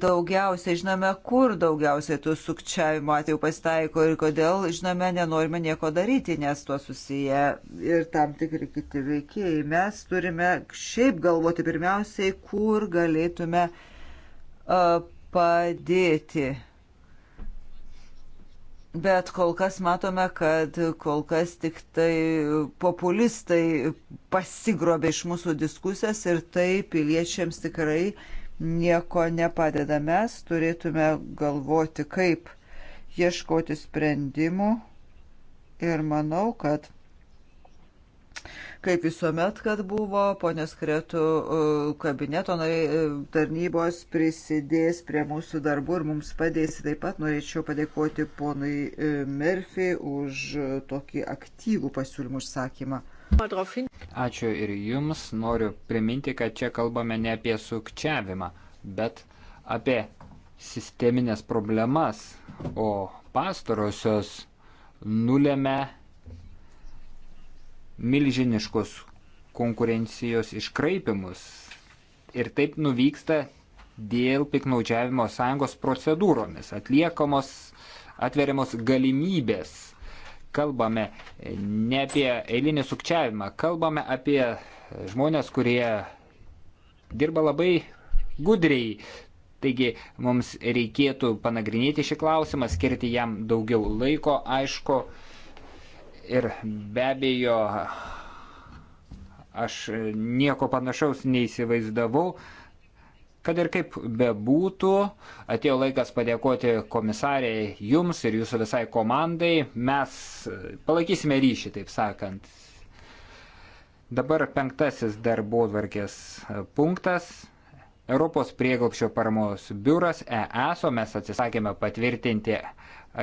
daugiausiai, žinome, kur daugiausiai tų sukčiavimo atveju pasitaiko ir kodėl, žinome, nenorime nieko daryti, nes tuo susiję ir tam tikri kiti veikėjai. Mes turime šiaip galvoti pirmiausiai, kur galėtume e, padėti. Bet kol kas matome, kad kol kas tik tai populistai pasigrobė iš mūsų diskusijas ir tai piliečiams tikrai uh, nieko nepadeda. Mes turėtume galvoti, kaip ieškoti sprendimų ir manau, kad kaip visuomet, kad buvo, ponės Kretų e, kabineto nariai e, tarnybos prisidės prie mūsų darbų ir mums padės. Taip pat norėčiau padėkoti ponui e, Merfi už tokį aktyvų pasiūlymų užsakymą. Ačiū ir jums. Noriu priminti, kad čia kalbame ne apie sukčiavimą, bet apie sisteminės problemas, o pastarosios nulėmė milžiniškus konkurencijos iškraipimus. Ir taip nuvyksta dėl piknaudžiavimo sąjungos procedūromis, atliekamos, atveriamos galimybės kalbame ne apie eilinį sukčiavimą, kalbame apie žmonės, kurie dirba labai gudriai. Taigi mums reikėtų panagrinėti šį klausimą, skirti jam daugiau laiko, aišku. Ir be abejo, aš nieko panašaus neįsivaizdavau. Kad ir kaip bebūtų, atėjo laikas padėkoti komisariai jums ir jūsų visai komandai. Mes palaikysime ryšį, taip sakant. Dabar penktasis darbo tvarkės e, punktas. Europos prieglopščio paramos biuras ESO mes atsisakėme patvirtinti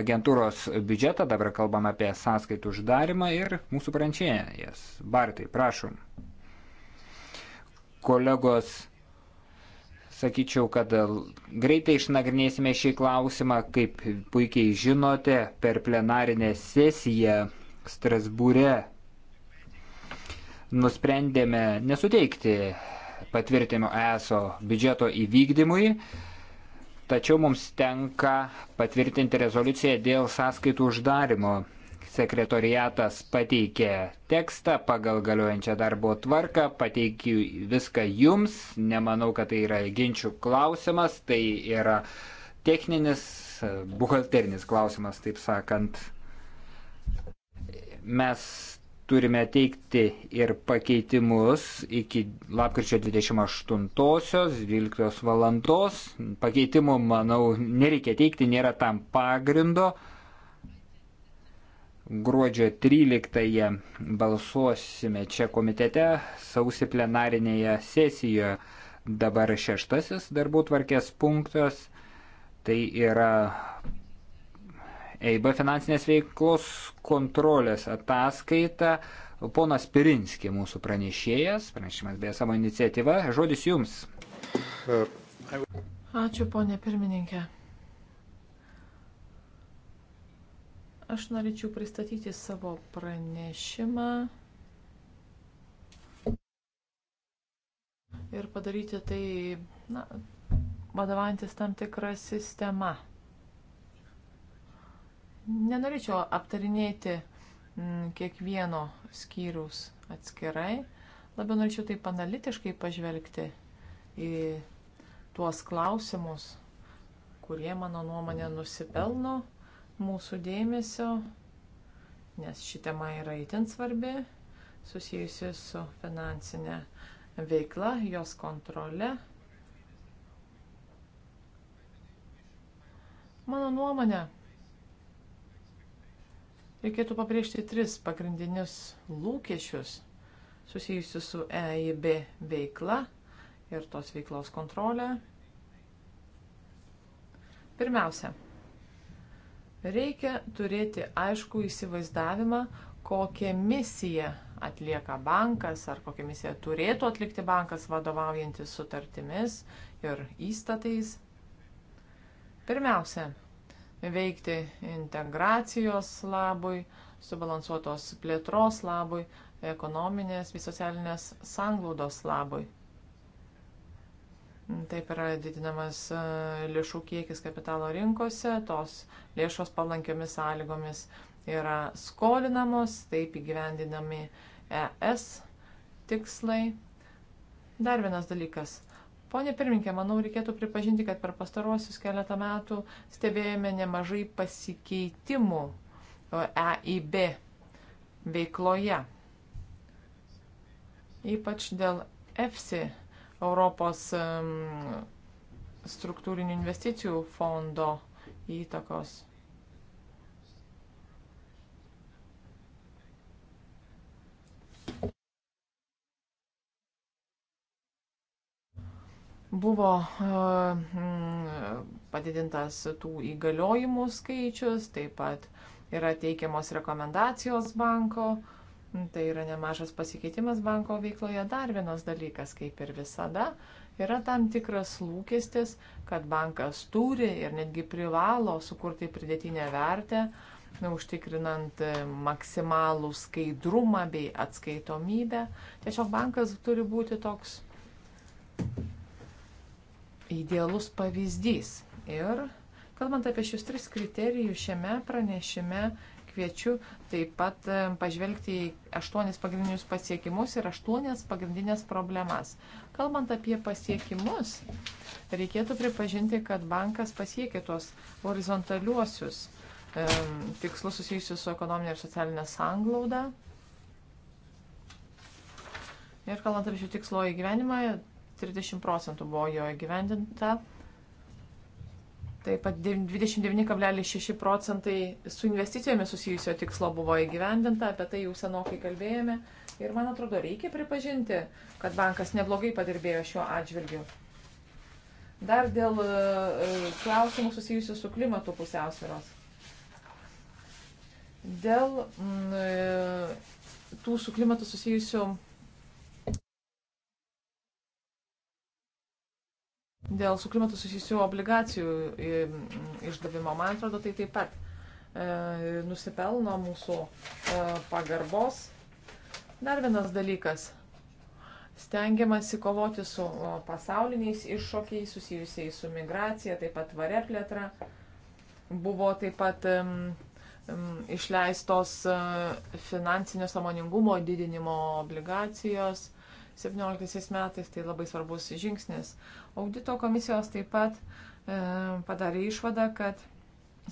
agentūros biudžetą, dabar kalbam apie sąskaitų uždarimą ir mūsų pranešėjas. Bartai, prašom. Kolegos, sakyčiau, kad greitai išnagrinėsime šį klausimą, kaip puikiai žinote, per plenarinę sesiją Strasbūre nusprendėme nesuteikti patvirtimo ESO biudžeto įvykdymui, tačiau mums tenka patvirtinti rezoliuciją dėl sąskaitų uždarimo sekretoriatas pateikė tekstą pagal galiojančią darbo tvarką, pateikiu viską jums, nemanau, kad tai yra ginčių klausimas, tai yra techninis, buhalterinis klausimas, taip sakant. Mes turime teikti ir pakeitimus iki lapkričio 28-osios, 12 valandos. Pakeitimų, manau, nereikia teikti, nėra tam pagrindo. Gruodžio 13-ąją balsuosime čia komitete, sausi plenarinėje sesijoje. Dabar šeštasis darbų tvarkės punktas - tai yra EIB finansinės veiklos kontrolės ataskaita. Ponas Pirinski, mūsų pranešėjas, pranešimas beje savo iniciatyva, žodis jums. Ačiū, ponė pirmininkė. Aš norėčiau pristatyti savo pranešimą ir padaryti tai, na, vadovantis tam tikrą sistemą. Nenorėčiau aptarinėti mm, kiekvieno skyrius atskirai, labiau norėčiau taip analitiškai pažvelgti į tuos klausimus, kurie mano nuomonė nusipelno mūsų dėmesio, nes ši tema yra itin svarbi, susijusi su finansinė veikla, jos kontrole. Mano nuomonė, reikėtų pabrėžti tris pagrindinius lūkesčius susijusius su EIB veikla ir tos veiklos kontrolė. Pirmiausia, Reikia turėti aišku įsivaizdavimą, kokią misiją atlieka bankas ar kokią misiją turėtų atlikti bankas vadovaujantis sutartimis ir įstatais. Pirmiausia, veikti integracijos labui, subalansuotos plėtros labui, ekonominės bei socialinės sanglaudos labui. Taip yra didinamas e, lėšų kiekis kapitalo rinkose, tos lėšos palankiomis sąlygomis yra skolinamos, taip įgyvendinami ES tikslai. Dar vienas dalykas. Pone pirminkė, manau, reikėtų pripažinti, kad per pastaruosius keletą metų stebėjome nemažai pasikeitimų EIB e veikloje. Ypač dėl EFSI Europos struktūrinių investicijų fondo įtakos. Buvo padidintas tų įgaliojimų skaičius, taip pat yra teikiamos rekomendacijos banko Tai yra nemažas pasikeitimas banko veikloje. Dar vienas dalykas, kaip ir visada, yra tam tikras lūkestis, kad bankas turi ir netgi privalo sukurti pridėtinę vertę, na, užtikrinant e, maksimalų skaidrumą bei atskaitomybę. Tačiau bankas turi būti toks idealus pavyzdys. Ir kalbant apie šius tris kriterijus šiame pranešime, kviečiu taip pat e, pažvelgti į aštuonis pagrindinius pasiekimus ir aštuonias pagrindinės problemas. Kalbant apie pasiekimus, reikėtų pripažinti, kad bankas pasiekė tuos horizontaliuosius e, tikslus susijusius su ekonominė ir socialinė sanglauda. Ir kalbant apie šių tikslo įgyvenimą, 30 procentų buvo jo įgyvendinta. E, Taip pat 29,6 procentai su investicijomis susijusio tikslo buvo įgyvendinta, apie tai jau senokai kalbėjome. Ir man atrodo, reikia pripažinti, kad bankas neblogai padirbėjo šiuo atžvilgiu. Dar dėl e, klausimų susijusių su klimato pusiausvėros. Dėl m, e, tų su klimatu susijusių Dėl su klimatu susijusių obligacijų išdavimo, man atrodo, tai taip pat e, nusipelno mūsų e, pagarbos. Dar vienas dalykas. Stengiamasi kovoti su pasauliniais iššūkiais susijusiais su migracija, taip pat tvaria plėtra. Buvo taip pat um, um, išleistos uh, finansinio samoningumo didinimo obligacijos. 17 metais, tai labai svarbus žingsnis. Audito komisijos taip pat e, padarė išvadą, kad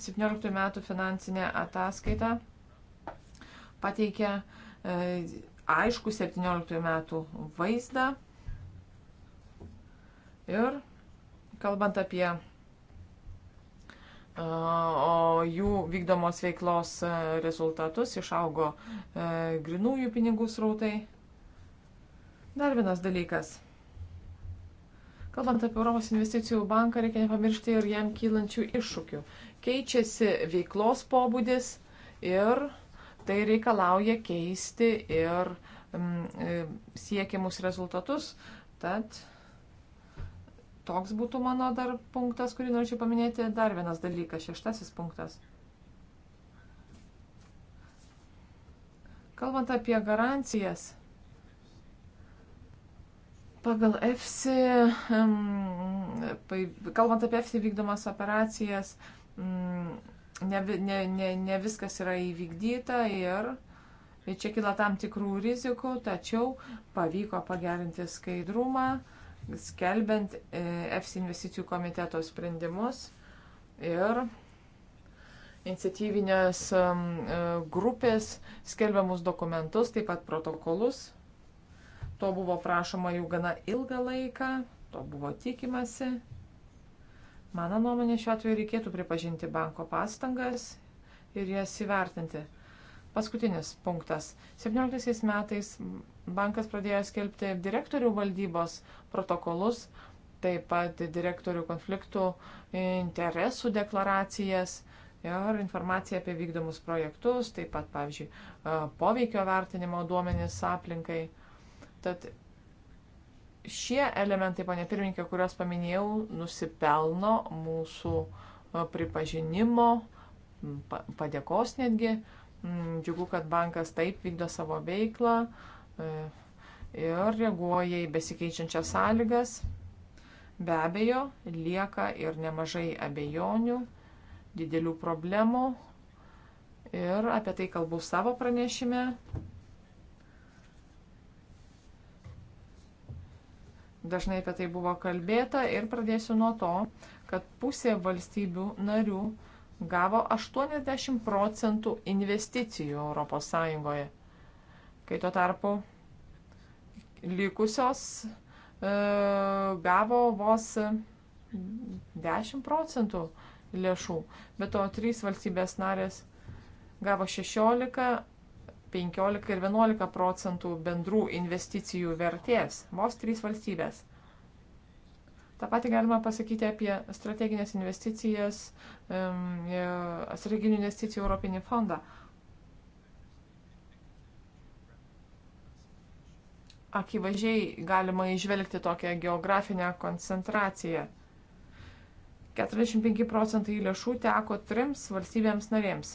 17 metų finansinė ataskaita pateikia e, aišku 17 metų vaizdą. Ir kalbant apie e, jų vykdomos veiklos e, rezultatus, išaugo e, grinųjų pinigų srautai Dar vienas dalykas. Kalbant apie Europos investicijų banką, reikia nepamiršti ir jam kylančių iššūkių. Keičiasi veiklos pobūdis ir tai reikalauja keisti ir mm, e, siekiamus rezultatus. Tad toks būtų mano dar punktas, kurį norėčiau paminėti. Dar vienas dalykas, šeštasis punktas. Kalbant apie garantijas, Pagal EFSI, kalbant apie EFSI vykdomas operacijas, mm, ne, ne, ne, ne viskas yra įvykdyta ir čia kila tam tikrų rizikų, tačiau pavyko pagerinti skaidrumą, skelbiant EFSI investicijų komiteto sprendimus ir iniciatyvinės e, grupės skelbiamus dokumentus, taip pat protokolus. To buvo prašoma jau gana ilgą laiką, to buvo tikimasi. Mano nuomonė šiuo atveju reikėtų pripažinti banko pastangas ir jas įvertinti. Paskutinis punktas. 17 metais bankas pradėjo skelbti direktorių valdybos protokolus, taip pat direktorių konfliktų interesų deklaracijas ir informaciją apie vykdomus projektus, taip pat, pavyzdžiui, poveikio vertinimo duomenys aplinkai. Tad šie elementai, ponė pirmininkė, kuriuos paminėjau, nusipelno mūsų e, pripažinimo, padėkos netgi. Džiugu, kad bankas taip vykdo savo veiklą e, ir reaguoja į besikeičiančias sąlygas. Be abejo, lieka ir nemažai abejonių, didelių problemų ir apie tai kalbu savo pranešime. Dažnai apie tai buvo kalbėta ir pradėsiu nuo to, kad pusė valstybių narių gavo 80 procentų investicijų ES, kai tuo tarpu likusios e, gavo vos 10 procentų lėšų. Be to, trys valstybės narės gavo 16, 15 ir 11 procentų bendrų investicijų vertės, vos trys valstybės. Ta pati galima pasakyti apie strateginės investicijas, e, strateginių investicijų Europinį fondą. Akivaizdžiai galima išvelgti tokią geografinę koncentraciją. 45 procentai lėšų teko trims valstybėms narėms.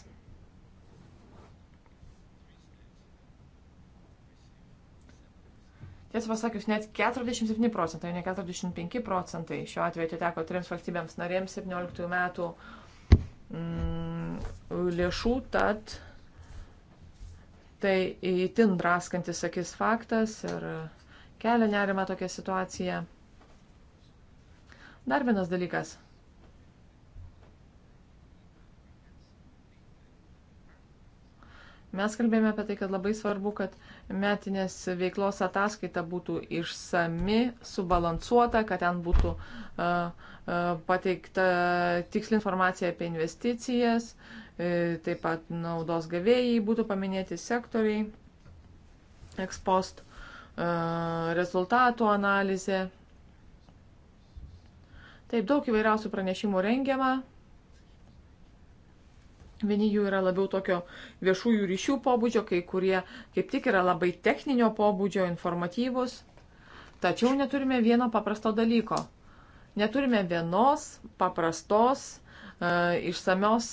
Tiesą pasakius, net 47 procentai, ne 45 procentai šiuo atveju atiteko trims valstybėms narėms 17 metų mm, lėšų, tad tai įtin draskantis akis faktas ir kelia nerima tokia situacija. Dar vienas dalykas. Mes kalbėjome apie tai, kad labai svarbu, kad metinės veiklos ataskaita būtų išsami, subalansuota, kad ten būtų pateikta tiksli informacija apie investicijas, e, taip pat naudos gavėjai būtų paminėti sektoriai, ekspost rezultatų analizė. Taip, daug įvairiausių pranešimų rengiama. Vieni jų yra labiau tokio viešųjų ryšių pobūdžio, kai kurie kaip tik yra labai techninio pobūdžio, informatyvus. Tačiau neturime vieno paprasto dalyko. Neturime vienos paprastos, e, išsamios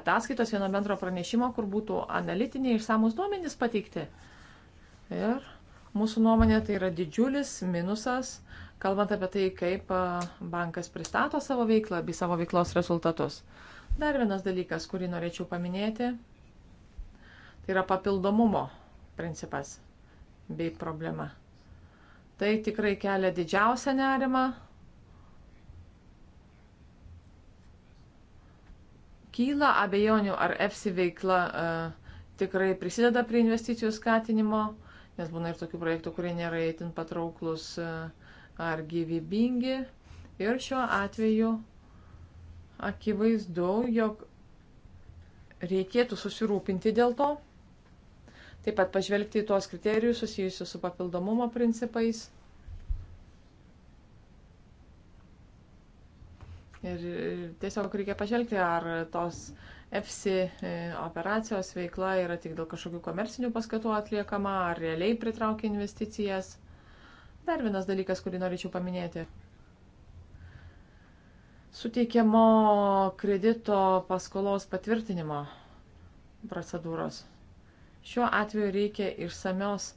ataskaitos, vieno bendro pranešimo, kur būtų analitiniai išsamus duomenys pateikti. Ir mūsų nuomonė tai yra didžiulis minusas, kalbant apie tai, kaip e, bankas pristato savo veiklą bei savo veiklos rezultatus. Dar vienas dalykas, kurį norėčiau paminėti, tai yra papildomumo principas bei problema. Tai tikrai kelia didžiausią nerimą. Kyla abejonių, ar EFSI veikla uh, tikrai prisideda prie investicijų skatinimo, nes būna ir tokių projektų, kurie nėra itin patrauklus uh, ar gyvybingi. Ir šiuo atveju uh, akivaizdu, jog reikėtų susirūpinti dėl to. Taip pat pažvelgti į tuos kriterijus susijusius su papildomumo principais. Ir tiesiog reikia pažvelgti, ar tos EFSI operacijos veikla yra tik dėl kažkokių komercinių paskatų atliekama, ar realiai pritraukia investicijas. Dar vienas dalykas, kurį norėčiau paminėti suteikiamo kredito paskolos patvirtinimo procedūros. Šiuo atveju reikia išsamios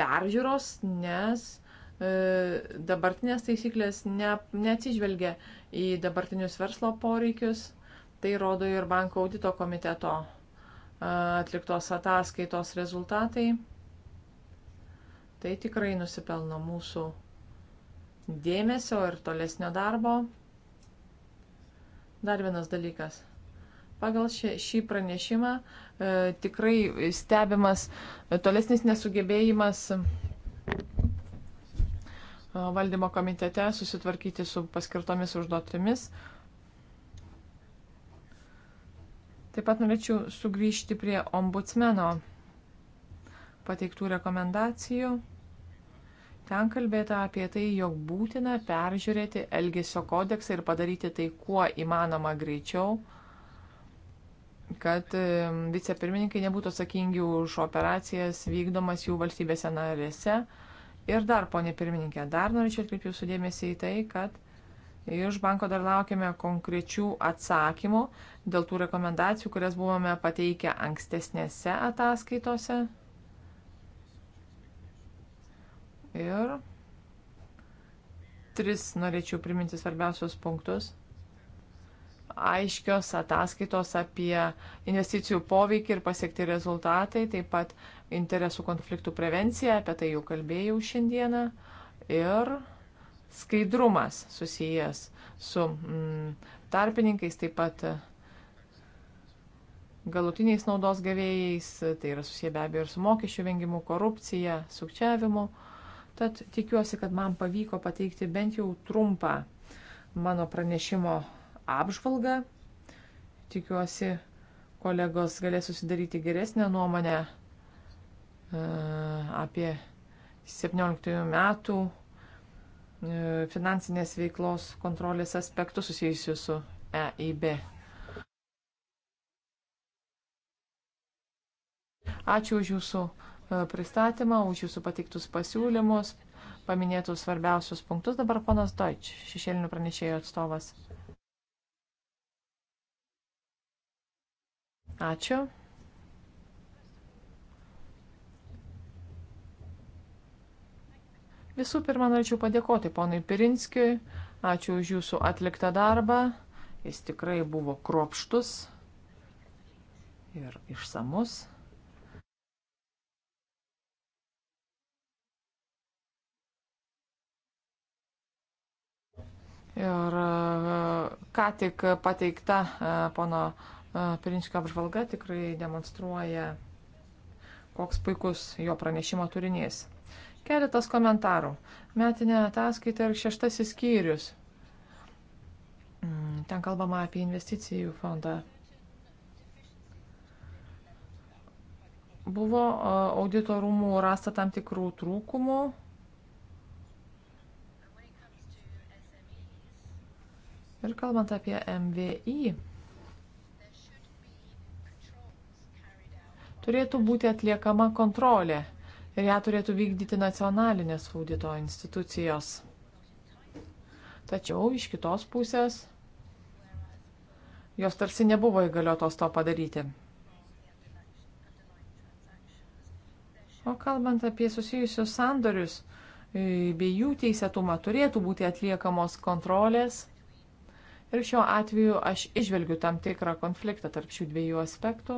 peržiūros, nes e, dabartinės taisyklės ne, neatsižvelgia į dabartinius verslo poreikius. Tai rodo ir banko audito komiteto e, atliktos ataskaitos rezultatai. Tai tikrai nusipelno mūsų dėmesio ir tolesnio darbo. Dar vienas dalykas. Pagal šį, šį pranešimą e, tikrai stebimas e, tolesnis nesugebėjimas e, valdymo komitete susitvarkyti su paskirtomis užduotimis. Taip pat norėčiau sugrįžti prie ombudsmeno pateiktų rekomendacijų. Ten kalbėta apie tai, jog būtina peržiūrėti Elgesio kodeksą ir padaryti tai kuo įmanoma greičiau, kad vicepirmininkai nebūtų atsakingi už operacijas vykdomas jų valstybėse narėse. Ir dar, ponė pirmininkė, dar norėčiau atkreipti jūsų dėmesį į tai, kad iš banko dar laukiame konkrečių atsakymų dėl tų rekomendacijų, kurias buvome pateikę ankstesnėse ataskaitose. Ir tris norėčiau priminti svarbiausios punktus. Aiškios ataskaitos apie investicijų poveikį ir pasiekti rezultatai, taip pat interesų konfliktų prevencija, apie tai jau kalbėjau šiandieną. Ir skaidrumas susijęs su mm, tarpininkais, taip pat galutiniais naudos gavėjais, tai yra susiję be abejo ir su mokesčių vengimu, korupcija, sukčiavimu. Uh, Tad tikiuosi, kad man pavyko pateikti bent jau trumpą mano pranešimo apžvalgą. Tikiuosi, kolegos galės susidaryti geresnę nuomonę e, apie 17 metų e, finansinės veiklos kontrolės aspektus susijusius su EIB. Ačiū už jūsų E, pristatymą, už jūsų pateiktus pasiūlymus, paminėtus svarbiausius punktus. Dabar ponas Deutsch, šešėlinių pranešėjų atstovas. Ačiū. Visų pirma, norėčiau padėkoti ponui Pirinskijui. Ačiū už jūsų atliktą darbą. Jis tikrai buvo kropštus ir išsamus. Ir e, ką tik pateikta e, pono e, Pirinčio apžvalga tikrai demonstruoja, koks puikus jo pranešimo turinys. Keletas komentarų. Metinė ataskaita ir šeštasis skyrius. Mm, ten kalbama apie investicijų fondą. Buvo audito rūmų rasta tam tikrų trūkumų Ir kalbant apie MVI, turėtų būti atliekama kontrolė ir ją turėtų vykdyti nacionalinės audito institucijos. Tačiau iš kitos pusės jos tarsi nebuvo įgaliotos to padaryti. O kalbant apie susijusius sandorius e, bei jų teisėtumą, turėtų būti atliekamos kontrolės Ir šiuo atveju aš išvelgiu tam tikrą konfliktą tarp šių dviejų aspektų.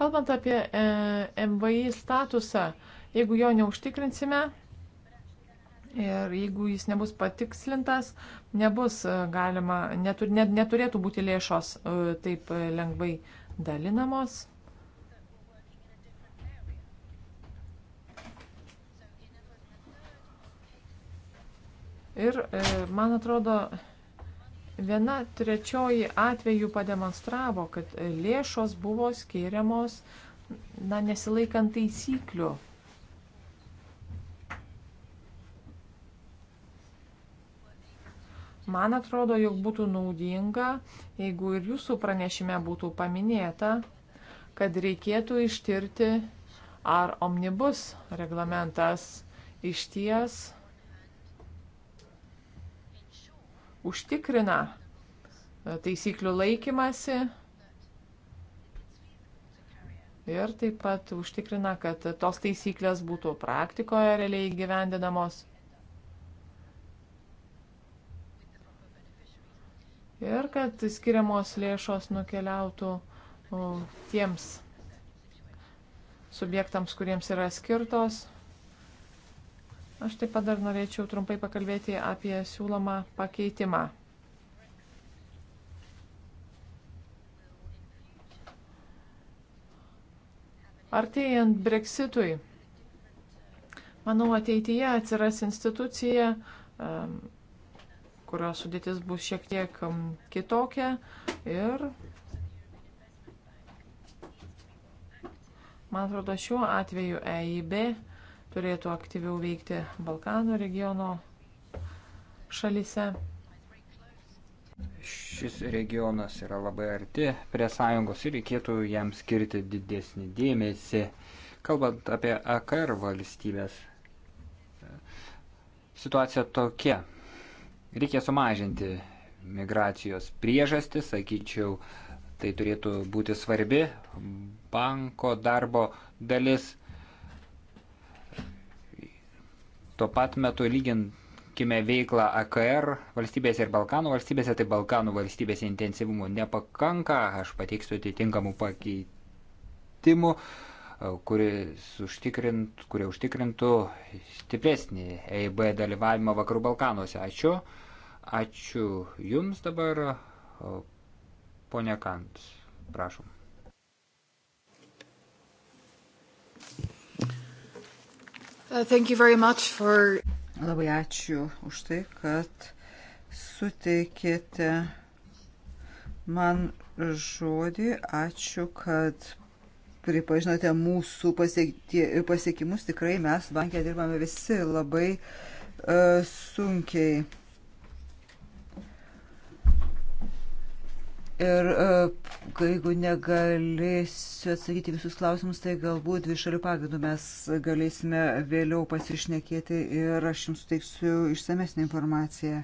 Kalbant apie e, MVI statusą, jeigu jo neužtikrinsime ir jeigu jis nebus patikslintas, nebus e, galima, netur, net, neturėtų būti lėšos e, taip e, lengvai e, dalinamos. Ir e, man atrodo, viena trečioji atvejų pademonstravo, kad lėšos buvo skiriamos, na, nesilaikant taisyklių. Man atrodo, jog būtų naudinga, jeigu ir jūsų pranešime būtų paminėta, kad reikėtų ištirti, ar omnibus reglamentas iš ties užtikrina taisyklių laikymasi ir taip pat užtikrina, kad tos taisyklės būtų praktikoje realiai gyvendinamos. ir kad skiriamos lėšos nukeliautų tiems subjektams, kuriems yra skirtos. Aš taip pat dar norėčiau trumpai pakalbėti apie siūlomą pakeitimą. Artėjant Brexitui, manau, ateityje atsiras institucija, kurios sudėtis bus šiek tiek um, kitokia ir man atrodo šiuo atveju EIB turėtų aktyviau veikti Balkanų regiono šalise. Šis regionas yra labai arti prie sąjungos ir reikėtų jam skirti didesnį dėmesį. Kalbant apie AKR valstybės, situacija tokia. Reikia sumažinti migracijos priežastis, sakyčiau, tai turėtų būti svarbi banko darbo dalis. Tuo pat metu lyginkime veiklą AKR valstybėse ir Balkanų valstybėse, tai Balkanų valstybėse intensyvumo nepakanka, aš pateiksiu atitinkamų pakeitimų užtikrint, kurie užtikrintų stipresnį EIB dalyvavimą Vakarų Balkanuose. Ačiū. Ačiū Jums dabar, ponia Kant. Prašom. Uh, for... Labai ačiū už tai, kad suteikėte man žodį. Ačiū, kad pripažinote mūsų pasiekimus, tikrai mes bankė dirbame visi labai uh, sunkiai. Ir uh, jeigu negalėsiu atsakyti visus klausimus, tai galbūt dvišalių pagrindų mes galėsime vėliau pasišnekėti ir aš jums teiksiu išsamesnį informaciją.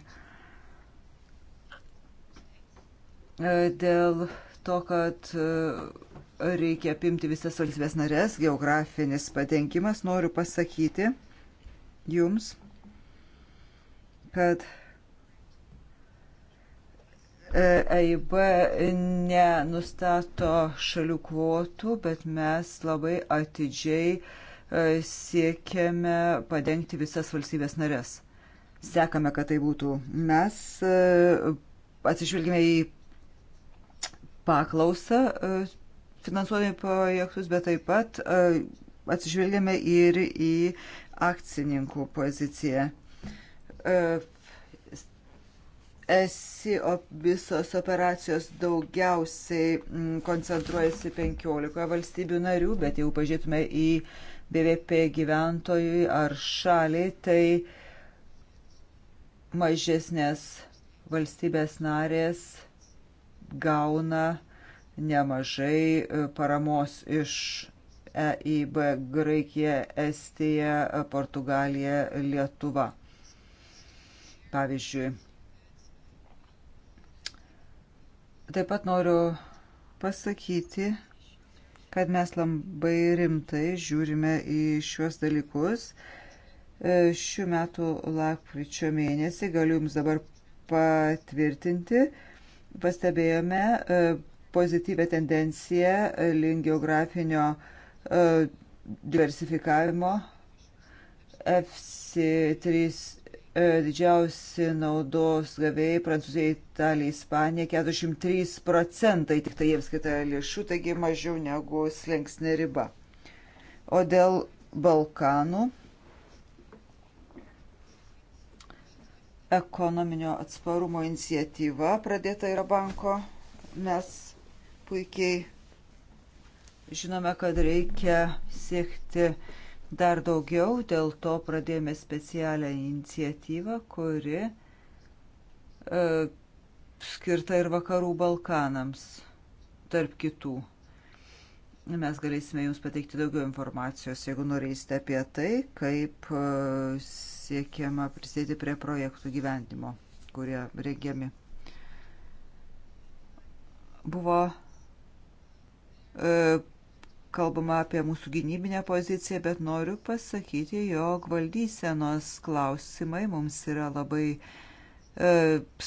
Uh, dėl to, kad uh, reikia apimti visas valstybės narės, geografinis patenkimas. Noriu pasakyti jums, kad EIB e nenustato šalių kvotų, bet mes labai atidžiai e, siekiame padengti visas valstybės narės. Sekame, kad tai būtų. Mes e, atsižvelgime į paklausą finansuojame projektus, bet taip pat e, atsižvelgiame ir į akcininkų poziciją. E, esi visos operacijos daugiausiai koncentruojasi 15 valstybių narių, bet jeigu pažiūrėtume į BVP gyventojui ar šaliai, tai mažesnės valstybės narės gauna nemažai e, paramos iš EIB Graikija, Estija, e, Portugalija, Lietuva. Pavyzdžiui. Taip pat noriu pasakyti, kad mes labai rimtai žiūrime į šiuos dalykus. E, šių metų lapkričio mėnesį galiu Jums dabar patvirtinti, pastebėjome pozityvę tendenciją e, link geografinio e, diversifikavimo. FC3 e, didžiausi naudos gavėjai Prancūzija, Italija, Ispanija - 43 procentai tik tai jiems skirta lėšų, taigi mažiau negu slengsnė riba. O dėl Balkanų ekonominio atsparumo iniciatyva pradėta yra banko. Mes Puikiai žinome, kad reikia siekti dar daugiau, dėl to pradėjome specialią iniciatyvą, kuri e, skirta ir vakarų Balkanams, tarp kitų. Mes galėsime Jums pateikti daugiau informacijos, jeigu norėsite apie tai, kaip e, siekiama prisidėti prie projektų gyvendimo, kurie rengiami. Buvo E, kalbama apie mūsų gynybinę poziciją, bet noriu pasakyti, jog valdysenos klausimai mums yra labai e,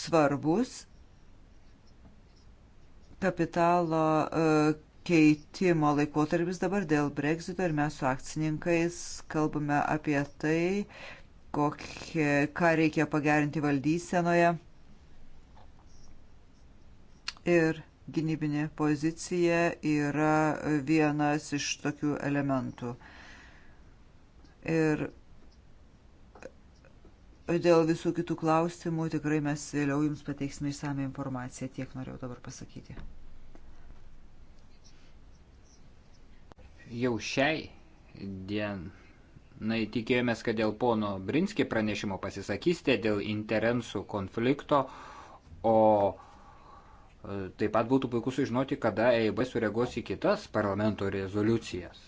svarbus. Kapitalo e, keitimo laikotarpis dabar dėl Brexito ir mes su akcininkais kalbame apie tai, kokie, ką reikia pagerinti valdysenoje. Ir gynybinė pozicija yra vienas iš tokių elementų. Ir dėl visų kitų klausimų tikrai mes vėliau jums pateiksime išsame informaciją, tiek norėjau dabar pasakyti. Jau šiai dienai tikėjomės, kad dėl pono Brinski pranešimo pasisakysite dėl interesų konflikto, o Taip pat būtų puiku sužinoti, kada EIB sureaguos į kitas parlamento rezoliucijas.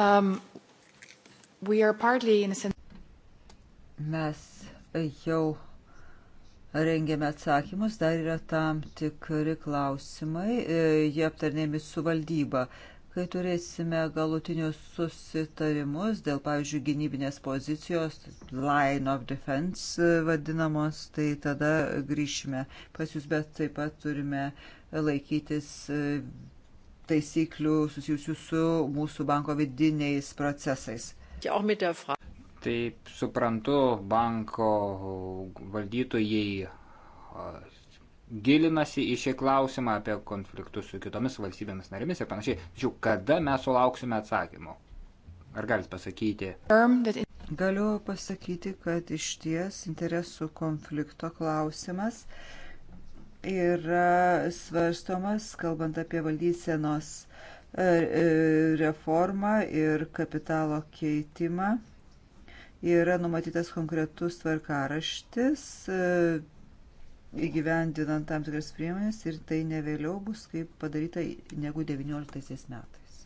Um, we are partly in a sense. Mes jau rengiame atsakymus, dar yra tam tikri klausimai, e, jie aptarnėjami su valdyba. Kai turėsime galutinius susitarimus dėl, pavyzdžiui, gynybinės pozicijos, line of defense e, vadinamos, tai tada grįšime pas jūs, bet taip pat turime laikytis e, taisyklių susijusių su mūsų banko vidiniais procesais. Taip suprantu, banko valdytojai gilinasi į šį klausimą apie konfliktus su kitomis valstybėmis narėmis ir panašiai. Tačiau kada mes sulauksime atsakymo? Ar galit pasakyti? Galiu pasakyti, kad iš ties interesų konflikto klausimas yra svarstomas, kalbant apie valdysenos e, e, reformą ir kapitalo keitimą yra numatytas konkretus tvarkaraštis e, įgyvendinant tam tikras priemonės ir tai ne vėliau bus kaip padaryta negu 19 metais.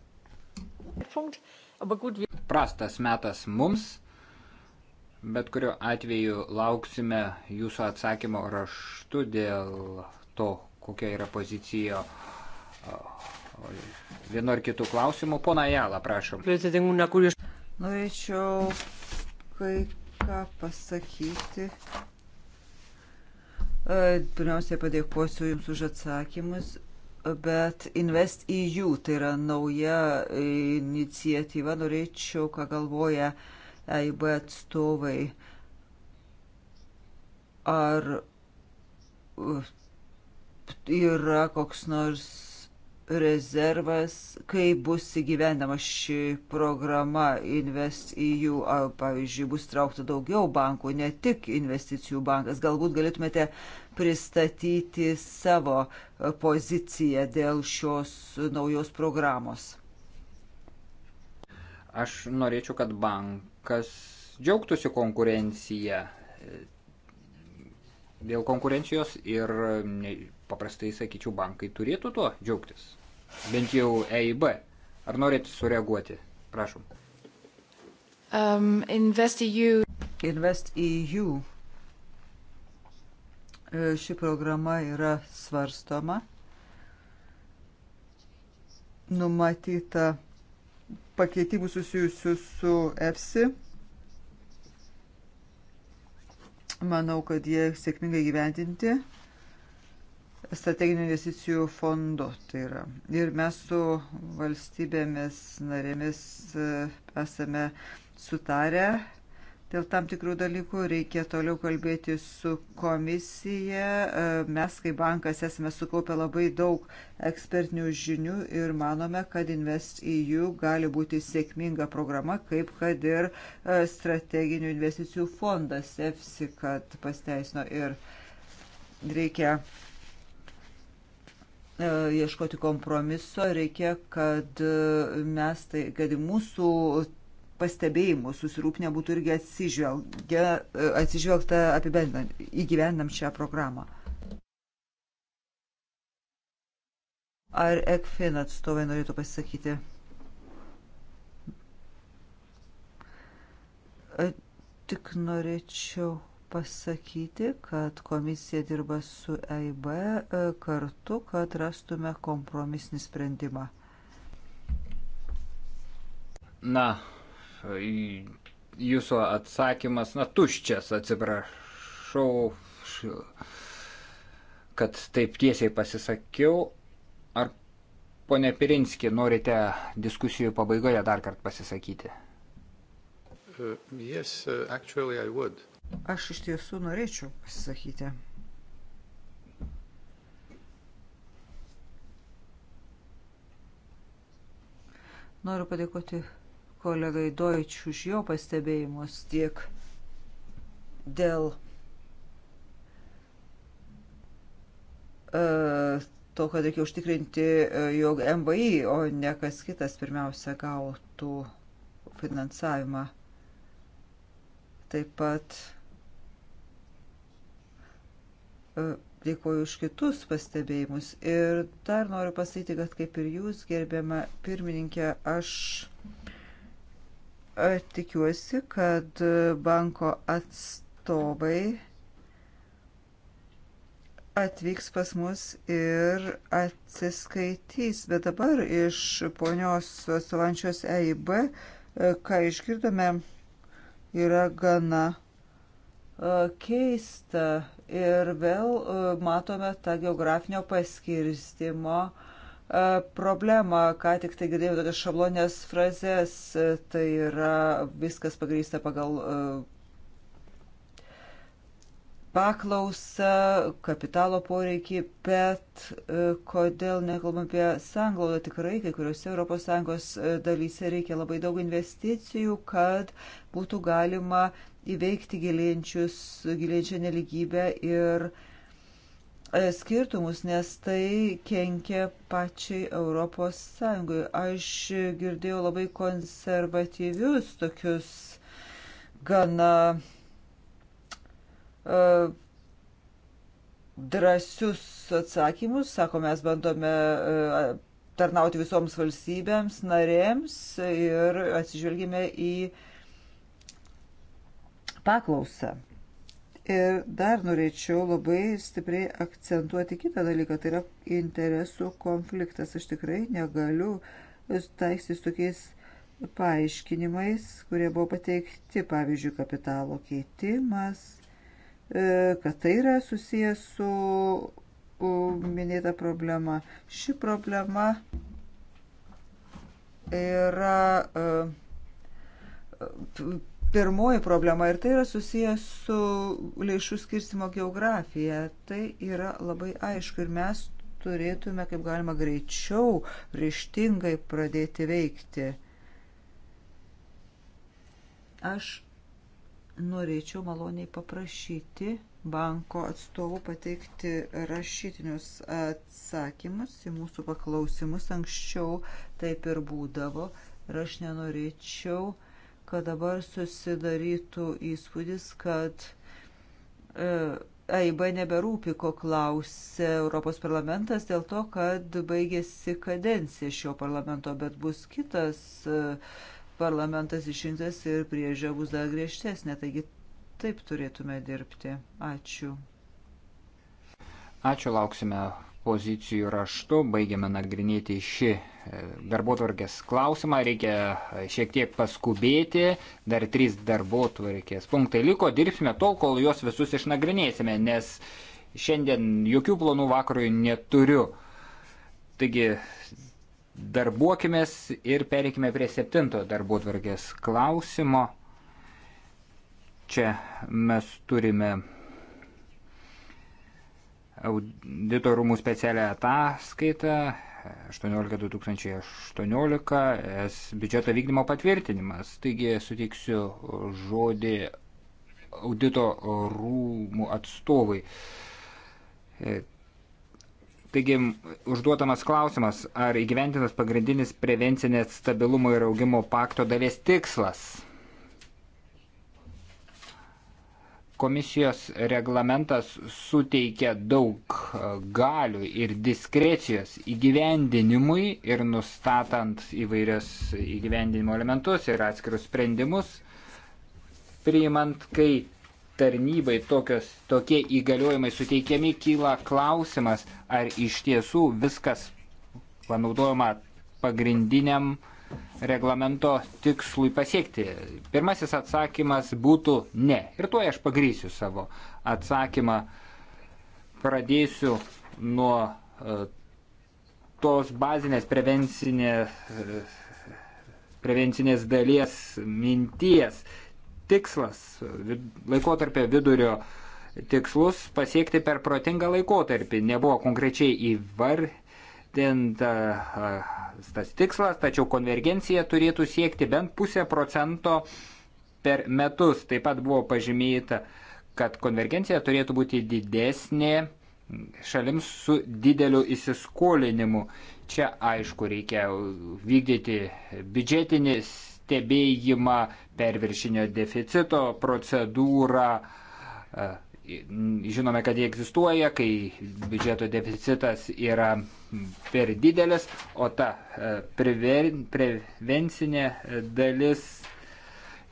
Prastas metas mums, bet kuriuo atveju lauksime jūsų atsakymo raštu dėl to, kokia yra pozicija e, vienu ar kitų klausimų. Pona Jala, prašom. Norėčiau kai ką pasakyti. E, pirmiausia, padėkosiu Jums už atsakymus, bet Invest EU tai yra nauja iniciatyva, norėčiau, ką galvoja EIB atstovai. Ar yra koks nors rezervas, kai bus įgyvendama ši programa InvestEU, pavyzdžiui, bus traukta daugiau bankų, ne tik investicijų bankas. Galbūt galėtumėte pristatyti savo e, poziciją dėl šios naujos programos. Aš norėčiau, kad bankas džiaugtųsi konkurencija. E, dėl konkurencijos ir e, paprastai, sakyčiau, bankai turėtų tuo džiaugtis bent jau EIB. Ar norėtų sureaguoti? Prašom. Um, InvestEU. InvestEU. E, ši programa yra svarstoma. Numatyta pakeitimų susijusių su EFSI. Manau, kad jie sėkmingai gyventinti strateginių investicijų fondu. Tai yra. Ir mes su valstybėmis narėmis e, esame sutarę dėl tam tikrų dalykų. Reikia toliau kalbėti su komisija. E, mes kaip bankas esame sukaupę labai daug ekspertinių žinių ir manome, kad InvestEU gali būti sėkminga programa, kaip kad ir e, strateginių investicijų fondas EFSI, kad pasteisino ir reikia E, ieškoti kompromiso, reikia, kad e, mes, tai, kad mūsų pastebėjimų susirūpinę būtų irgi atsižvelgia, e, atsižvelgta apibendrinant, įgyvendam šią programą. Ar ECFIN atstovai norėtų pasisakyti? Tik norėčiau pasakyti, kad komisija dirba su EIB e, kartu, kad rastume kompromisinį sprendimą. Na, jūsų atsakymas, na, tuščias, atsiprašau, kad taip tiesiai pasisakiau. Ar ponė Pirinski norite diskusijų pabaigoje dar kartą pasisakyti? Uh, yes, uh, actually I would. Uh, Aš iš tiesų norėčiau pasisakyti. Noriu padėkoti kolegai Dojč už jo pastebėjimus tiek dėl uh, to, kad reikia užtikrinti, e, jog MVI, o ne kas kitas pirmiausia gautų finansavimą. Taip pat uh, E, Dėkuoju už kitus pastebėjimus. Ir dar noriu pasakyti, kad kaip ir jūs, gerbiama pirmininkė, aš e, tikiuosi, kad banko atstovai atvyks pas mus ir atsiskaitys. Bet dabar iš ponios atsovančios EIB, e, ką išgirdome, yra gana keista ir vėl e, matome tą geografinio paskirstimo e, problemą, ką tik tai girdėjau tokias šablonės frazes, e, tai yra viskas pagrįsta pagal paklausą, kapitalo poreikį, bet e, kodėl nekalbam apie sanglaudą, tikrai kai kuriuose ES e, dalyse reikia labai daug investicijų, kad būtų galima įveikti gilėjančią neligybę ir e, skirtumus, nes tai kenkia pačiai Europos Sąjungai. Aš girdėjau labai konservatyvius tokius gana E, drąsius atsakymus, sako, mes bandome e, tarnauti visoms valstybėms, narėms ir atsižvelgime į paklausą. Ir dar norėčiau labai stipriai akcentuoti kitą dalyką, tai yra interesų konfliktas. Aš tikrai negaliu taiksis tokiais paaiškinimais, kurie buvo pateikti, pavyzdžiui, kapitalo keitimas E, kad tai yra susijęs su minėta problema. Ši problema yra e, pirmoji problema ir tai yra susijęs su lėšų skirstimo geografija. Tai yra labai aišku ir mes turėtume kaip galima greičiau, ryštingai pradėti veikti. Aš norėčiau maloniai paprašyti banko atstovų pateikti rašytinius atsakymus į mūsų paklausimus. Anksčiau taip ir būdavo ir aš nenorėčiau, kad dabar susidarytų įspūdis, kad e, AIB neberūpi, ko klausė Europos parlamentas dėl to, kad baigėsi kadencija šio parlamento, bet bus kitas. E, parlamentas išrinktas ir priežia bus dar griežtesnė. Taigi taip turėtume dirbti. Ačiū. Ačiū, lauksime pozicijų raštu. Baigiame nagrinėti šį e, darbotvarkės klausimą. Reikia e, šiek tiek paskubėti. Dar trys darbotvarkės punktai liko. Dirbsime tol, kol juos visus išnagrinėsime, nes šiandien jokių planų vakarui neturiu. Taigi Darbuokimės ir pereikime prie septinto darbo tvarkės klausimo. Čia mes turime auditorumų specialią ataskaitą 18-2018 es biudžeto vykdymo patvirtinimas. Taigi suteiksiu žodį audito rūmų atstovai. Taigi užduotamas klausimas, ar įgyventinas pagrindinis prevencinės stabilumo ir augimo pakto dalies tikslas? Komisijos reglamentas suteikia daug e, galių ir diskrecijos įgyvendinimui ir nustatant įvairios įgyvendinimo elementus ir atskirus sprendimus, priimant, kai tarnybai tokios, tokie įgaliojimai suteikiami, kyla klausimas, ar iš tiesų viskas panaudojama pagrindiniam reglamento tikslui pasiekti. Pirmasis atsakymas būtų ne. Ir tuo aš pagrysiu savo atsakymą. Pradėsiu nuo e, tos bazinės prevencinės, e, prevencinės dalies minties tikslas, laikotarpio vidurio tikslus pasiekti per protingą laikotarpį. Nebuvo konkrečiai įvardinta tas tikslas, tačiau konvergencija turėtų siekti bent pusę procento per metus. Taip pat buvo pažymėta, kad konvergencija turėtų būti didesnė šalims su dideliu įsiskolinimu. Čia aišku reikia vykdyti biudžetinis stebėjimą, perviršinio deficito procedūrą. E, žinome, kad jie egzistuoja, kai biudžeto deficitas yra per didelis, o ta e, prevencinė dalis,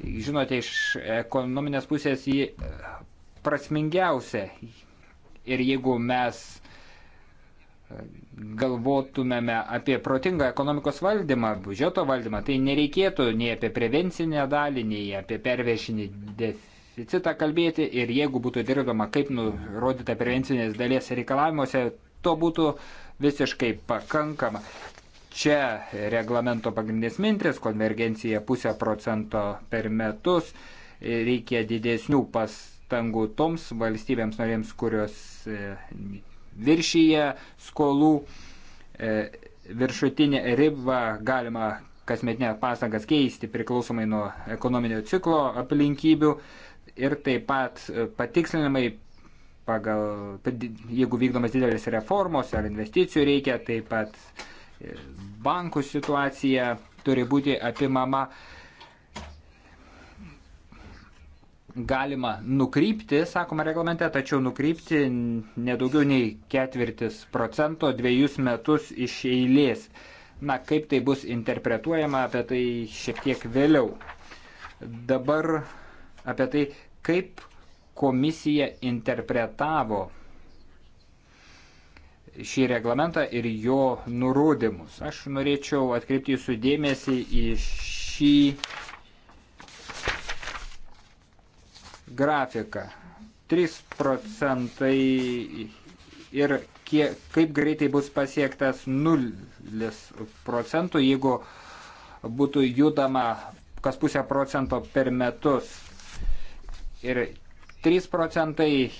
žinote, iš ekonominės pusės jį e, prasmingiausia. Ir jeigu mes galvotumėme apie protingą ekonomikos valdymą, biudžeto valdymą, tai nereikėtų nei apie prevencinę dalį, nei apie pervešinį deficitą kalbėti ir jeigu būtų dirbama kaip nurodyta prevencinės dalies reikalavimuose, to būtų visiškai pakankama. Čia reglamento pagrindinės mintis - konvergencija pusę procento per metus, reikia didesnių pastangų toms valstybėms norėms, kurios e, viršyje skolų e, viršutinę ribą galima kasmetinę pastangas keisti priklausomai nuo ekonominio ciklo aplinkybių ir taip pat e, patikslinimai pagal, jeigu vykdomas didelis reformos ar investicijų reikia, taip pat e, bankų situacija turi būti apimama. galima nukrypti, sakoma reglamente, tačiau nukrypti nedaugiau nei ketvirtis procento dviejus metus iš eilės. Na, kaip tai bus interpretuojama, apie tai šiek tiek vėliau. Dabar apie tai, kaip komisija interpretavo šį reglamentą ir jo nurodymus. Aš norėčiau atkreipti jūsų dėmesį į šį grafiką. 3 procentai ir kiek, kaip greitai bus pasiektas 0 procentų, jeigu būtų judama kas pusę procento per metus. Ir 3 procentai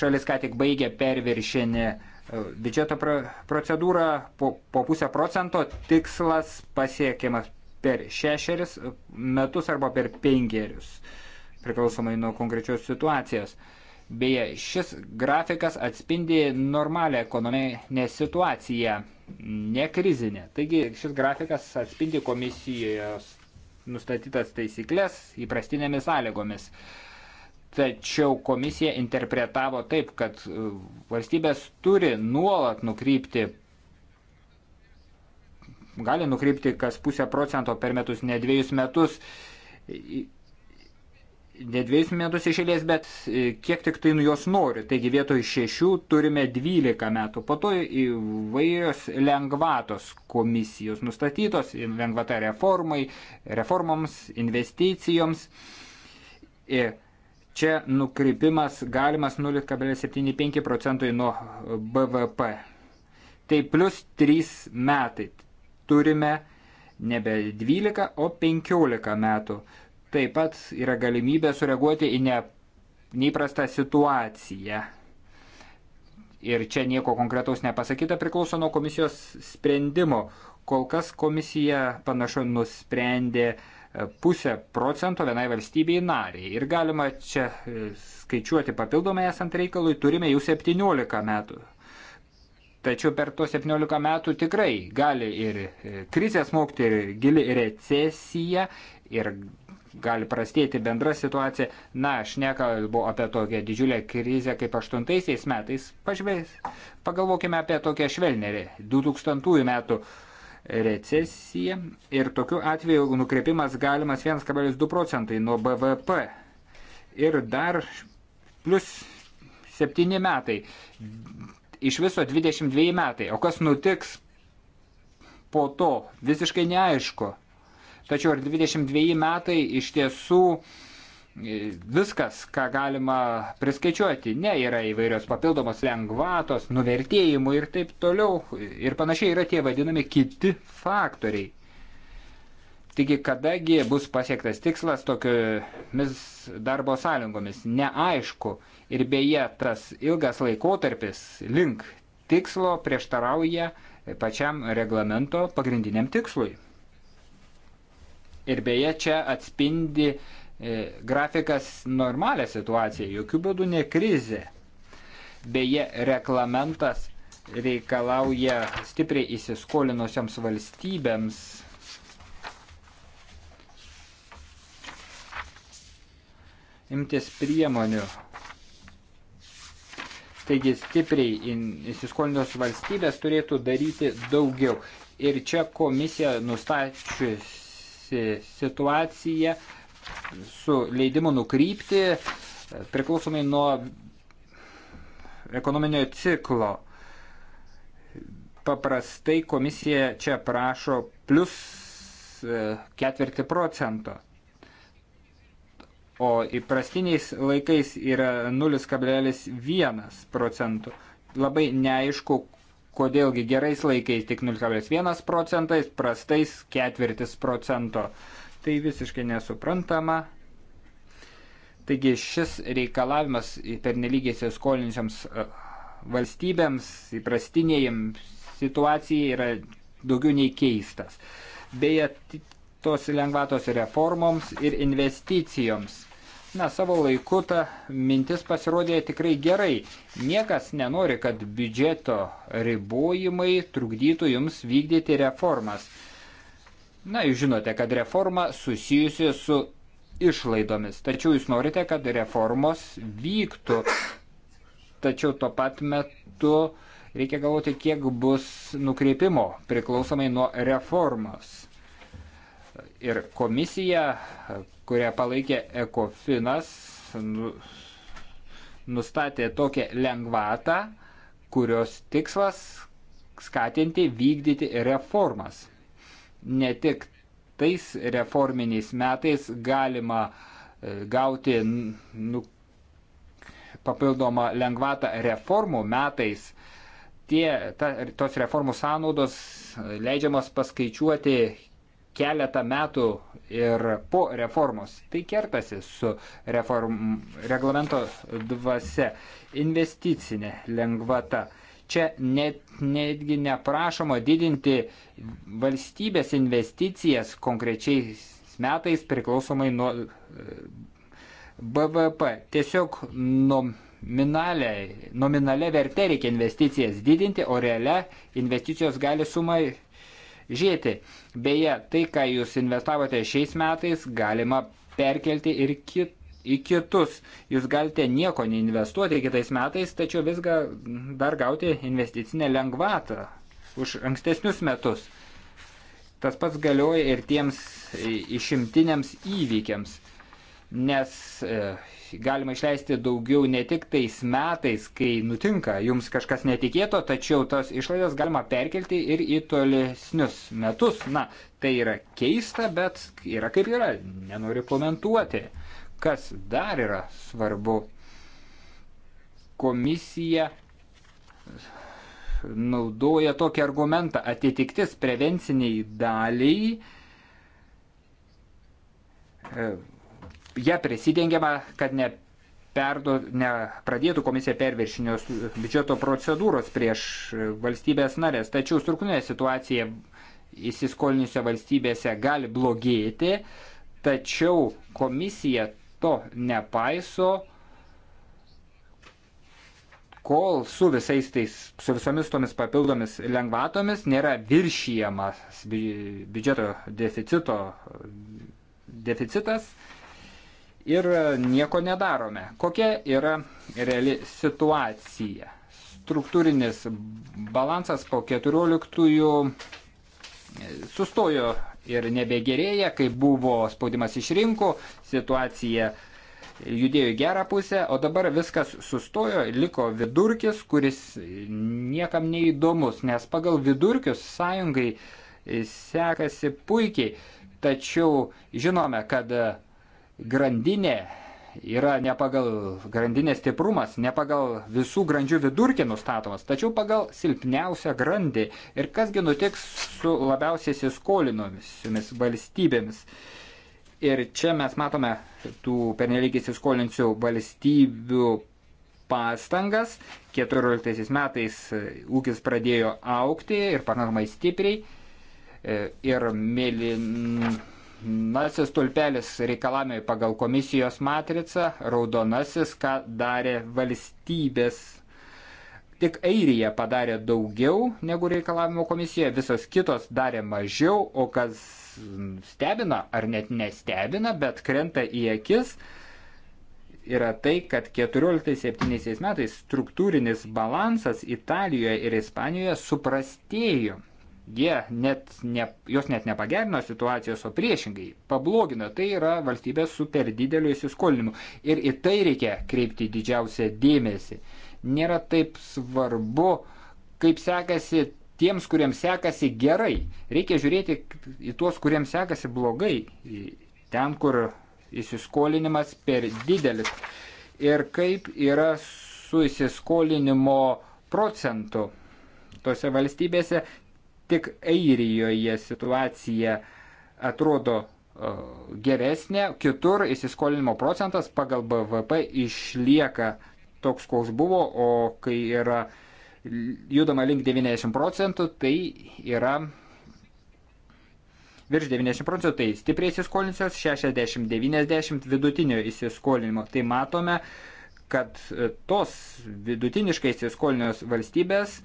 šalis ką tik baigė perviršinį e, biudžeto procedūrą, po, po pusę procento tikslas pasiekiamas per šešerius metus arba per penkerius metus priklausomai nuo konkrečios situacijos. Beje, šis grafikas atspindi normalią ekonominę situaciją, ne krizinę. Taigi šis grafikas atspindi komisijos nustatytas taisyklės įprastinėmis sąlygomis. Tačiau komisija interpretavo taip, kad e, valstybės turi nuolat nukrypti, gali nukrypti kas pusę procento per metus, ne dviejus metus ne dviejus metus išėlės, bet e, kiek tik tai nu jos nori. Taigi vietoj šešių turime dvylika metų. Po to įvairios lengvatos komisijos nustatytos, lengvata reformai, reformoms, investicijoms. Ir e, čia nukrypimas galimas 0,75 procentai nuo BVP. Tai plus 3 metai. Turime nebe 12, o 15 metų taip pat yra galimybė sureaguoti į ne, neįprastą situaciją. Ir čia nieko konkretaus nepasakyta priklauso nuo komisijos sprendimo. Kol kas komisija panašu nusprendė e, pusę procento vienai valstybei nariai. Ir galima čia e, skaičiuoti papildomai esant reikalui, turime jau 17 metų. Tačiau per tuos 17 metų tikrai gali ir e, krizė smogti, ir gili recesija, ir gali prastėti bendra situacija. Na, aš nekalbu apie tokią didžiulę krizę kaip 8 metais. Pažvės, pagalvokime apie tokią švelnerį 2000 metų recesiją ir tokiu atveju nukreipimas galimas 1,2 procentai nuo BVP. Ir dar plus 7 metai. Iš viso 22 metai. O kas nutiks po to? Visiškai neaišku tačiau ar 22 metai iš tiesų e, viskas, ką galima priskaičiuoti. Ne, yra įvairios papildomos lengvatos, nuvertėjimų ir taip toliau. Ir panašiai yra tie vadinami kiti faktoriai. Taigi, kadagi bus pasiektas tikslas tokiomis darbo sąlyngomis, neaišku. Ir beje, tas ilgas laikotarpis link tikslo prieštarauja pačiam reglamento pagrindiniam tikslui. Ir beje, čia atspindi e, grafikas normalią situaciją, jokių būdų ne krizė. Beje, reglamentas reikalauja stipriai įsiskolinusiams valstybėms imtis priemonių. Taigi stipriai įsiskolinusios valstybės turėtų daryti daugiau. Ir čia komisija nustačius situacija su leidimu nukrypti priklausomai nuo ekonominio ciklo. Paprastai komisija čia prašo plus e, ketvirtį procento, o įprastiniais laikais yra 0,1 procentų. Labai neaišku, kodėlgi gerais laikais tik 0,1 procentais, prastais ketvirtis procento. Tai visiškai nesuprantama. Taigi šis reikalavimas pernelygiai įsiskolinčiams e, valstybėms, įprastinėjams situacijai yra daugiau nei keistas. Beje, tos lengvatos reformoms ir investicijoms Na, savo laiku ta mintis pasirodė tikrai gerai. Niekas nenori, kad biudžeto ribojimai trukdytų jums vykdyti reformas. Na, jūs žinote, kad reforma susijusi su išlaidomis, tačiau jūs norite, kad reformos vyktų. Tačiau tuo pat metu reikia galvoti, kiek bus nukreipimo priklausomai nuo reformos. Ir komisija kurią palaikė Ekofinas, nu, nustatė tokią lengvatą, kurios tikslas skatinti vykdyti reformas. Ne tik tais reforminiais metais galima e, gauti nu, papildomą lengvatą reformų metais, tie, ta, tos reformų sąnaudos leidžiamas paskaičiuoti keletą metų ir po reformos. Tai kertasi su reform, reglamento dvasia. Investicinė lengvata. Čia net, netgi neprašoma didinti valstybės investicijas konkrečiais metais priklausomai nuo e, BVP. Tiesiog nominaliai, nominalia verte reikia investicijas didinti, o realia investicijos gali sumai žėti. Beje, tai, ką jūs investavote šiais metais, galima perkelti ir kitą į kitus. Jūs galite nieko neinvestuoti kitais metais, tačiau viską dar gauti investicinę lengvatą už ankstesnius metus. Tas pats galioja ir tiems išimtiniams įvykiams, nes e, galima išleisti daugiau ne tik tais metais, kai nutinka jums kažkas netikėto, tačiau tas išlaidas galima perkelti ir į tolesnius metus. Na, tai yra keista, bet yra kaip yra, nenoriu komentuoti. Kas dar yra svarbu? Komisija naudoja tokį argumentą atitiktis prevenciniai daliai ją prisidengiama, kad ne perdo, ne pradėtų komisija perviršinios biudžeto procedūros prieš valstybės narės. Tačiau struktūrinė situacija įsiskolinusiose valstybėse gali blogėti, tačiau komisija to nepaiso, kol su visais tais, su visomis tomis papildomis lengvatomis nėra viršijamas biudžeto deficito deficitas ir e, nieko nedarome. Kokia yra reali situacija? Struktūrinis balansas po 14 e, sustojo ir nebegerėja, kai buvo spaudimas iš rinkų, situacija judėjo į gerą pusę, o dabar viskas sustojo, liko vidurkis, kuris niekam neįdomus, nes pagal vidurkius sąjungai sekasi puikiai, tačiau žinome, kad grandinė yra ne pagal grandinės stiprumas, ne pagal visų grandžių vidurkį nustatomas, tačiau pagal silpniausią grandį. Ir kasgi nutiks su labiausiai įsiskolinomis valstybėmis. Ir čia mes matome tų pernelyg įsiskolinsių valstybių pastangas. 14 metais ūkis pradėjo aukti ir pakankamai stipriai. E, ir mėlyn Melsas tulpelis reikalavimai pagal komisijos matricą, raudonasis, ką darė valstybės. Tik Airija padarė daugiau negu reikalavimo komisija, visos kitos darė mažiau, o kas stebina ar net nestebina, bet krenta į akis, yra tai, kad 14-17 metais struktūrinis balansas Italijoje ir Ispanijoje suprastėjo jie net ne, jos net nepagerino situacijos, o priešingai pablogino. Tai yra valstybė su per dideliu įsiskolinimu. Ir į tai reikia kreipti didžiausią dėmesį. Nėra taip svarbu, kaip sekasi tiems, kuriems sekasi gerai. Reikia žiūrėti į tuos, kuriems sekasi blogai. Ten, kur įsiskolinimas per didelis. Ir kaip yra su įsiskolinimo procentu tose valstybėse Tik Airijoje situacija atrodo e, geresnė, kitur įsiskolinimo procentas pagal BVP išlieka toks, koks buvo, o kai yra judama link 90 procentų, tai yra virš 90 procentų, tai stipriai įsiskolinusios 60-90 vidutinio įsiskolinimo. Tai matome, kad tos vidutiniškai įsiskolinusios valstybės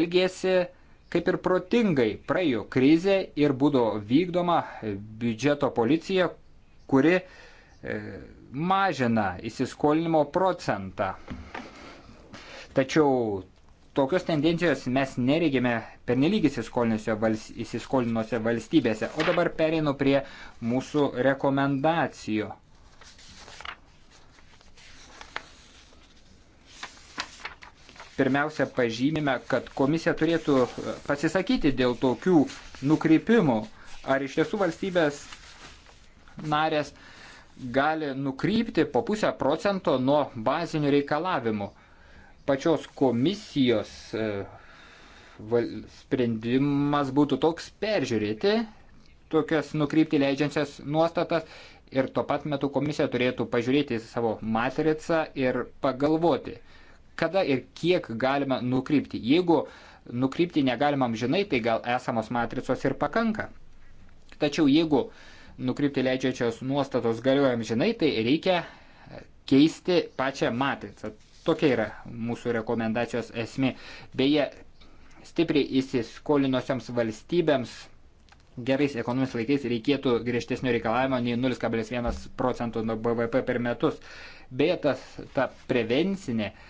elgėsi kaip ir protingai praėjo krizė ir būdavo vykdoma biudžeto policija, kuri e, mažina įsiskolinimo procentą. Tačiau tokios tendencijos mes neregime pernelyg įsiskolinusiose valstybėse. O dabar pereinu prie mūsų rekomendacijų. pirmiausia pažymime, kad komisija turėtų e, pasisakyti dėl tokių nukrypimų, ar iš tiesų valstybės narės gali nukrypti po pusę procento nuo bazinių reikalavimų. Pačios komisijos e, sprendimas būtų toks peržiūrėti tokias nukrypti leidžiančias nuostatas ir tuo pat metu komisija turėtų pažiūrėti į savo matricą ir pagalvoti, kada ir kiek galime nukrypti. Jeigu nukrypti negalima amžinai, tai gal esamos matricos ir pakanka. Tačiau jeigu nukrypti leidžiančios nuostatos galioja amžinai, tai reikia keisti pačią matricą. Tokia yra mūsų rekomendacijos esmė. Beje, stipriai įsiskolinusiams valstybėms gerais ekonominiais laikais reikėtų griežtesnio reikalavimo nei 0,1 procentų nuo BVP per metus. Beje, tas, ta prevencinė uh,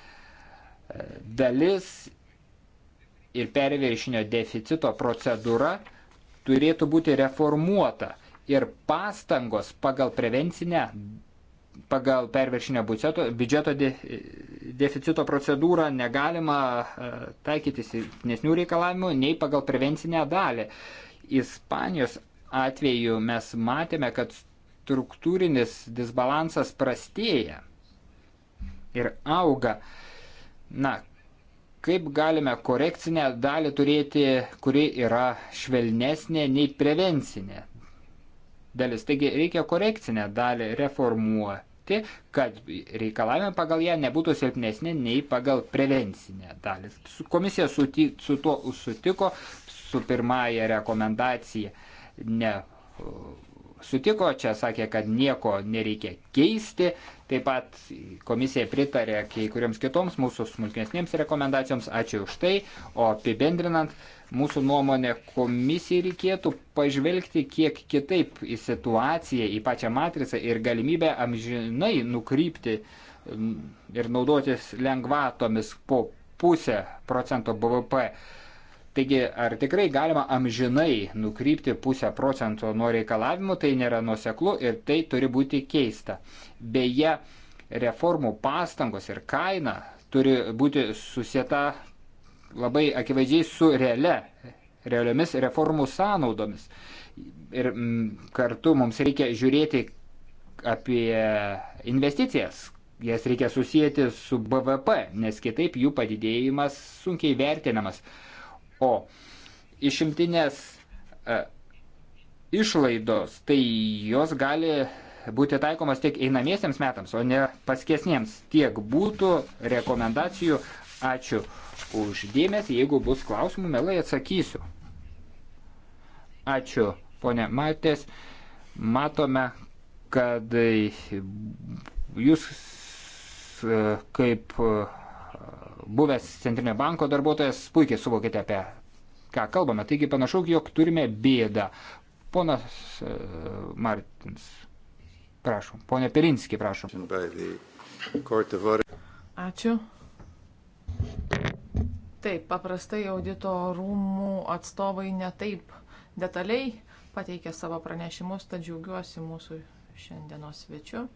dalis ir perviršinio deficito procedūra turėtų būti reformuota ir pastangos pagal prevencinę, pagal perviršinio biudžeto, biudžeto de, deficito procedūrą negalima e, taikyti silpnesnių reikalavimų nei pagal prevencinę dalį. Ispanijos atveju mes matėme, kad struktūrinis disbalansas prastėja ir auga. Uh, na, kaip galime korekcinę dalį turėti, kuri yra švelnesnė nei prevencinė dalis. Taigi reikia korekcinę dalį reformuoti, kad reikalavimai pagal ją nebūtų silpnesnė nei pagal prevencinę dalį. Komisija suti, su tuo sutiko su pirmąją rekomendaciją ne sutiko, čia sakė, kad nieko nereikia keisti. Taip pat komisija pritarė kai kuriams kitoms mūsų smulkesnėms rekomendacijoms. Ačiū už tai. O apibendrinant, mūsų nuomonė komisijai reikėtų pažvelgti kiek kitaip į situaciją, į pačią matricą ir galimybę amžinai nukrypti mm, ir naudotis lengvatomis po pusę procento BVP. Taigi, ar tikrai galima amžinai nukrypti pusę procento nuo reikalavimų, tai nėra nuseklu ir tai turi būti keista. Beje, reformų pastangos ir kaina turi būti susieta labai akivaizdžiai su realia, realiomis reformų sąnaudomis. Ir m, mm, kartu mums reikia žiūrėti apie investicijas, jas reikia susijęti su BVP, nes kitaip jų padidėjimas sunkiai vertinamas o išimtinės e, išlaidos, tai jos gali būti taikomas tiek einamiesiems metams, o ne paskesniems. Tiek būtų rekomendacijų. Ačiū uždėmesi. Jeigu bus klausimų, melai atsakysiu. Ačiū, ponė Martės. Matome, kad jūs e, kaip buvęs Centrinio banko darbuotojas, puikiai suvokite apie ką kalbame. Taigi panašu, jog turime bėdą. Ponas e, Martins, prašom. Pone Perinski, prašom. Ačiū. Taip, paprastai audito rūmų atstovai netaip detaliai pateikė savo pranešimus, tad džiaugiuosi mūsų šiandienos svečiu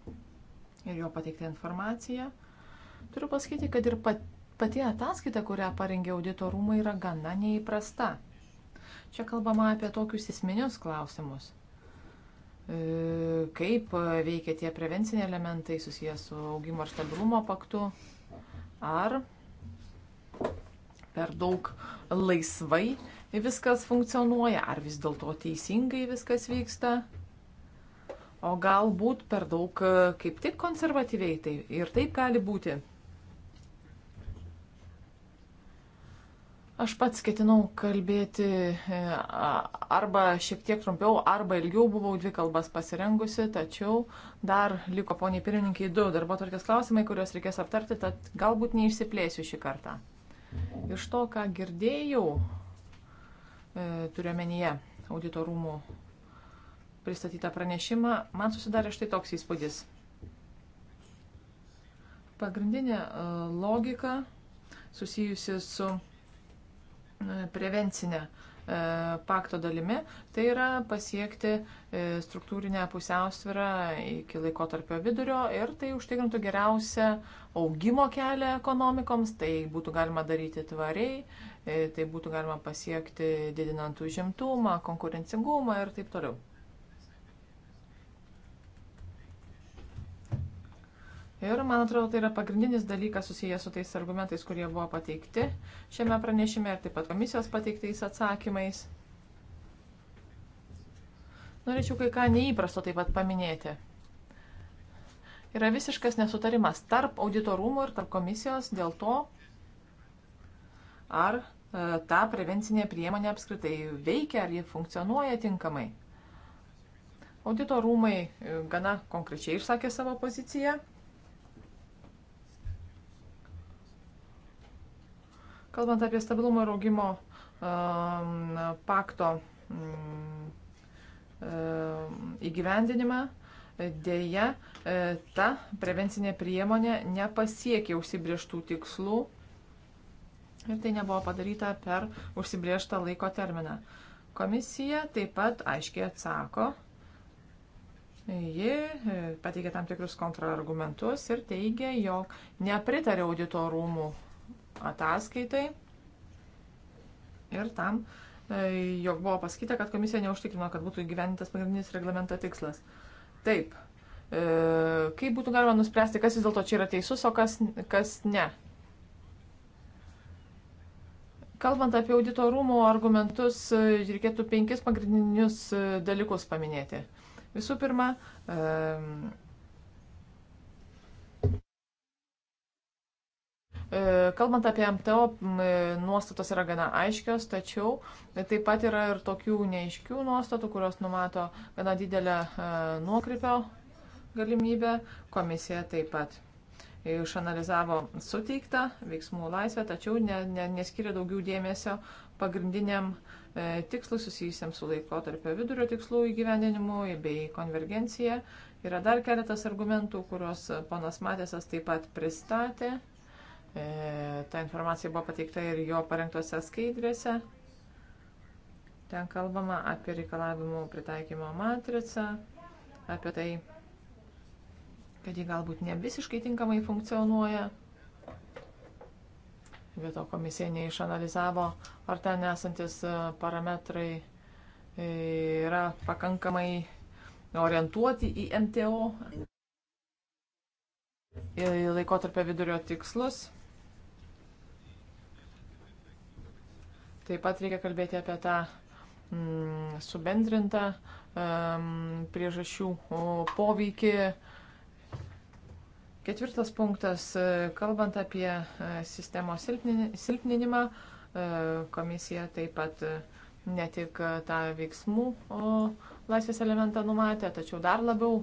ir jo pateiktą informaciją. Turiu pasakyti, kad ir pati Pati ataskaita, kurią parengė auditorumai, yra gana neįprasta. Čia kalbama apie tokius esminius klausimus. E, kaip veikia tie prevenciniai elementai susijęs su augimo ir stabilumo paktu? Ar per daug laisvai viskas funkcionuoja, ar vis dėlto teisingai viskas vyksta? O galbūt per daug kaip tik konservatyviai tai ir taip gali būti. Aš pats ketinau kalbėti e, arba šiek tiek trumpiau, arba ilgiau buvau dvi kalbas pasirengusi, tačiau dar liko poniai pirmininkai du darbo tvarkės klausimai, kuriuos reikės aptarti, tad galbūt neišsiplėsiu šį kartą. Iš to, ką girdėjau, e, turiuomenyje auditorumų pristatytą pranešimą, man susidarė štai toks įspūdis. Pagrindinė e, logika susijusi su prevencinę e, pakto dalimi, tai yra pasiekti e, struktūrinę pusiausvyrą iki laikotarpio vidurio ir tai užtikrintų geriausią augimo kelią ekonomikoms, tai būtų galima daryti tvariai, e, tai būtų galima pasiekti didinant užimtumą, konkurencingumą ir taip toliau. Ir man atrodo, tai yra pagrindinis dalykas susijęs su tais argumentais, kurie buvo pateikti šiame pranešime ir taip pat komisijos pateiktais atsakymais. Norėčiau kai ką neįprasto taip pat paminėti. Yra visiškas nesutarimas tarp auditorumų ir tarp komisijos dėl to, ar e, ta prevencinė priemonė apskritai veikia, ar ji funkcionuoja tinkamai. Auditorumai e, gana konkrečiai išsakė savo poziciją Kalbant apie stabilumo ir augimo um, pakto mm, um, įgyvendinimą, dėja, e, ta prevencinė priemonė nepasiekė užsibrieštų tikslų ir tai nebuvo padaryta per užsibrieštą laiko terminą. Komisija taip pat aiškiai atsako, ji e, pateikė tam tikrus kontrargumentus ir teigia, jog nepritarė auditorumų ataskaitai ir tam, e, jog buvo pasakyta, kad komisija neužtikrino, kad būtų įgyvenintas pagrindinis reglamento tikslas. Taip. E, kaip būtų galima nuspręsti, kas vis dėlto čia yra teisus, o kas, kas ne? Kalbant apie audito rūmų argumentus, e, reikėtų penkis pagrindinius e, dalykus paminėti. Visų pirma, e, E, kalbant apie MTO, e, nuostatos yra gana aiškios, tačiau taip pat yra ir tokių neaiškių nuostatų, kurios numato gana didelę e, nuokrypio galimybę. Komisija taip pat išanalizavo suteiktą veiksmų laisvę, tačiau ne, ne, neskiria daugiau dėmesio pagrindiniam e, tikslui susijusiam su laikotarpio vidurio tikslų įgyvendinimu bei konvergencija. Yra dar keletas argumentų, kuriuos ponas Matėsas taip pat pristatė. E, ta informacija buvo pateikta ir jo parengtose skaidrėse. Ten kalbama apie reikalavimų pritaikymo matricą, apie tai, kad ji galbūt ne visiškai tinkamai funkcionuoja. Bet to komisija neišanalizavo, ar ten esantis e, parametrai e, yra pakankamai orientuoti į MTO laikotarpio vidurio tikslus. Taip pat reikia kalbėti apie tą mm, subendrintą mm, priežasčių poveikį. Ketvirtas punktas, e, kalbant apie e, sistemos silpninimą, e, komisija taip pat ne tik tą veiksmų laisvės elementą numatė, tačiau dar labiau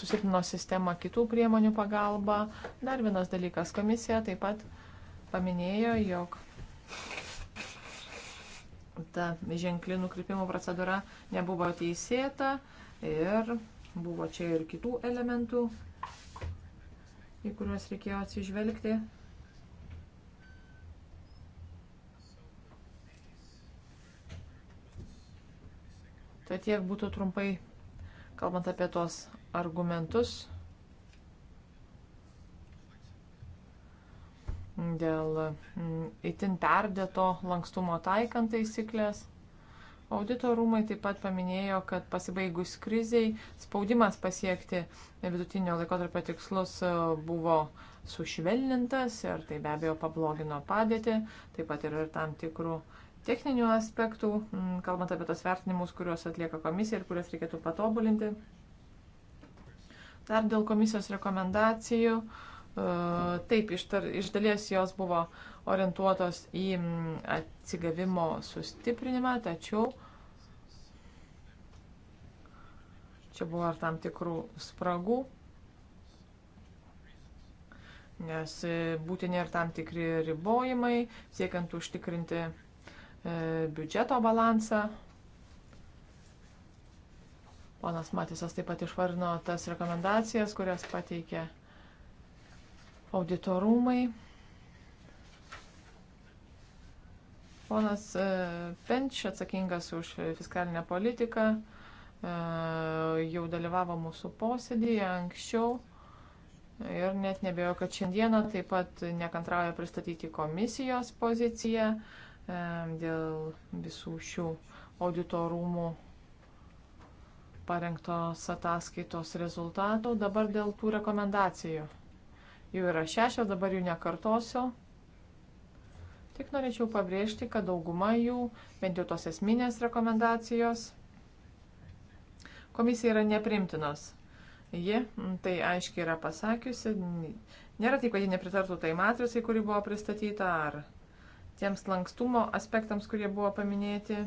susilpnino sistemą kitų priemonių pagalba. Dar vienas dalykas, komisija taip pat paminėjo, jog ta ženkli nukrypimų procedūra nebuvo teisėta ir buvo čia ir kitų elementų, į kuriuos reikėjo atsižvelgti. Tai tiek būtų trumpai, kalbant apie tos argumentus. dėl mm, itin perdėto lankstumo taikant taisyklės. Audito rūmai taip pat paminėjo, kad pasibaigus kriziai spaudimas pasiekti vidutinio laikotarpio tikslus e, buvo sušvelnintas ir tai be abejo pablogino padėtį. Taip pat yra ir tam tikrų techninių aspektų, mm, kalbant apie tos vertinimus, kuriuos atlieka komisija ir kuriuos reikėtų patobulinti. Dar dėl komisijos rekomendacijų. Uh, Taip, iš, tar, iš dalies jos buvo orientuotos į mm, atsigavimo sustiprinimą, tačiau čia buvo ir tam tikrų spragų, nes e, būtini ir tam tikri ribojimai, siekiant užtikrinti e, biudžeto balansą. Ponas Matisas taip pat išvarino tas rekomendacijas, kurias pateikė auditorumai. Ponas Penč e, atsakingas už fiskalinę politiką e, jau dalyvavo mūsų posėdėje anksčiau ir net nebejoju, kad šiandieną taip pat nekantrauja pristatyti komisijos poziciją e, dėl visų šių auditorumų parengtos ataskaitos rezultatų. Dabar dėl tų rekomendacijų. Jų yra šešios, dabar jų nekartosiu. Tik norėčiau pabrėžti, kad dauguma jų, bent jau tos esminės rekomendacijos, komisija yra neprimtinos. Ji tai aiškiai yra pasakiusi. Nėra taip, kad ji nepritartų tai matricai, kuri buvo pristatyta, ar tiems lankstumo aspektams, kurie buvo paminėti.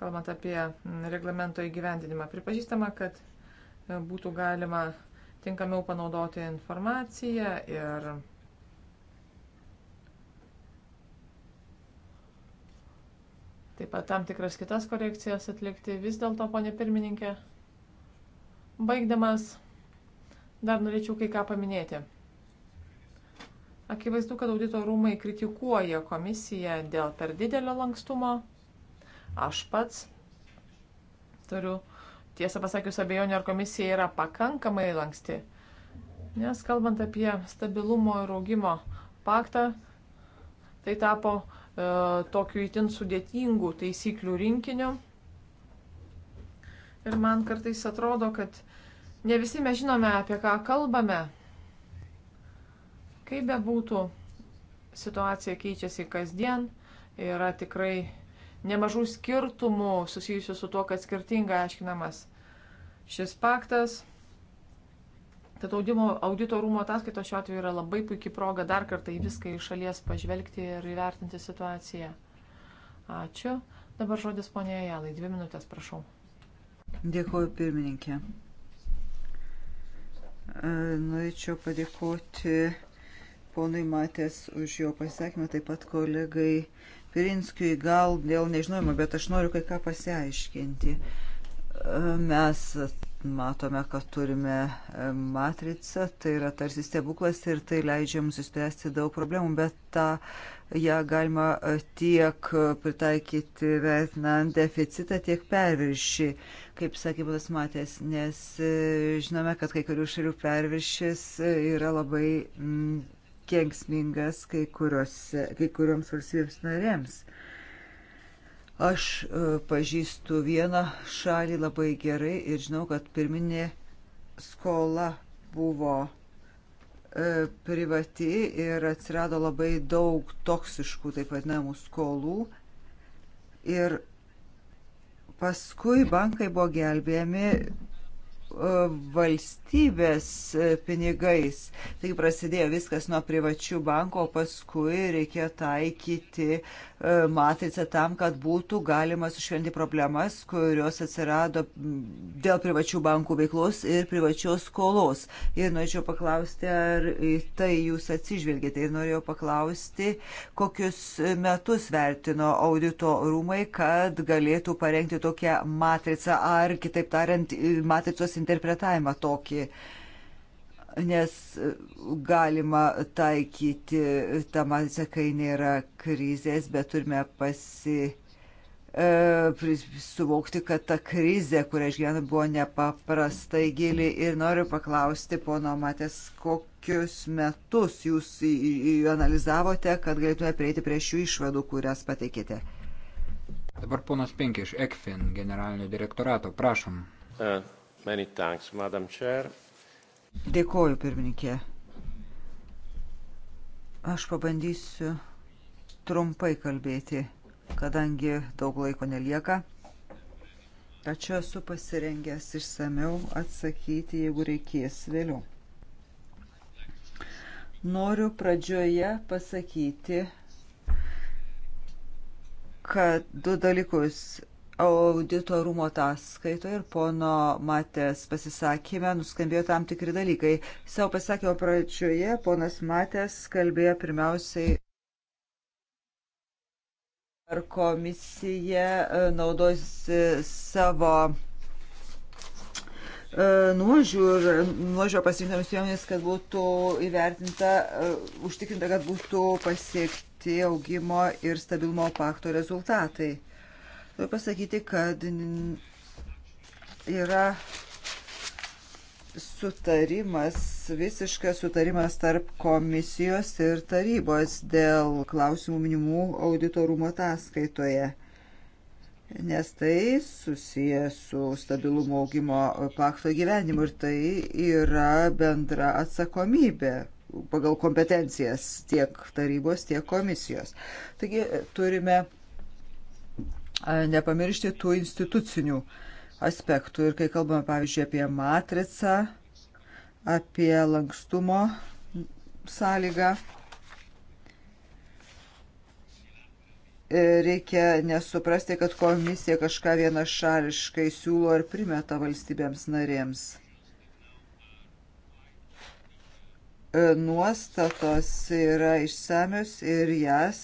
Kalbant apie reglamento įgyvendinimą, pripažįstama, kad e, būtų galima tinkamiau panaudoti informaciją ir taip pat tam tikras kitas korekcijas atlikti. Vis dėlto, ponė pirmininkė, baigdamas dar norėčiau kai ką paminėti. Akivaizdu, kad audito rūmai kritikuoja komisiją dėl per didelio lankstumo. Aš pats turiu tiesą pasakius, abejonių ar komisija yra pakankamai lanksti. Nes kalbant apie stabilumo ir augimo paktą, tai tapo e, tokiu įtin sudėtingų taisyklių rinkiniu. Ir man kartais atrodo, kad ne visi mes žinome, apie ką kalbame. Kaip bebūtų, situacija keičiasi kasdien, yra tikrai nemažų skirtumų susijusių su tuo, kad skirtingai aiškinamas šis paktas. Tad audimo, audito rūmo ataskaito šiuo atveju yra labai puikiai proga dar kartą į viską iš šalies pažvelgti ir įvertinti situaciją. Ačiū. Dabar žodis ponė Jalai. Dvi minutės, prašau. Dėkuoju, pirmininkė. E, norėčiau padėkoti ponui Matės už jo pasakymą, taip pat kolegai Pirinskijui gal dėl nežinojimo, bet aš noriu kai ką pasiaiškinti. E, mes matome, kad turime e, matricą, tai yra tarsi stebuklas ir tai leidžia mums išspręsti daug problemų, bet tą ją galima e, tiek pritaikyti vertinant deficitą, tiek perviršį, kaip sakė Blas Matės, nes žinome, kad kai kurių šalių perviršis yra labai kenksmingas kai, kurios, kai kurioms valstybėms narėms. Aš e, pažįstu vieną šalį labai gerai ir žinau, kad pirminė skola buvo e, privati ir atsirado labai daug toksiškų, taip vadinamų, skolų. Ir paskui bankai buvo gelbėjami E, valstybės e, pinigais. Taigi prasidėjo viskas nuo privačių banko, o paskui reikia taikyti E, matricą tam, kad būtų galima sušvelninti problemas, kurios atsirado dėl privačių bankų veiklos ir privačios skolos. Ir norėčiau paklausti, ar tai jūs atsižvelgėte. Ir norėjau paklausti, kokius metus vertino audito rūmai, kad galėtų parengti tokią matricą, ar kitaip tariant, matricos interpretavimą tokį. Uh, nes galima taikyti tą masę, kai nėra krizės, bet turime pasi e, suvokti, kad ta krizė, kurią išgyvena, buvo nepaprastai gili ir noriu paklausti, pono Matės, kokius metus jūs analizavote, kad galėtume prieiti prie šių išvadų, kurias pateikėte. Dabar ponas Pinkė iš ECFIN generalinio direktorato, prašom. Uh, many thanks, Madam Chair. Dėkoju, pirmininkė. Aš pabandysiu trumpai kalbėti, kadangi daug laiko nelieka. Tačiau esu pasirengęs išsameu atsakyti, jeigu reikės vėliau. Noriu pradžioje pasakyti, kad du dalykus audito rūmo ataskaitoje ir pono Matės pasisakymę nuskambėjo tam tikri dalykai. Savo pasakymo pradžioje ponas Matės kalbėjo pirmiausiai. Ar komisija e, naudosi savo nuožiūrą, e, nuožiūrą pasirinktomis priemonės, kad būtų įvertinta, e, užtikrinta, kad būtų pasiekti augimo ir stabilumo pakto rezultatai? pasakyti, kad yra sutarimas, visiškas sutarimas tarp komisijos ir tarybos dėl klausimų minimų auditorumo ataskaitoje. Nes tai susiję su stabilumo augimo pakto gyvenimu ir tai yra bendra atsakomybė pagal kompetencijas tiek tarybos, tiek komisijos. Taigi turime nepamiršti tų institucinių aspektų. Ir kai kalbame, pavyzdžiui, apie matricą, apie lankstumo sąlygą, reikia nesuprasti, kad komisija kažką vienašališkai siūlo ar primeta valstybėms narėms. Nuostatos yra išsamios ir jas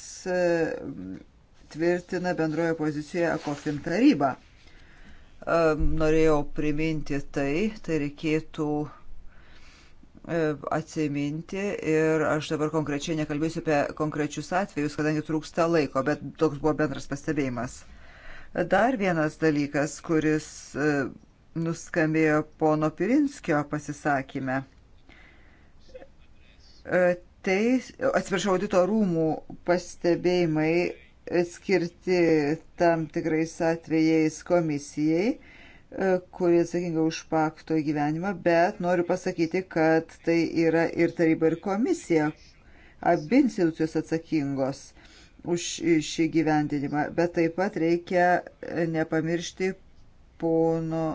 patvirtina bendroje pozicijoje ECOFIN taryba. Norėjau priminti tai, tai reikėtų e, atsiminti ir aš dabar konkrečiai nekalbėsiu apie konkrečius atvejus, kadangi trūksta laiko, bet toks buvo bendras pastebėjimas. Dar vienas dalykas, kuris e, nuskambėjo pono Pirinskio pasisakyme. Tai, atsiprašau, audito rūmų pastebėjimai skirti tam tikrais atvejais komisijai, e, kuri atsakinga už pakto įgyvenimą, bet noriu pasakyti, kad tai yra ir taryba, ir komisija. Abi institucijos atsakingos už šį gyvendinimą, bet taip pat reikia e, nepamiršti pono,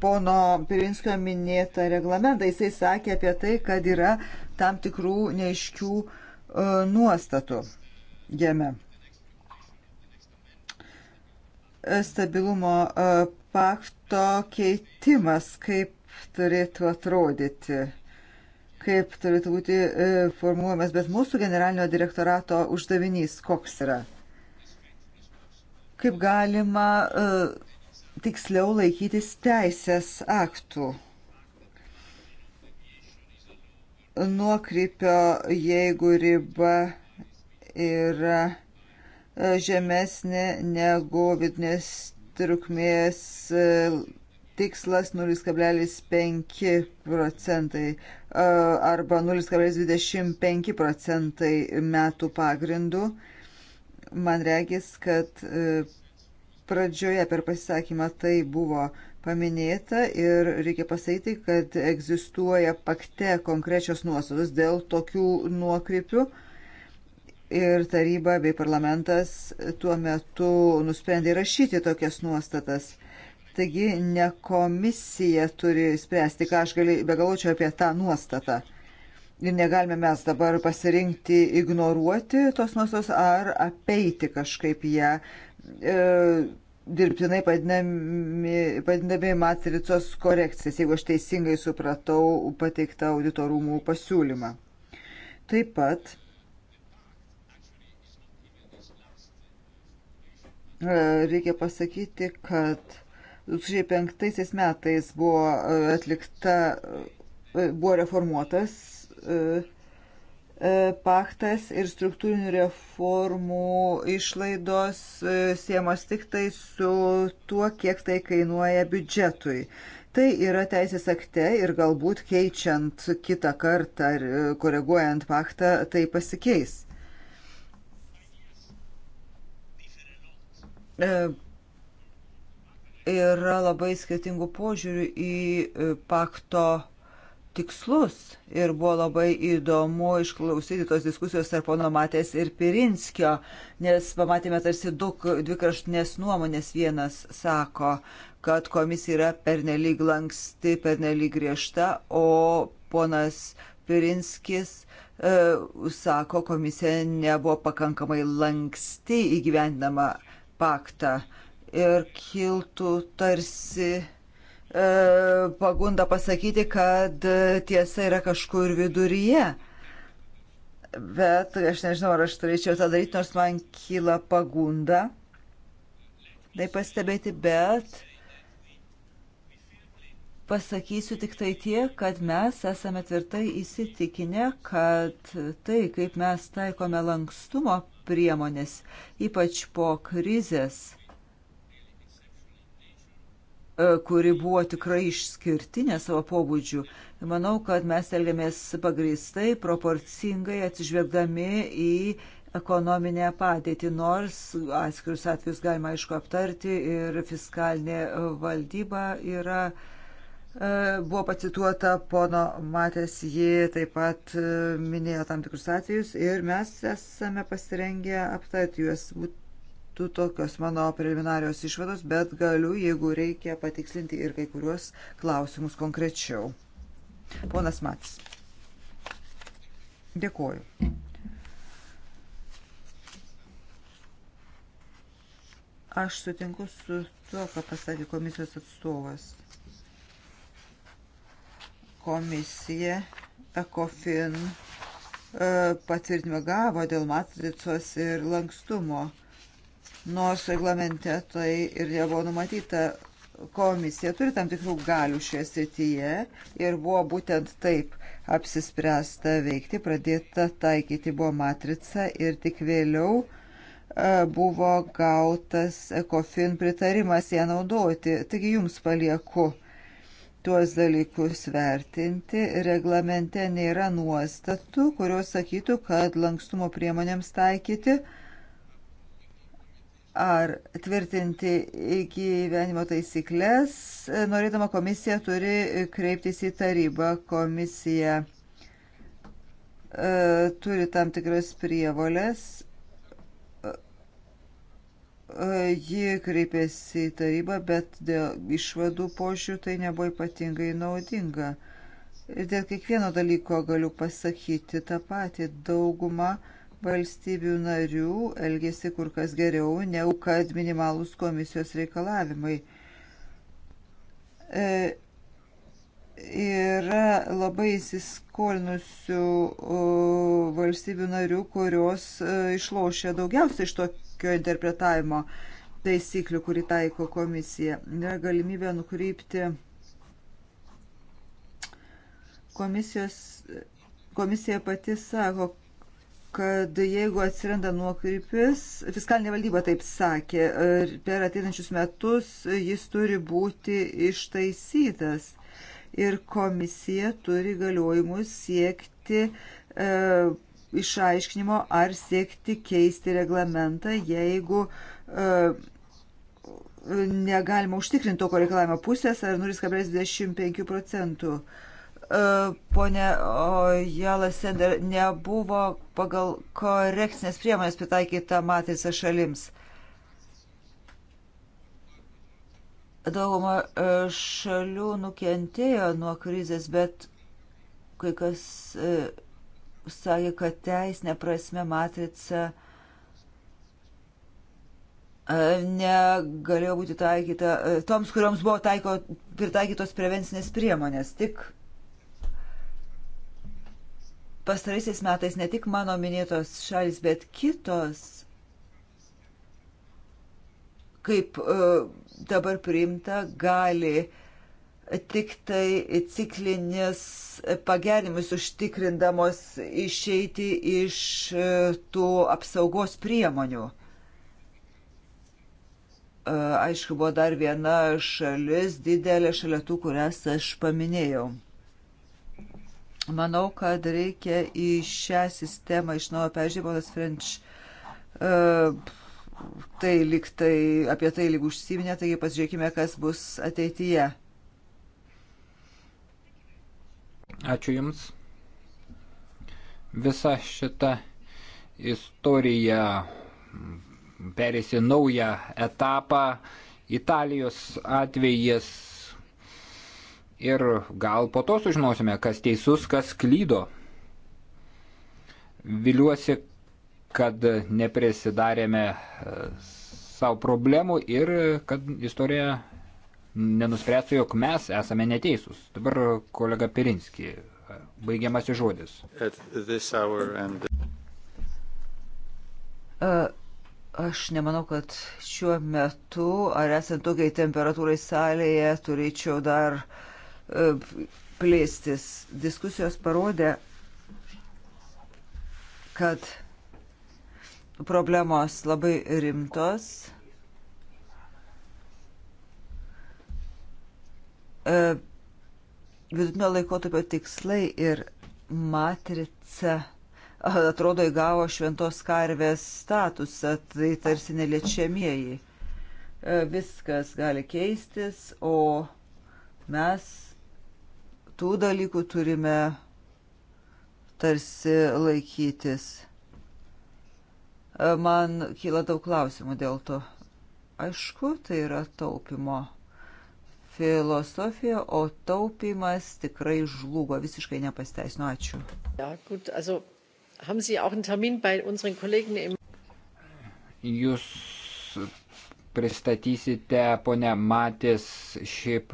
pono Pirinskio minėtą reglamentą. Jisai sakė apie tai, kad yra tam tikrų neiškių e, nuostatų jame. E, stabilumo e, pakto keitimas, kaip turėtų atrodyti kaip turėtų būti e, formuojamas, bet mūsų generalinio direktorato uždavinys koks yra. Kaip galima tiksliau laikytis teisės aktų. Nuokrypio, jeigu riba yra e, žemesnė negu vidinės trukmės e, tikslas 0,5 procentai e, arba 0,25 procentai metų pagrindų. Man regis, kad pradžioje per pasisakymą tai buvo paminėta ir reikia pasakyti, kad egzistuoja pakte konkrečios nuostatos dėl tokių nuokrypių ir taryba bei parlamentas tuo metu nusprendė rašyti tokias nuostatas. Taigi ne komisija turi spręsti, ką aš gali, begalvočiau apie tą nuostatą. Ir negalime mes dabar pasirinkti ignoruoti tos nuostatos ar apeiti kažkaip ją, e, dirbtinai padinami, padinami matricos korekcijas, jeigu aš teisingai supratau pateiktą auditorumų pasiūlymą. Taip pat E, reikia pasakyti, kad 2005 metais buvo e, atlikta, e, buvo reformuotas paktas ir struktūrinių reformų išlaidos siemos tik tai su tuo, kiek tai kainuoja biudžetui. Tai yra teisės akte ir galbūt keičiant kitą kartą ar koreguojant paktą tai pasikeis. E, yra labai skirtingų požiūrių į e, pakto tikslus ir buvo labai įdomu išklausyti tos diskusijos tarp pono Matės ir Pirinskio, nes pamatėme tarsi du, dvi kraštinės nuomonės. Vienas sako, kad komisija yra pernelyg lanksti, pernelyg griežta, o ponas Pirinskis e, sako, komisija nebuvo pakankamai lanksti įgyvendama e, paktą ir kiltų tarsi e, pagunda pasakyti, kad e, tiesa yra kažkur viduryje. Bet aš nežinau, ar aš turėčiau tą daryti, nors man kyla pagunda tai pastebėti, bet pasakysiu tik tai tiek, kad mes esame tvirtai įsitikinę, kad tai, kaip mes taikome lankstumo priemonės, ypač po krizės, e, kuri buvo tikrai išskirtinė savo pobūdžių. Manau, kad mes elgiamės pagristai, proporcingai atsižvelgdami į ekonominę padėtį, nors atskirius atvejus galima aišku aptarti ir fiskalinė valdyba yra uh, E, buvo pacituota pono Matės, ji taip pat e, minėjo tam tikrus atvejus ir mes esame pasirengę aptarti juos. Būtų tokios mano preliminarios išvados, bet galiu, jeigu reikia, patikslinti ir kai kuriuos klausimus konkrečiau. Ponas Matis. Dėkuoju. Aš sutinku su tuo, ką pasakė komisijos atstovas komisija ECOFIN e, patvirtinimą gavo dėl matricos ir lankstumo. Nors reglamente tai ir nebuvo numatyta, komisija turi tam tikrų galių šioje srityje ir buvo būtent taip apsispręsta veikti, pradėta taikyti buvo matrica ir tik vėliau e, buvo gautas ECOFIN pritarimas ją naudoti. Taigi jums palieku tuos dalykus vertinti. Reglamente nėra nuostatų, kurios sakytų, kad lankstumo priemonėms taikyti ar tvirtinti įgyvenimo taisyklės. Norėdama komisija turi kreiptis į tarybą. Komisija e, turi tam tikras prievolės Ji kreipėsi į tarybą, bet dėl išvadų požiūrių tai nebuvo ypatingai naudinga. Ir dėl kiekvieno dalyko galiu pasakyti tą patį. Dauguma valstybių narių elgėsi kur kas geriau, negu kad minimalūs komisijos reikalavimai. E, yra labai įsiskolinusių valstybių narių, kurios e, išlošia daugiausiai iš to tokio interpretavimo taisyklių, kurį taiko komisija. Yra galimybė nukreipti komisijos, komisija pati sako, kad jeigu atsiranda nuokrypis, fiskalinė valdyba taip sakė, per ateinančius metus jis turi būti ištaisytas ir komisija turi galiojimus siekti e, išaiškinimo ar siekti keisti reglamentą, jeigu e, negalima užtikrinti to, ko reikalavimo pusės ar 0,25 procentų. E, pone Ojala Sender, nebuvo pagal korekcinės priemonės pritaikyta matrica šalims. Dauguma e, šalių nukentėjo nuo krizės, bet kai kas sakė, kad teisinė prasme matrica e, negalėjo būti taikyta e, toms, kuriuoms buvo taiko, pritaikytos prevencinės priemonės. Tik pastaraisiais metais ne tik mano minėtos šalis, bet kitos, kaip e, dabar priimta, gali uh, tik tai ciklinis pagerimus užtikrindamos išeiti iš e, tų apsaugos priemonių. E, aišku, buvo dar viena šalis, didelė šalia tų, kurias aš paminėjau. Manau, kad reikia į šią sistemą iš naujo peržiūrėti, French. Uh, e, tai lyg tai apie tai lyg užsiminė, taigi pasižiūrėkime, kas bus ateityje. Ačiū Jums. Visa šita istorija perėsi naują etapą. Italijos atvejis ir gal po to sužinosime, kas teisus, kas klydo. Viliuosi, kad neprisidarėme e, savo problemų ir kad istorija nenuspręstų, jog mes esame neteisūs. Dabar kolega Pirinski, baigiamasi žodis. And... Aš nemanau, kad šiuo metu, ar esant tokiai temperatūrai salėje, turėčiau dar e, plėstis. Diskusijos parodė, kad problemos labai rimtos E, vidutinio laikotarpio tikslai ir matrica atrodo įgavo šventos karvės statusą, tai tarsi neliečiamieji. E, viskas gali keistis, o mes tų dalykų turime tarsi laikytis. E, man kyla daug klausimų dėl to. Aišku, tai yra taupimo filosofija, o taupimas tikrai žlugo, visiškai nepasteisino. Ačiū. Ja, gut, also, haben Sie auch einen Termin bei unseren Kollegen im Jūs pristatysite, ponia Matės, šiaip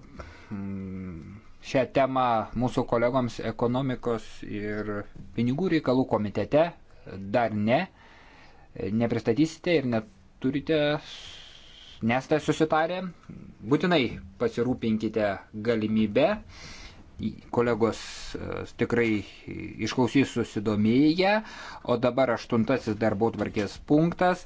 mm, šią temą mūsų kolegoms ekonomikos ir pinigų reikalų komitete. Dar ne. Nepristatysite ir neturite nesate susitarę, būtinai pasirūpinkite galimybę. Kolegos e, tikrai išklausys susidomėję, o dabar aštuntasis darbo tvarkės punktas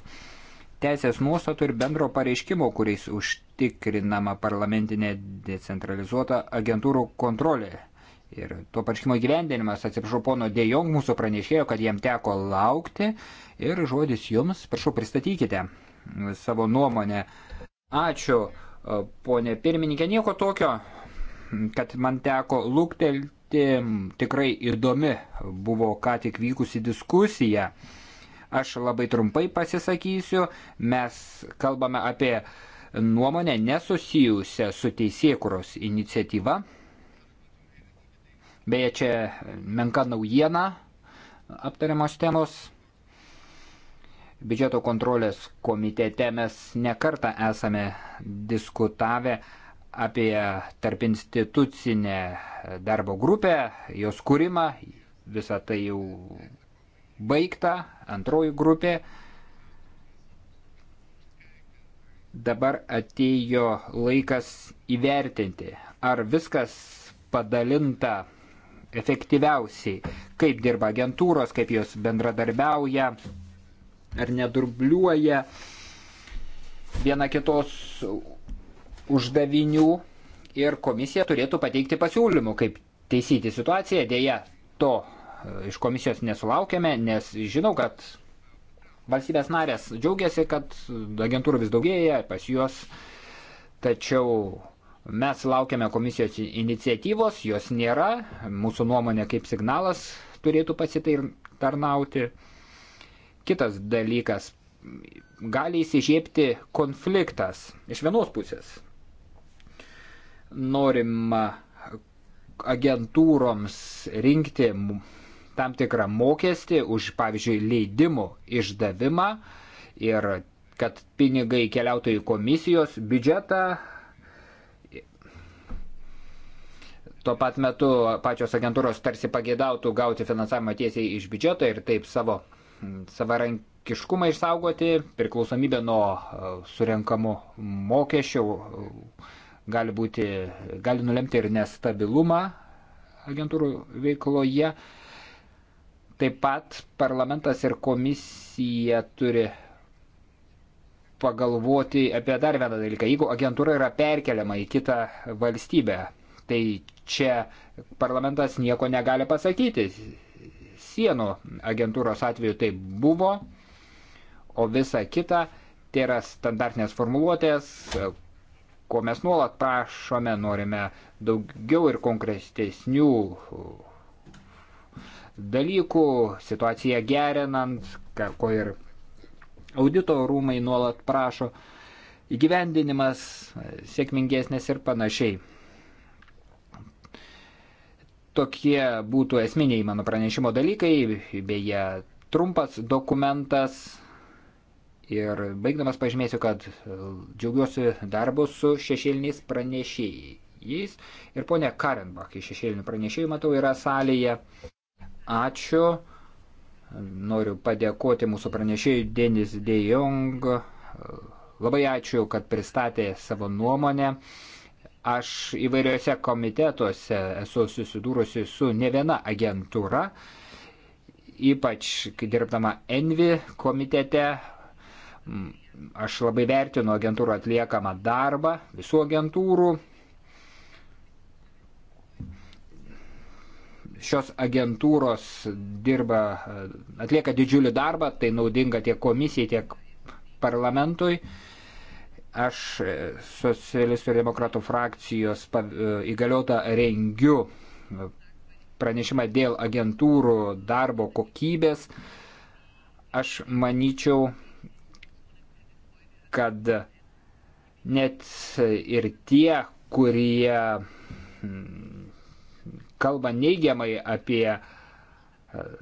teisės nuostatų ir bendro pareiškimo, kuriais užtikrinama parlamentinė decentralizuota agentūrų kontrolė. Ir to pareiškimo gyvendinimas, atsiprašau, pono Dejong mūsų pranešėjo, kad jam teko laukti. Ir žodis jums, prašau, pristatykite savo nuomonę. Ačiū, e, ponė pirmininkė, nieko tokio, kad man teko lūktelti, tikrai įdomi buvo ką tik vykusi diskusija. Aš labai trumpai pasisakysiu, mes kalbame apie nuomonę nesusijusią su teisėkuros iniciatyva. Beje, čia menka naujiena aptariamos temos. Biudžeto kontrolės komitete mes nekartą esame diskutavę apie tarpinstitucinę darbo grupę, jos kūrimą, visą tai jau baigta, antroji grupė. Dabar atėjo laikas įvertinti, ar viskas padalinta efektyviausiai, kaip dirba agentūros, kaip jos bendradarbiauja, ar nedurbliuoja viena kitos uždavinių ir komisija turėtų pateikti pasiūlymų, kaip teisyti situaciją. Deja, to e, iš komisijos nesulaukėme, nes žinau, kad valstybės narės džiaugiasi, kad agentūrų vis daugėja pas juos, tačiau mes laukiame komisijos iniciatyvos, jos nėra, mūsų nuomonė kaip signalas turėtų pasitarnauti. tarnauti. Kitas dalykas - gali įsižiebti konfliktas iš vienos pusės. Norima agentūroms rinkti tam tikrą mokestį už, pavyzdžiui, leidimų išdavimą ir kad pinigai keliautų į komisijos biudžetą. Tuo pat metu pačios agentūros tarsi pagėdautų gauti finansavimą tiesiai iš biudžeto ir taip savo savarankiškumą išsaugoti, priklausomybė nuo e, surenkamų mokesčių e, gali, būti, gali nulemti ir nestabilumą agentūrų veikloje. Taip pat parlamentas ir komisija turi pagalvoti apie dar vieną dalyką. Jeigu agentūra yra perkeliama į kitą valstybę, tai čia parlamentas nieko negali pasakyti sienų agentūros atveju tai buvo, o visa kita tai yra standartinės formuluotės, ko mes nuolat prašome, norime daugiau ir konkretesnių dalykų, situaciją gerinant, ko ir audito rūmai nuolat prašo, įgyvendinimas sėkmingesnis ir panašiai. Tokie būtų esminiai mano pranešimo dalykai, beje, trumpas dokumentas. Ir baigdamas pažymėsiu, kad džiaugiuosi darbu su šešėliniais pranešėjais. Ir ponė Karenbach iš šešėlinių pranešėjų, matau, yra salėje. Ačiū. Noriu padėkoti mūsų pranešėjui Denis De Jong. Labai ačiū, kad pristatė savo nuomonę. Aš įvairiuose komitetuose esu susidūrusi su ne viena agentūra, ypač dirbdama Envi komitete. Aš labai vertinu agentūrų atliekamą darbą, visų agentūrų. Šios agentūros dirba, atlieka didžiulį darbą, tai naudinga tiek komisijai, tiek parlamentui. Mm Aš e, socialistų ir demokratų frakcijos e, įgaliota rengiu e, pranešimą dėl agentūrų darbo kokybės. Aš manyčiau, kad net ir tie, kurie mm, kalba neigiamai apie uh,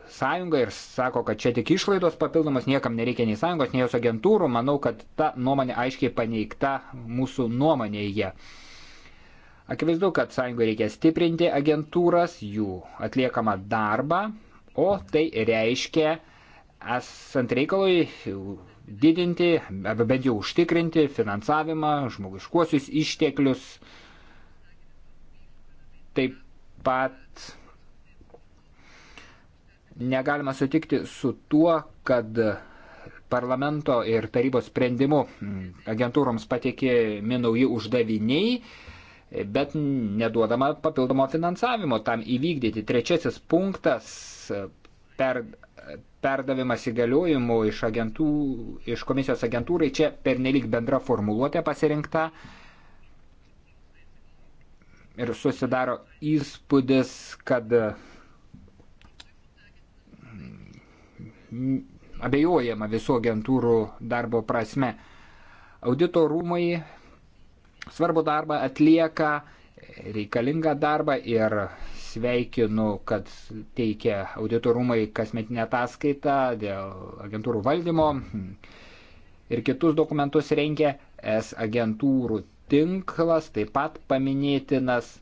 sąjungą ir sako, kad čia tik išlaidos papildomas, niekam nereikia nei sąjungos, nei jos agentūrų. Manau, kad ta nuomonė aiškiai paneigta mūsų nuomonėje. Akivaizdu, kad sąjungai reikia stiprinti agentūras, jų atliekamą darbą, o tai reiškia, esant reikalui, didinti, arba bent jau užtikrinti finansavimą, žmogiškuosius išteklius. Taip pat negalima sutikti su tuo, kad parlamento ir tarybos sprendimu agentūroms patikėmi nauji uždaviniai, bet neduodama papildomo finansavimo tam įvykdyti. Trečiasis punktas per, perdavimas įgaliojimų iš, agentų, iš komisijos agentūrai čia pernelik bendra formuluotė pasirinkta ir susidaro įspūdis, kad abejojama visų agentūrų darbo prasme. Audito rūmai svarbu darbą atlieka, reikalingą darbą ir sveikinu, kad teikia audito rūmai kasmetinę ataskaitą dėl agentūrų valdymo ir kitus dokumentus rengia S agentūrų tinklas, taip pat paminėtinas.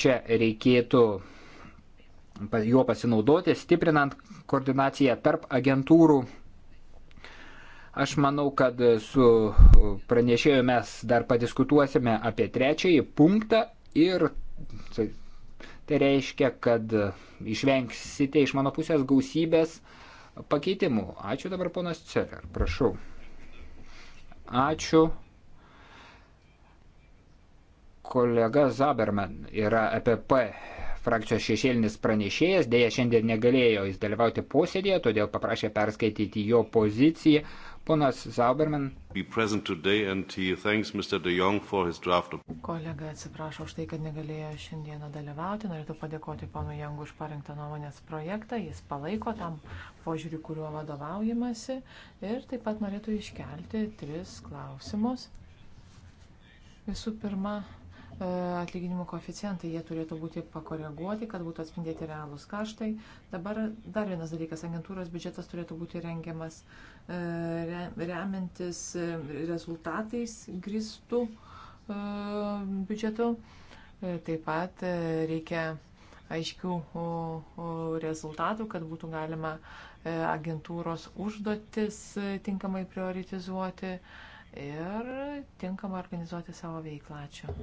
Čia reikėtų juo pasinaudoti, stiprinant koordinaciją tarp agentūrų. Aš manau, kad su pranešėju mes dar padiskutuosime apie trečiąjį punktą ir tai, tai reiškia, kad išvengsite iš mano pusės gausybės pakeitimų. Ačiū dabar ponas Celer, prašau. Ačiū kolega Zaberman yra EPP frakcijos šešėlinis pranešėjas, dėja šiandien negalėjo jis dalyvauti posėdėje, todėl paprašė perskaityti jo poziciją. Ponas Zauberman. Kolega atsiprašo už tai, kad negalėjo šiandieną dalyvauti. Norėtų padėkoti ponui Jangu už parengtą nuomonės projektą. Jis palaiko tam požiūrį, kuriuo vadovaujamasi. Ir taip pat norėtų iškelti tris klausimus. Visų pirma, E, atlyginimų koeficientai, jie turėtų būti pakoreguoti, kad būtų atspindėti realūs kaštai. Dabar dar vienas dalykas, agentūros biudžetas turėtų būti rengiamas e, remiantis e, rezultatais gristų biudžetu. Taip pat reikia aiškių rezultatų, kad būtų galima agentūros užduotis tinkamai prioritizuoti ir tinkamai organizuoti savo veiklą. Ačiū.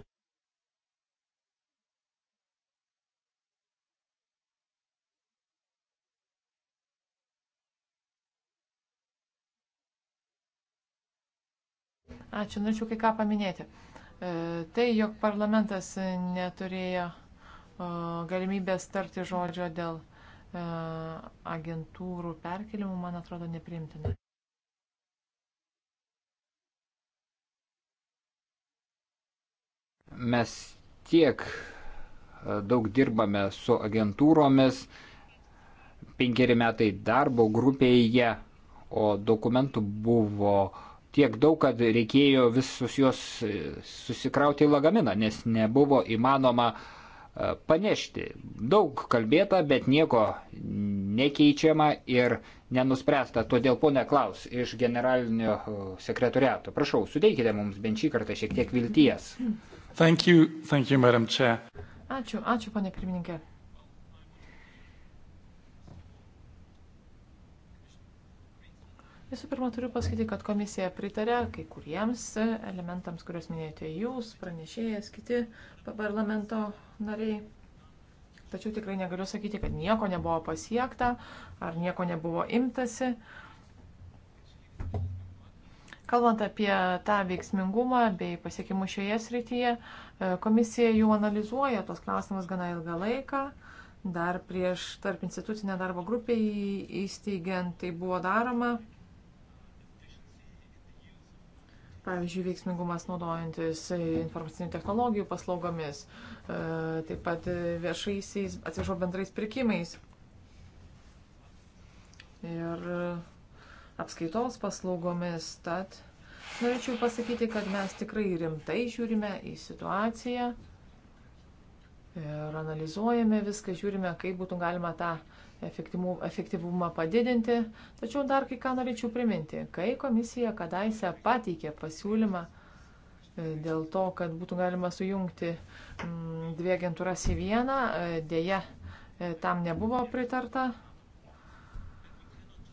Ačiū, norėčiau kai ką paminėti. E, tai, jog parlamentas neturėjo galimybės tarti žodžio dėl e, agentūrų perkelimų, man atrodo, neprimtina. Mes tiek e, daug dirbame su agentūromis, penkeri metai darbo grupėje, o dokumentų buvo uh, tiek daug, kad reikėjo visus juos e, susikrauti į lagaminą, nes nebuvo įmanoma e, panešti. Daug kalbėta, bet nieko nekeičiama ir nenuspręsta. Todėl ponia Klaus iš generalinio e, sekretoriato, prašau, suteikite mums bent šį kartą šiek tiek vilties. Thank you, thank you, Ačiū, ačiū, ponia pirmininkė. Visų pirma, turiu pasakyti, kad komisija pritarė kai kuriems elementams, kuriuos minėjote jūs, pranešėjas, kiti parlamento nariai. Tačiau tikrai negaliu sakyti, kad nieko nebuvo pasiekta ar nieko nebuvo imtasi. Kalbant apie tą veiksmingumą bei pasiekimus šioje srityje, e, komisija jau analizuoja tos klausimus gana ilgą laiką. Dar prieš tarp institucinę darbo grupę įsteigiant tai buvo daroma. Pavyzdžiui, veiksmingumas naudojantis informacinių technologijų paslaugomis, e, taip pat viešaisiais, atsižau bendrais pirkimais ir apskaitos paslaugomis. Tad norėčiau pasakyti, kad mes tikrai rimtai žiūrime į situaciją ir analizuojame viską, žiūrime, kaip būtų galima tą ta efektyvumą padidinti. Tačiau dar kai ką norėčiau priminti. Kai komisija kadaise pateikė pasiūlymą e, dėl to, kad būtų galima sujungti mm, dvi agentūras į vieną, e, dėja e, tam nebuvo pritarta.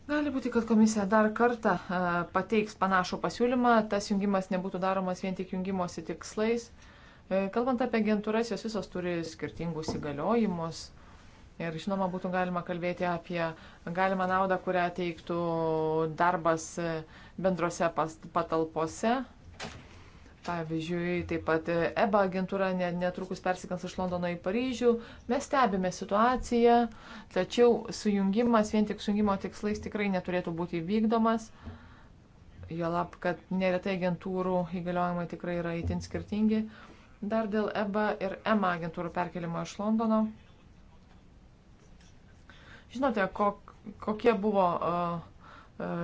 Gali būti, kad komisija dar kartą pateiks panašų pasiūlymą, tas jungimas nebūtų daromas vien tik jungimosi tikslais. Kalbant apie agentūras, jos visos turi skirtingus įgaliojimus, Ir žinoma, būtų galima kalbėti apie galimą naudą, kurią teiktų darbas bendrose patalpose. Pavyzdžiui, taip pat EBA agentūra netrukus persikans iš Londono į Paryžių. Mes stebime situaciją, tačiau sujungimas, vien tik sujungimo tikslais tikrai neturėtų būti vykdomas. Jolab, kad neretai agentūrų įgaliojimai tikrai yra itin skirtingi. Dar dėl EBA ir EMA agentūrų perkelimo iš Londono. Žinote, kok, kokie buvo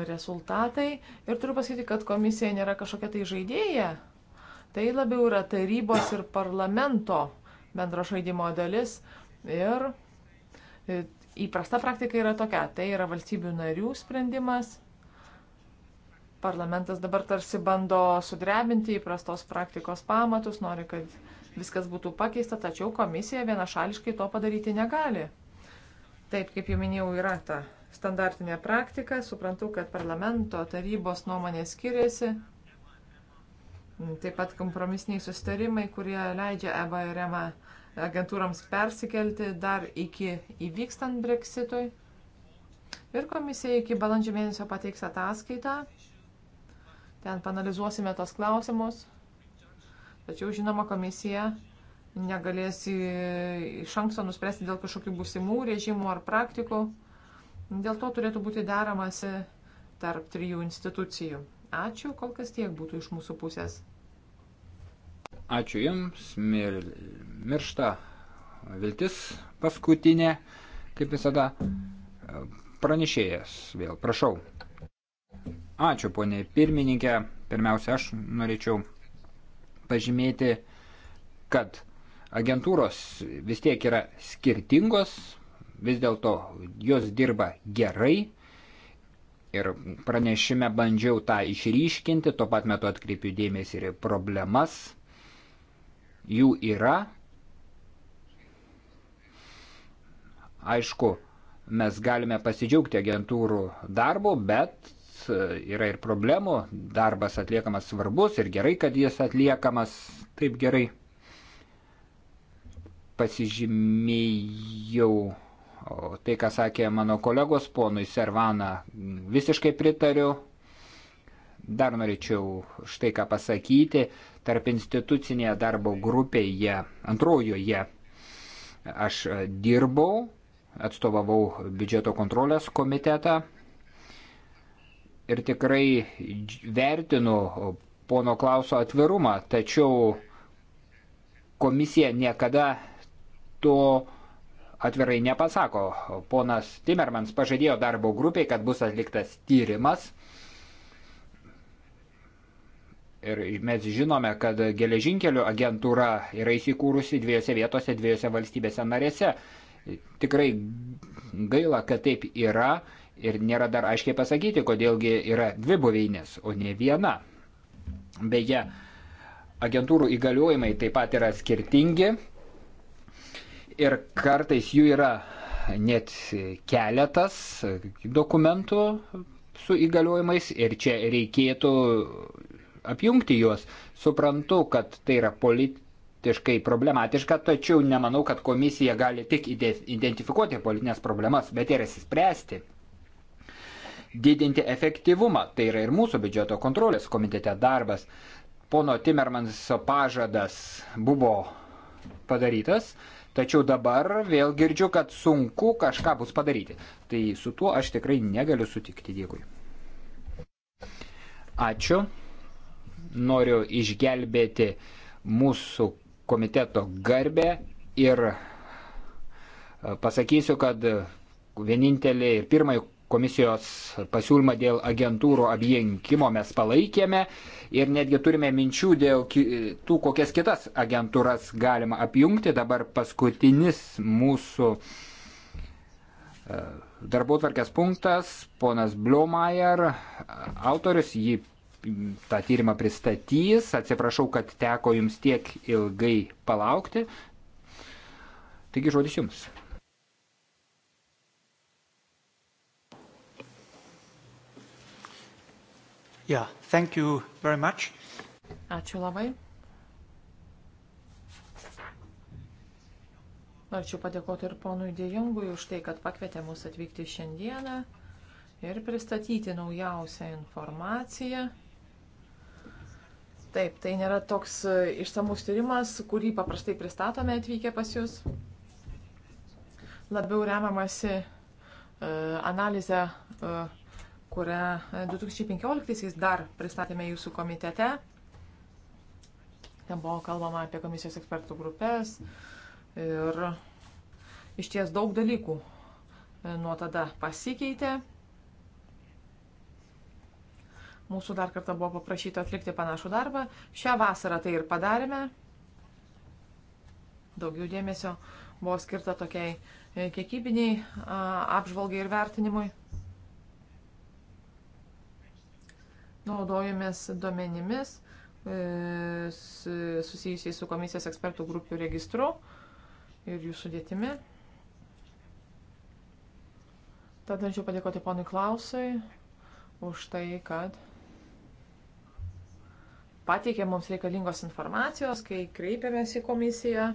rezultatai ir turiu pasakyti, kad komisija nėra kažkokia tai žaidėja. Tai labiau yra tarybos ir parlamento bendro žaidimo dalis. Ir įprasta praktika yra tokia. Tai yra valstybių narių sprendimas. Parlamentas dabar tarsi bando sudrebinti įprastos praktikos pamatus, nori, kad viskas būtų pakeista, tačiau komisija vienašališkai to padaryti negali. Taip, kaip jau minėjau, yra ta standartinė praktika. Suprantu, kad parlamento tarybos nuomonė skiriasi. Taip pat kompromisiniai sustarimai, kurie leidžia EBA ir EMA agentūrams persikelti dar iki įvykstant breksitui. Ir komisija iki balandžio mėnesio pateiks ataskaitą. Ten panalizuosime tos klausimus. Tačiau, žinoma, komisija negalės iš anksto nuspręsti dėl kažkokių būsimų režimų ar praktikų. Dėl to turėtų būti deramasi tarp trijų institucijų. Ačiū, kol kas tiek būtų iš mūsų pusės. Ačiū Jums, mir, miršta viltis paskutinė, kaip visada, pranešėjas vėl, prašau. Ačiū, ponė pirmininkė. Pirmiausia, aš norėčiau pažymėti, kad Agentūros vis tiek yra skirtingos, vis dėlto jos dirba gerai. Ir pranešime bandžiau tą išryškinti, tuo pat metu atkreipiu dėmesį ir problemas. Jų yra. Aišku, mes galime pasidžiaugti agentūrų darbu, bet e, yra ir problemų. Darbas atliekamas svarbus ir gerai, kad jis atliekamas taip gerai pasižymėjau tai, ką sakė mano kolegos ponui Servana, visiškai pritariu. Dar norėčiau štai ką pasakyti. Tarp institucinėje darbo grupėje, antrojoje, aš dirbau, atstovavau biudžeto kontrolės komitetą ir tikrai vertinu pono Klauso atvirumą, tačiau komisija niekada to atvirai nepasako. Ponas Timermans pažadėjo darbo grupiai, kad bus atliktas tyrimas. Ir mes žinome, kad geležinkelių agentūra yra įsikūrusi dviejose vietose, dviejose valstybėse narėse. Tikrai gaila, kad taip yra ir nėra dar aiškiai pasakyti, kodėlgi yra dvi buveinės, o ne viena. Beje, agentūrų įgaliojimai taip pat yra skirtingi ir kartais jų yra net keletas dokumentų su įgaliojimais ir čia reikėtų apjungti juos. Suprantu, kad tai yra politiškai problematiška, tačiau nemanau, kad komisija gali tik identifikuoti politinės problemas, bet ir įsispręsti. Didinti efektyvumą, tai yra ir mūsų biudžeto kontrolės komitete darbas. Pono Timermans pažadas buvo padarytas, Tačiau dabar vėl girdžiu, kad sunku kažką bus padaryti. Tai su tuo aš tikrai negaliu sutikti. Dėkui. Ačiū. Noriu išgelbėti mūsų komiteto garbę ir e, pasakysiu, kad vienintelį ir pirmąjį komisijos pasiūlymą dėl agentūrų abienkimo mes palaikėme ir netgi turime minčių dėl tų, kokias kitas agentūras galima apjungti. Dabar paskutinis mūsų e, darbų tvarkės punktas, ponas Bliomajer, e, autorius jį tą tyrimą pristatys. Atsiprašau, kad teko jums tiek ilgai palaukti. Taigi žodis jums. Yeah, thank you very much. Ačiū labai. Norėčiau padėkoti ir ponui Dėjungui už tai, kad pakvietė mus atvykti šiandieną ir pristatyti naujausią informaciją. Taip, tai nėra toks e, išsamus tyrimas, kurį paprastai pristatome atvykę pas jūs. Labiau remiamasi uh, analizę uh, kurią 2015-aisiais e, dar pristatėme jūsų komitete. Ten buvo kalbama apie komisijos ekspertų grupės ir iš ties daug dalykų e, nuo tada pasikeitė. Mūsų dar kartą buvo paprašyta atlikti panašų darbą. Šią vasarą tai ir padarėme. Daugiau dėmesio buvo skirta tokiai e, kiekybiniai apžvalgai ir vertinimui. naudojamės duomenimis e, susijusiais su komisijos ekspertų grupių registru ir jų sudėtimi. Tad norėčiau padėkoti ponui Klausui už tai, kad pateikė mums reikalingos informacijos, kai kreipėmės į komisiją.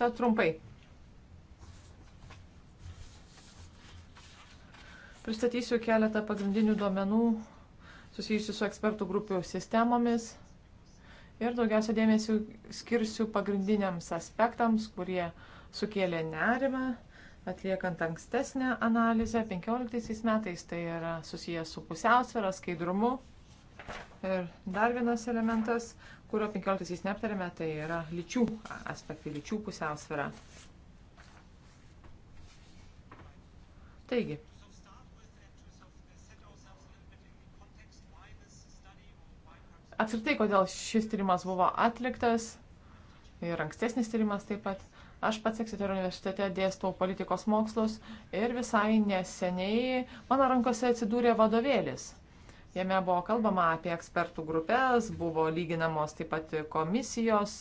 Tad trumpai. Pristatysiu keletą pagrindinių duomenų susijusių su ekspertų grupių sistemomis. Ir daugiausia dėmesio skirsiu pagrindiniams aspektams, kurie sukėlė nerimą, atliekant ankstesnę analizę 15 metais, tai yra susijęs su pusiausvėra, skaidrumu. Ir dar vienas elementas, kurio 15 neaptarėme, tai yra lyčių aspektai, lyčių pusiausvėra. Taigi, apskritai, kodėl šis tyrimas buvo atliktas ir ankstesnis tyrimas taip pat. Aš pats Eksiterio universitete dėstau politikos mokslus ir visai neseniai mano rankose atsidūrė vadovėlis. Jame buvo kalbama apie ekspertų grupės, buvo lyginamos taip pat komisijos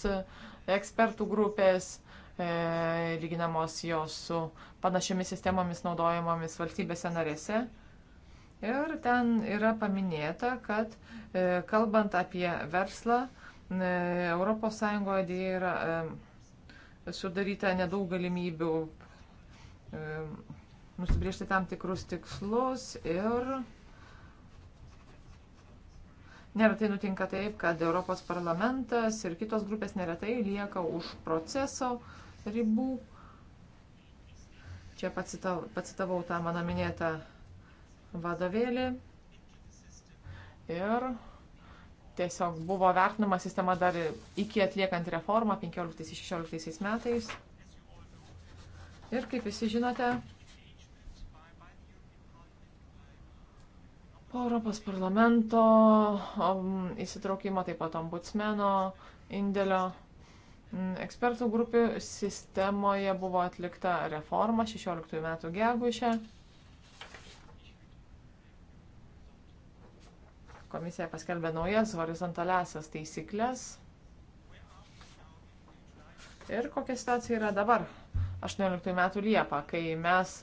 ekspertų grupės, e, lyginamos jos su panašiomis sistemomis naudojamomis valstybėse narėse. Ir ten yra paminėta, kad e, kalbant apie verslą, ES dėja yra e, sudaryta nedaug galimybių e, nusibriežti tam tikrus tikslus ir neretai nutinka taip, kad Europos parlamentas ir kitos grupės neretai lieka už proceso ribų. Čia pacitavau tą mano minėtą vadovėlį ir tiesiog buvo vertinama sistema dar iki atliekant reformą 15-16 metais. Ir kaip visi žinote, po Europos parlamento um, įsitraukimo, taip pat ombudsmeno indėlio mm, ekspertų grupių sistemoje buvo atlikta reforma 16 metų gegužę. Komisija paskelbė naujas horizontaliasias taisyklės. Ir kokia situacija yra dabar, 18 metų Liepą, kai mes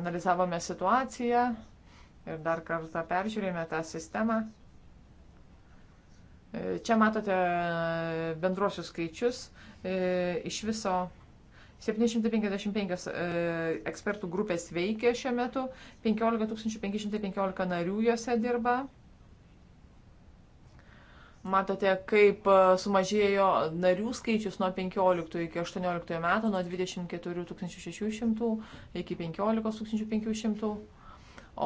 analizavome situaciją ir dar kartą peržiūrėjome tą sistemą. Čia matote bendruosius skaičius. E, iš viso 755 e, ekspertų grupės veikia šiuo metu, 15 515 narių juose dirba. Matote, kaip e, sumažėjo narių skaičius nuo 15 iki 18 metų, nuo 24 600 iki 15 500,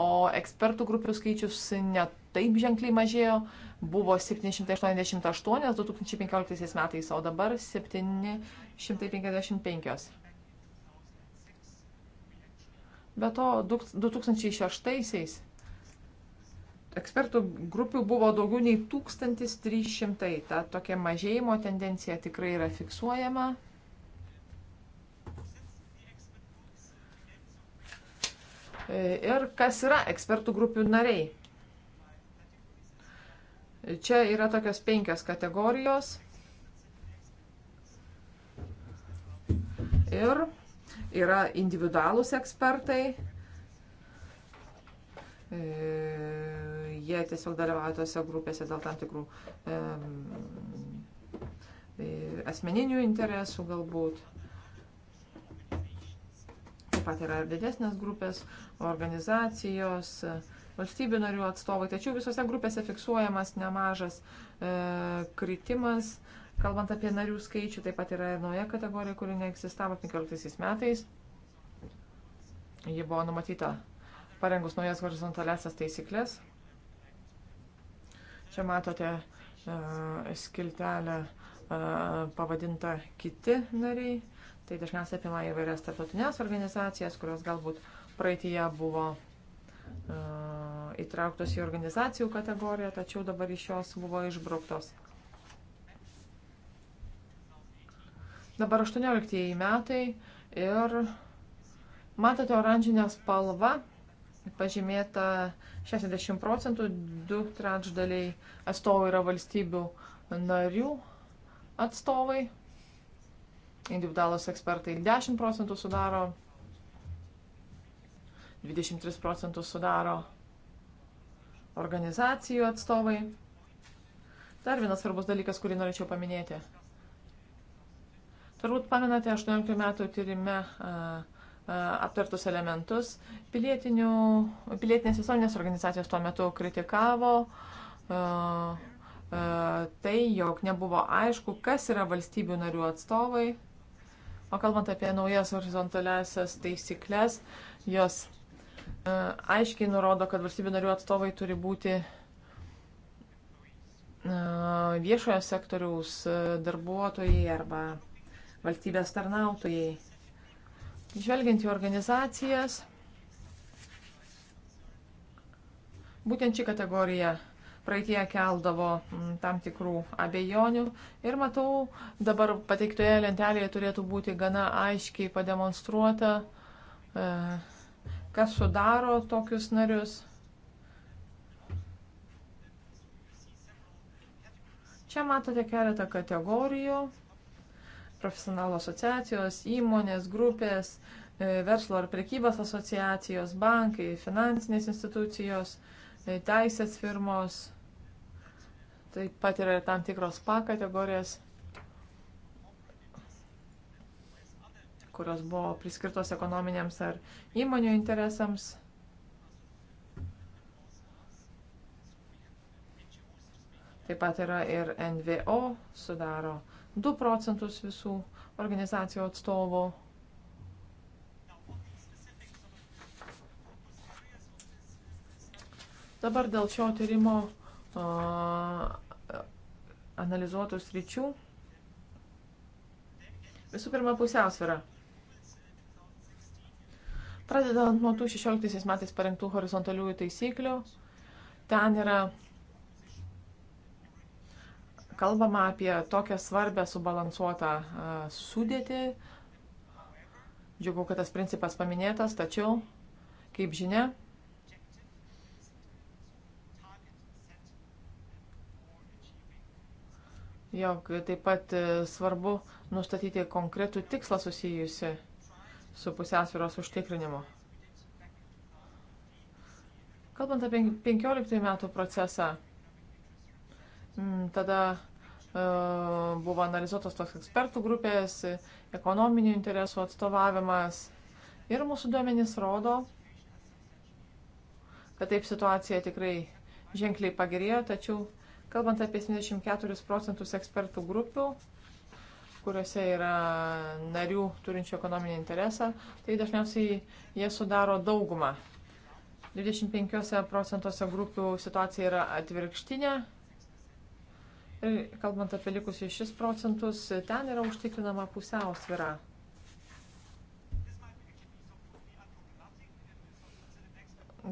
o ekspertų grupių skaičius netaip ženkliai mažėjo, buvo 788 2015 metais, o dabar 755. Be to, 2006 metais ekspertų grupių buvo daugiau nei 1300. Ta tokia mažėjimo tendencija tikrai yra fiksuojama. Ir kas yra ekspertų grupių nariai? Čia yra tokios penkios kategorijos. Ir yra individualūs ekspertai. E jie tiesiog dalyvauja tose grupėse dėl tam tikrų e, asmeninių interesų galbūt. Taip pat yra ir didesnės grupės, organizacijos, valstybių narių atstovai, tačiau visose grupėse fiksuojamas nemažas e, kritimas. Kalbant apie narių skaičių, taip pat yra ir nauja kategorija, kuri neegzistavo 15 metais. Ji buvo numatyta parengus naujas horizontaliasias taisyklės. Čia matote e, skiltelę e, pavadintą kiti nariai. Tai dažniausiai apima įvairias tarptautinės organizacijas, kurios galbūt praeitie buvo e, įtrauktos į organizacijų kategoriją, tačiau dabar iš jos buvo išbrauktos. Dabar 18 metai ir matote oranžinę spalvą, pažymėta 60 procentų, du trečdaliai atstovai yra valstybių narių atstovai, individualus ekspertai 10 procentų sudaro, 23 procentus sudaro organizacijų atstovai. Dar vienas svarbus dalykas, kurį norėčiau paminėti. Turbūt pamenate, 18 metų tyrime uh, E, aptartus elementus. Pilietinės visuomenės organizacijos tuo metu kritikavo e, e, tai, jog nebuvo aišku, kas yra valstybių narių atstovai. O kalbant apie naujas horizontaliasias taisyklės, jos aiškiai nurodo, kad valstybių narių atstovai turi būti viešojo sektoriaus darbuotojai arba valstybės tarnautojai. Žvelgiant į organizacijas, būtent ši kategorija praeitie keldavo mm, tam tikrų abejonių ir matau, dabar pateiktoje lentelėje turėtų būti gana aiškiai pademonstruota, e, kas sudaro tokius narius. Čia matote keletą kategorijų profesionalų asociacijos, įmonės, grupės, e, verslo ar prekybos asociacijos, bankai, finansinės institucijos, e, teisės firmos. Taip pat yra ir tam tikros P kategorijos, kurios buvo priskirtos ekonominiams ar įmonių interesams. Taip pat yra ir NVO, sudaro 2 procentus visų organizacijų atstovų. Dabar dėl šio tyrimo analizuotų sričių. Visų pirma, pusiausvėra. Pradedant nuo tų 16 metais parengtų horizontaliųjų taisyklių, ten yra kalbama apie tokią svarbę subalansuotą sudėtį. Džiugu, kad tas principas paminėtas, tačiau, kaip žinia, jog taip pat e, svarbu nustatyti konkretų tikslą susijusi su pusiausvėros užtikrinimu. Kalbant apie 15 metų procesą, tada E, buvo analizuotos toks ekspertų grupės, ekonominių interesų atstovavimas. Ir mūsų duomenys rodo, kad taip situacija tikrai ženkliai pagerėjo, tačiau kalbant apie 74 procentus ekspertų grupių, kuriuose yra narių turinčių ekonominį interesą, tai dažniausiai jie sudaro daugumą. 25 procentuose grupių situacija yra atvirkštinė, Tai kalbant apie likusius 6 procentus, ten yra užtikrinama pusiausvira.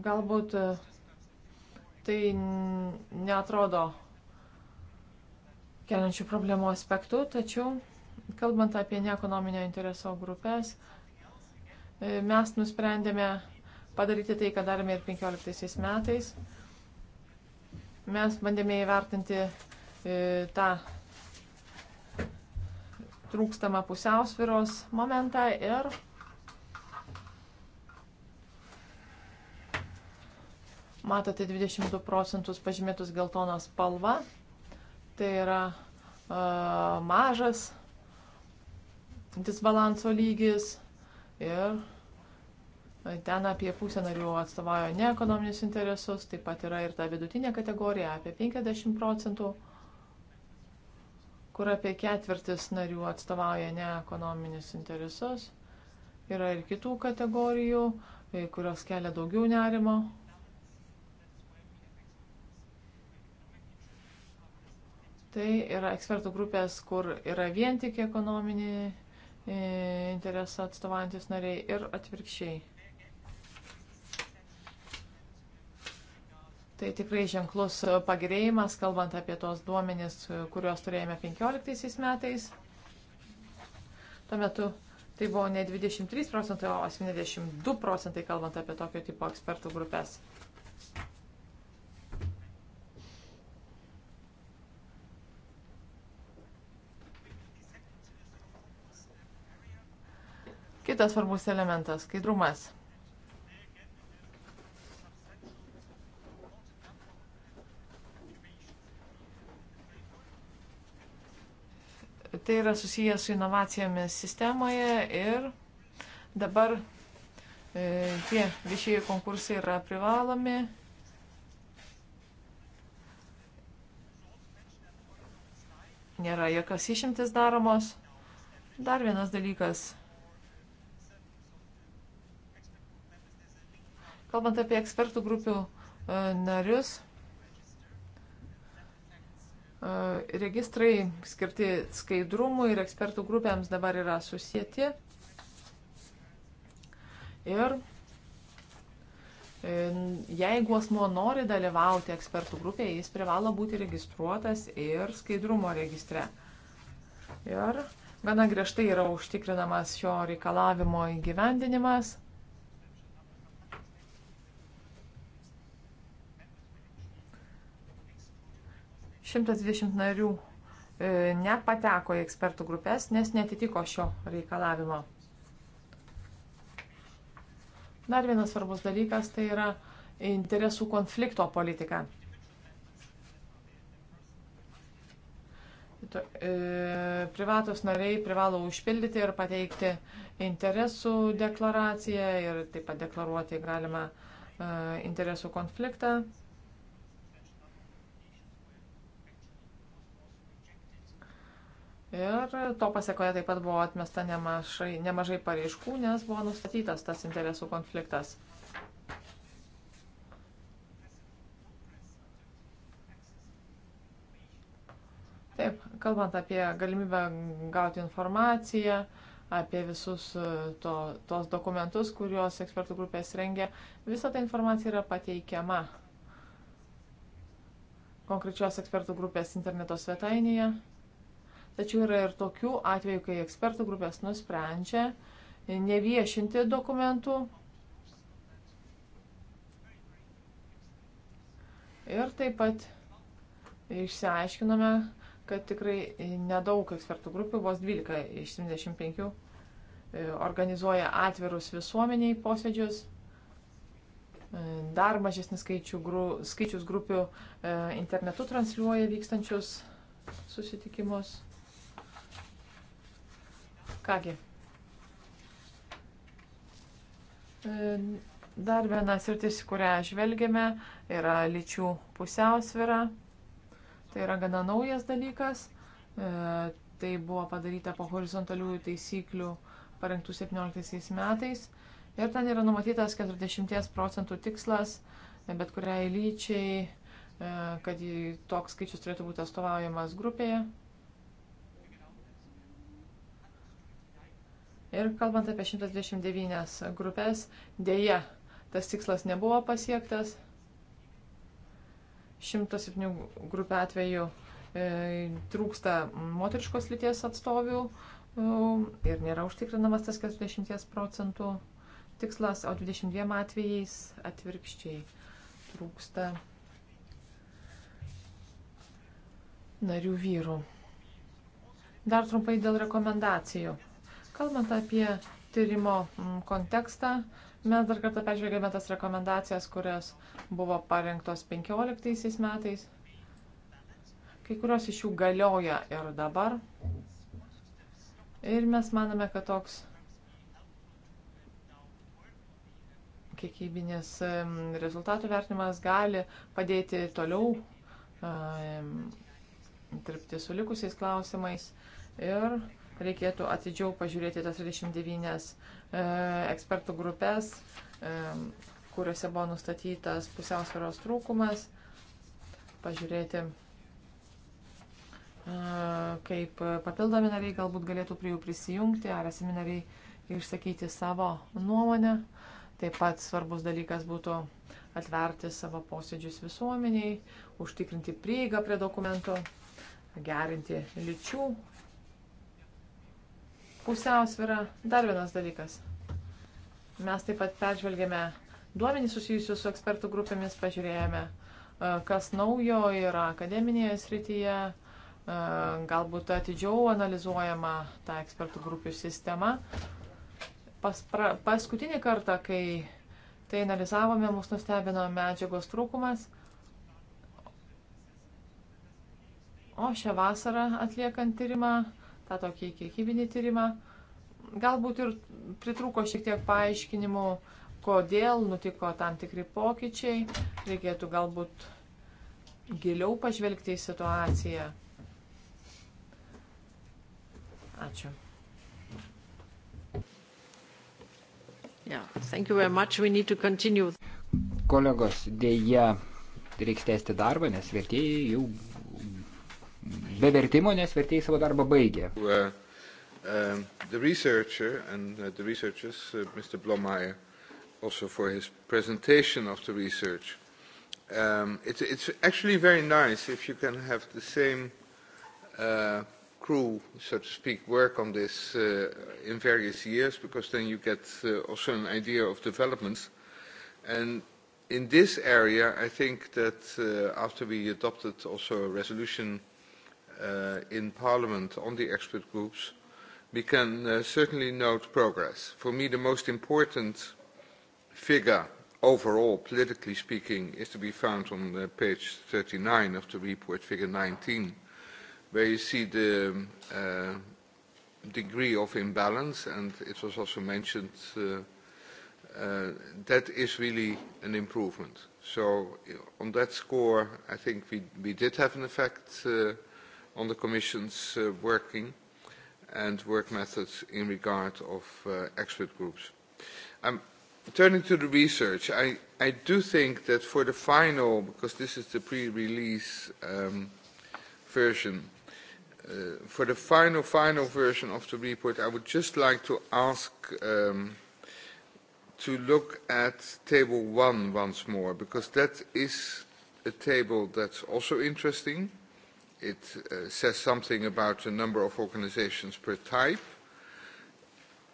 Galbūt e, tai netrodo keliančių problemų aspektų, tačiau kalbant apie neekonominio intereso grupės, e, mes nusprendėme padaryti tai, ką darėme ir 15 metais. Mes bandėme įvertinti tą trūkstamą pusiausviros momentą ir matote 22 procentus pažymėtus geltoną spalvą. Tai yra e, mažas disbalanso lygis ir ten apie pusę narių atstovauja ne ekonominius interesus, taip pat yra ir ta vidutinė kategorija apie 50 procentų kur apie ketvirtis narių atstovauja ne ekonominis interesus. Yra ir kitų kategorijų, e, kurios kelia daugiau nerimo. Tai yra ekspertų grupės, kur yra vien tik ekonominį e, interesą atstovaujantis nariai ir atvirkščiai. Tai tikrai ženklus pagerėjimas, kalbant apie tos duomenys, kuriuos turėjome 15 metais. Tuo metu tai buvo ne 23 procentai, o 82 procentai, kalbant apie tokio tipo ekspertų grupės. Kitas svarbus elementas - skaidrumas. tai yra susijęs su inovacijomis sistemoje ir dabar e, tie viešieji konkursai yra privalomi. Nėra jokios išimtis daromos. Dar vienas dalykas. Kalbant apie ekspertų grupių e, narius, Registrai skirti skaidrumui ir ekspertų grupėms dabar yra susijęti. Ir e, jeigu asmo nori dalyvauti ekspertų grupėje, jis privalo būti registruotas ir skaidrumo registre. Ir gana griežtai yra užtikrinamas šio reikalavimo įgyvendinimas. 120 narių e, nepateko į ekspertų grupės, nes netitiko šio reikalavimo. Dar vienas svarbus dalykas tai yra interesų konflikto politika. E, privatus nariai privalo užpildyti ir pateikti interesų deklaraciją ir taip pat deklaruoti galima e, interesų konfliktą. Ir to pasiekoje taip pat buvo atmesta nemažai, nemažai pareiškų, nes buvo nustatytas tas interesų konfliktas. Taip, kalbant apie galimybę gauti informaciją, apie visus e, to, tos dokumentus, kuriuos ekspertų grupės rengia, visa ta informacija yra pateikiama konkrečios ekspertų grupės interneto svetainėje. Tačiau yra ir tokių atvejų, kai ekspertų grupės nusprendžia neviešinti dokumentų. Ir taip pat išsiaiškinome, kad tikrai nedaug ekspertų grupių, vos 12 iš 75, e, organizuoja atvirus visuomeniai posėdžius e, dar mažesnis skaičių, gru, skaičius grupių e, internetu transliuoja vykstančius susitikimus. Kągi. E, dar vienas sritis, kurią žvelgiame, yra lyčių pusiausvira. Tai yra gana naujas dalykas. E, tai buvo padaryta po horizontaliųjų taisyklių parengtų 17 metais. Ir ten yra numatytas 40 procentų tikslas, e, bet kuriai lyčiai, kad toks skaičius turėtų būti atstovaujamas grupėje. Ir kalbant apie 129 grupės, dėja, tas tikslas nebuvo pasiektas. 107 grupė atveju e, trūksta moteriškos lyties atstovių e, ir nėra užtikrinamas tas 40 procentų tikslas, o 22 atvejais atvirkščiai trūksta narių vyrų. Dar trumpai dėl rekomendacijų. Kalbant apie tyrimo mm, kontekstą, mes dar kartą peržvelgėme tas rekomendacijas, kurios buvo parengtos 15 metais. Kai kurios iš jų galioja ir dabar. Ir mes manome, kad toks kiekybinis mm, rezultatų vertinimas gali padėti toliau mm, dirbti su likusiais klausimais ir reikėtų atidžiau pažiūrėti tas 29 e, ekspertų grupės, e, kuriuose buvo nustatytas pusiausvėros trūkumas, pažiūrėti, e, kaip papildomi nariai galbūt galėtų prie jų prisijungti, ar esami nariai išsakyti savo nuomonę. Taip pat svarbus dalykas būtų atverti savo posėdžius visuomeniai, užtikrinti prieigą prie dokumentų, gerinti lyčių Pusiausvira dar vienas dalykas. Mes taip pat peržvelgėme duomenys susijusius su ekspertų grupėmis, pažiūrėjome, e, kas naujo yra akademinėje srityje, e, galbūt atidžiau analizuojama ta ekspertų grupių sistema. Pas, pra, paskutinį kartą, kai tai analizavome, mus nustebino medžiagos trūkumas. O šią vasarą atliekant tyrimą tą tokį kiekybinį tyrimą. Galbūt ir pritruko šiek tiek paaiškinimų, kodėl nutiko tam tikri pokyčiai. Reikėtų galbūt giliau pažvelgti į situaciją. Ačiū. Yeah, thank you very much. We need to continue. Kolegos, dėja, reiks tęsti darbą, nes vertėjai jau be vertimo, nes vertėjai savo darbą baigė. Uh, um, the researcher and uh, the researchers, uh, Mr. Blomeyer, also for his presentation of the research. Um, it, it's actually very nice if you can have the same uh, crew, so to speak, work on this uh, in various years, because then you get uh, also an idea of developments. And in this area, I think that uh, after we adopted also a resolution uh, uh, in Parliament on the expert groups, we can uh, certainly note progress. For me, the most important figure overall, politically speaking, is to be found on uh, page 39 of the report, figure 19, where you see the um, uh, degree of imbalance, and it was also mentioned uh, uh, that is really an improvement. So on that score, I think we, we did have an effect uh, on the Commission's uh, working and work methods in regard of uh, expert groups. I'm um, turning to the research. I, I do think that for the final, because this is the pre-release um, version, uh, for the final, final version of the report, I would just like to ask um, to look at table one once more, because that is a table that's also interesting. It uh, says something about the number of organizations per type.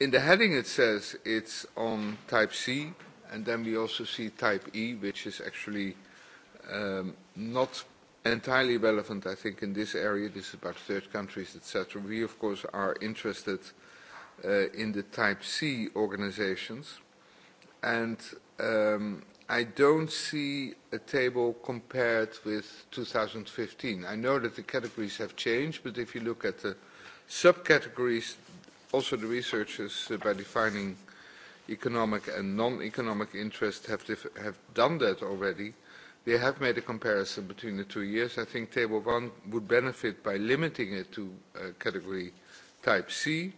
In the heading it says it's on type C, and then we also see type E, which is actually um, not entirely relevant, I think, in this area. This is about third countries, etc. We, of course, are interested uh, in the type C organizations. And um, I don't see a table compared with 2015. I know that the categories have changed, but if you look at the subcategories, also the researchers, uh, by defining economic and non-economic interest, have, have done that already. They have made a comparison between the two years. I think Table 1 would benefit by limiting it to uh, category type C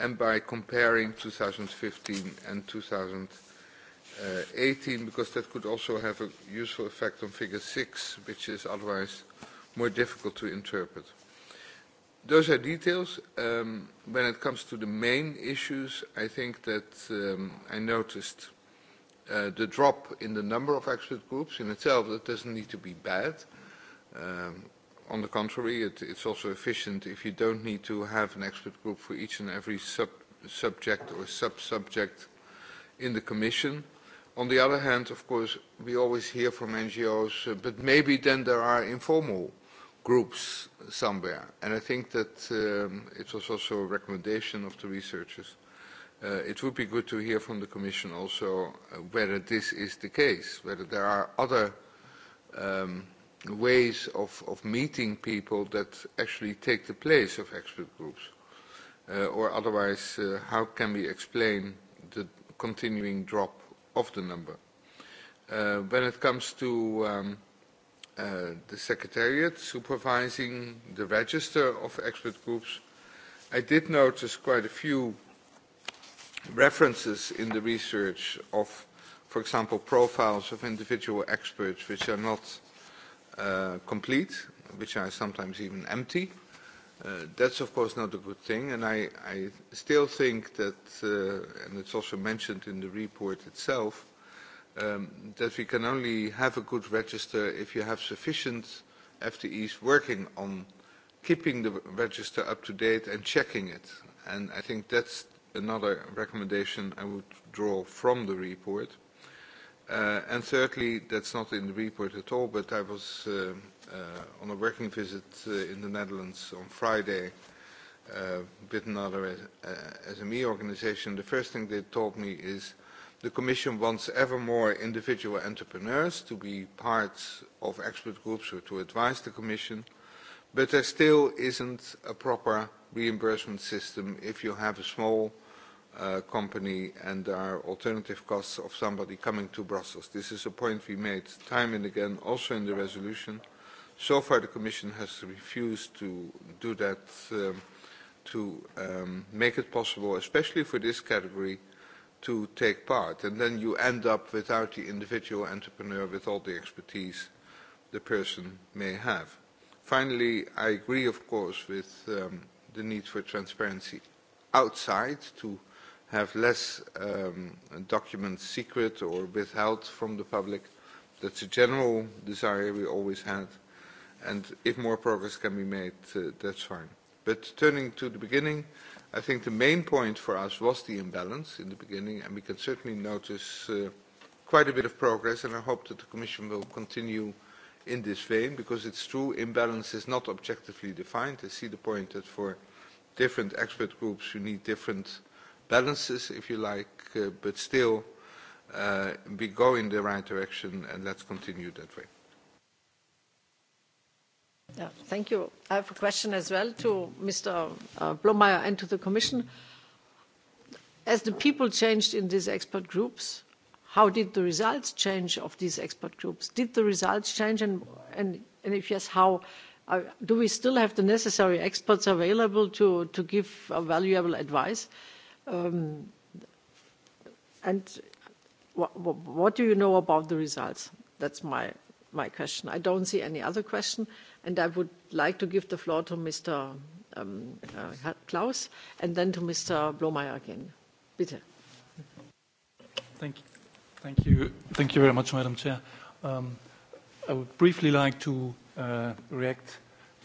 and by comparing 2015 and 2015 uh, 18 because that could also have a useful effect on figure 6 which is otherwise more difficult to interpret. Those are details. Um, when it comes to the main issues, I think that um, I noticed uh, the drop in the number of expert groups in itself. That doesn't need to be bad. Um, on the contrary, it, it's also efficient if you don't need to have an expert group for each and every sub subject or sub-subject in the Commission. Uh, On the other hand, of course, we always hear from NGOs, uh, but maybe then there are informal groups somewhere. And I think that um, it was also a recommendation of the researchers. Uh, it would be good to hear from the Commission also uh, whether this is the case, whether there are other um, ways of, of meeting people that actually take the place of expert groups. Uh, or otherwise, uh, how can we explain the continuing drop of the number. Uh, when it comes to um, uh, the Secretariat supervising the register of expert groups, I did notice quite a few references in the research of, for example, profiles of individual experts which are not uh, complete, which are sometimes even empty. Uh, Uh, that's of course not a good thing, and I, I still think that, uh, and it's also mentioned in the report itself, um, that we can only have a good register if you have sufficient FTEs working on keeping the register up to date and checking it. And I think that's another recommendation I would draw from the report. Uh, Uh, and thirdly, that's not in the report at all, but I was uh, uh, on a working visit uh, in the Netherlands on Friday uh, with another uh, SME organization. The first thing they told me is the Commission wants ever more individual entrepreneurs to be part of expert groups or to advise the Commission, but there still isn't a proper reimbursement system if you have a small uh, uh, company and there are alternative costs of somebody coming to Brussels. This is a point we made time and again, also in the resolution. So far, the Commission has refused to do that, um, to um, make it possible, especially for this category, to take part. And then you end up without the individual entrepreneur with all the expertise the person may have. Finally, I agree, of course, with um, the need for transparency outside to have less um, documents secret or withheld from the public. That's a general desire we always had. And if more progress can be made, uh, that's fine. But turning to the beginning, I think the main point for us was the imbalance in the beginning, and we can certainly notice uh, quite a bit of progress, and I hope that the Commission will continue in this vein, because it's true, imbalance is not objectively defined. I see the point that for different expert groups you need different balances, if you like, uh, but still uh, we go in the right direction and let's continue that way. Yeah, thank you. I have a question as well to Mr. Uh, Blomeyer and to the Commission. As the people changed in these expert groups, how did the results change of these expert groups? Did the results change, and, and, and if yes, how? Uh, do we still have the necessary experts available to, to give uh, valuable advice? Uh, Um, and what, what do you know about the results? That's my, my question. I don't see any other question, and I would like to give the floor to Mr. Um, uh, Klaus and then to Mr. Blomeyer again. Bitte. Thank you. Thank you. Thank you very much, Madam Chair. Um, I would briefly like to uh, react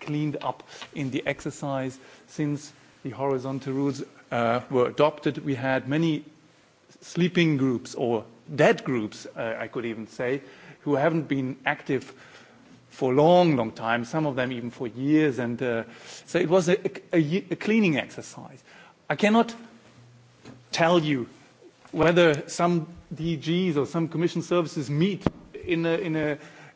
cleaned up in the exercise since the horizontal rules uh, were adopted. We had many sleeping groups or dead groups, uh, I could even say, who haven't been active for a long, long time, some of them even for years. And uh, so it was a, a, a cleaning exercise. I cannot tell you whether some DGs or some commission services meet in a, in a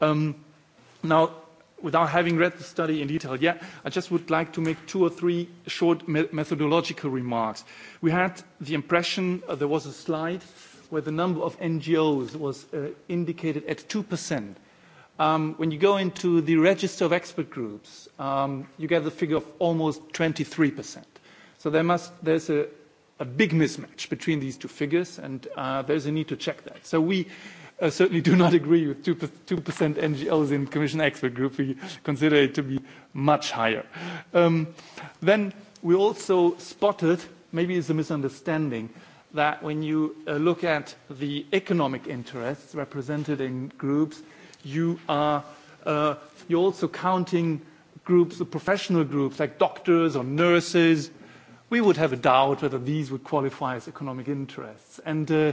Um, now, without having read the study in detail yet, I just would like to make two or three short me methodological remarks. We had the impression uh, there was a slide where the number of NGOs was uh, indicated at 2%. Um, when you go into the register of expert groups, um, you get the figure of almost 23%. So there must, there's a, a big mismatch between these two figures, and uh, there's a need to check that. So we uh, certainly do not agree with 2%, 2 NGLs in Commission Expert Group. We consider it to be much higher. Um, then we also spotted, maybe it's a misunderstanding, that when you uh, look at the economic interests represented in groups, you are uh, you're also counting groups, the professional groups like doctors or nurses. We would have a doubt whether these would qualify as economic interests. And uh,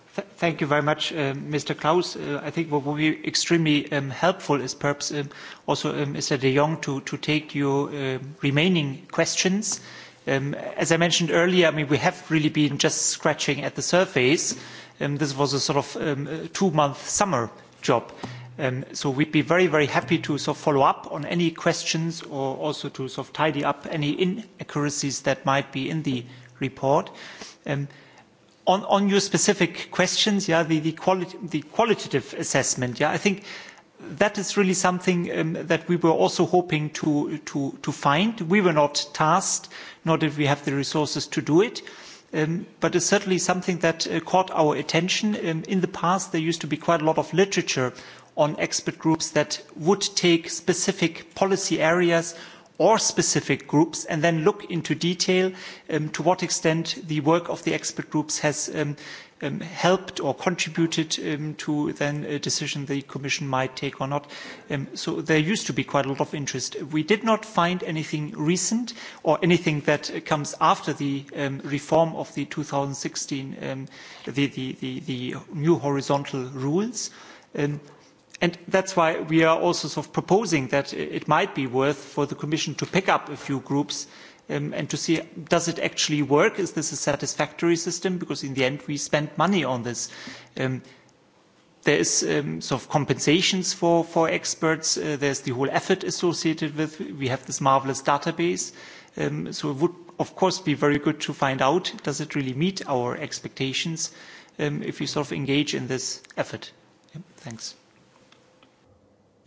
Th thank you very much, uh, Mr. Klaus. Uh, I think what would be extremely um, helpful is perhaps um, also um, Mr. de Jong to, to take your uh, remaining questions. Um, as I mentioned earlier, I mean, we have really been just scratching at the surface. Um, this was a sort of um, two-month summer job. Um, so we'd be very, very happy to sort of follow up on any questions or also to sort of tidy up any inaccuracies that might be in the report. Um, On, on your specific questions, yeah, the, the, quali the qualitative assessment, yeah, I think that is really something um, that we were also hoping to, to, to find. We were not tasked, nor did we have the resources to do it. Um, but it's certainly something that uh, caught our attention. Um, in the past, there used to be quite a lot of literature on expert groups that would take specific policy areas or specific groups and then look into detail um, to what extent the work of the expert groups has um, um, helped or contributed um, to then a decision the Commission might take or not. Um, so there used to be quite a lot of interest. We did not find anything recent or anything that comes after the um, reform of the 2016, um, the, the, the, the new horizontal rules. Um, And that's why we are also sort of proposing that it might be worth for the Commission to pick up a few groups um, and to see does it actually work? Is this a satisfactory system? Because in the end, we spend money on this. Um, there is um, sort of compensations for, for experts. Uh, there's the whole effort associated with. We have this marvelous database. Um, so it would, of course, be very good to find out does it really meet our expectations um, if we sort of engage in this effort. Yep, thanks.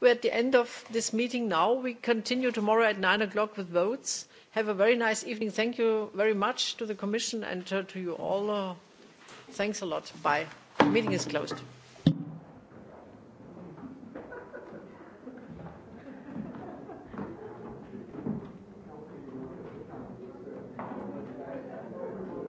We're at the end of this meeting now. We continue tomorrow at 9 o'clock with votes. Have a very nice evening. Thank you very much to the Commission and to you all. Uh, thanks a lot. Bye. Meeting is closed.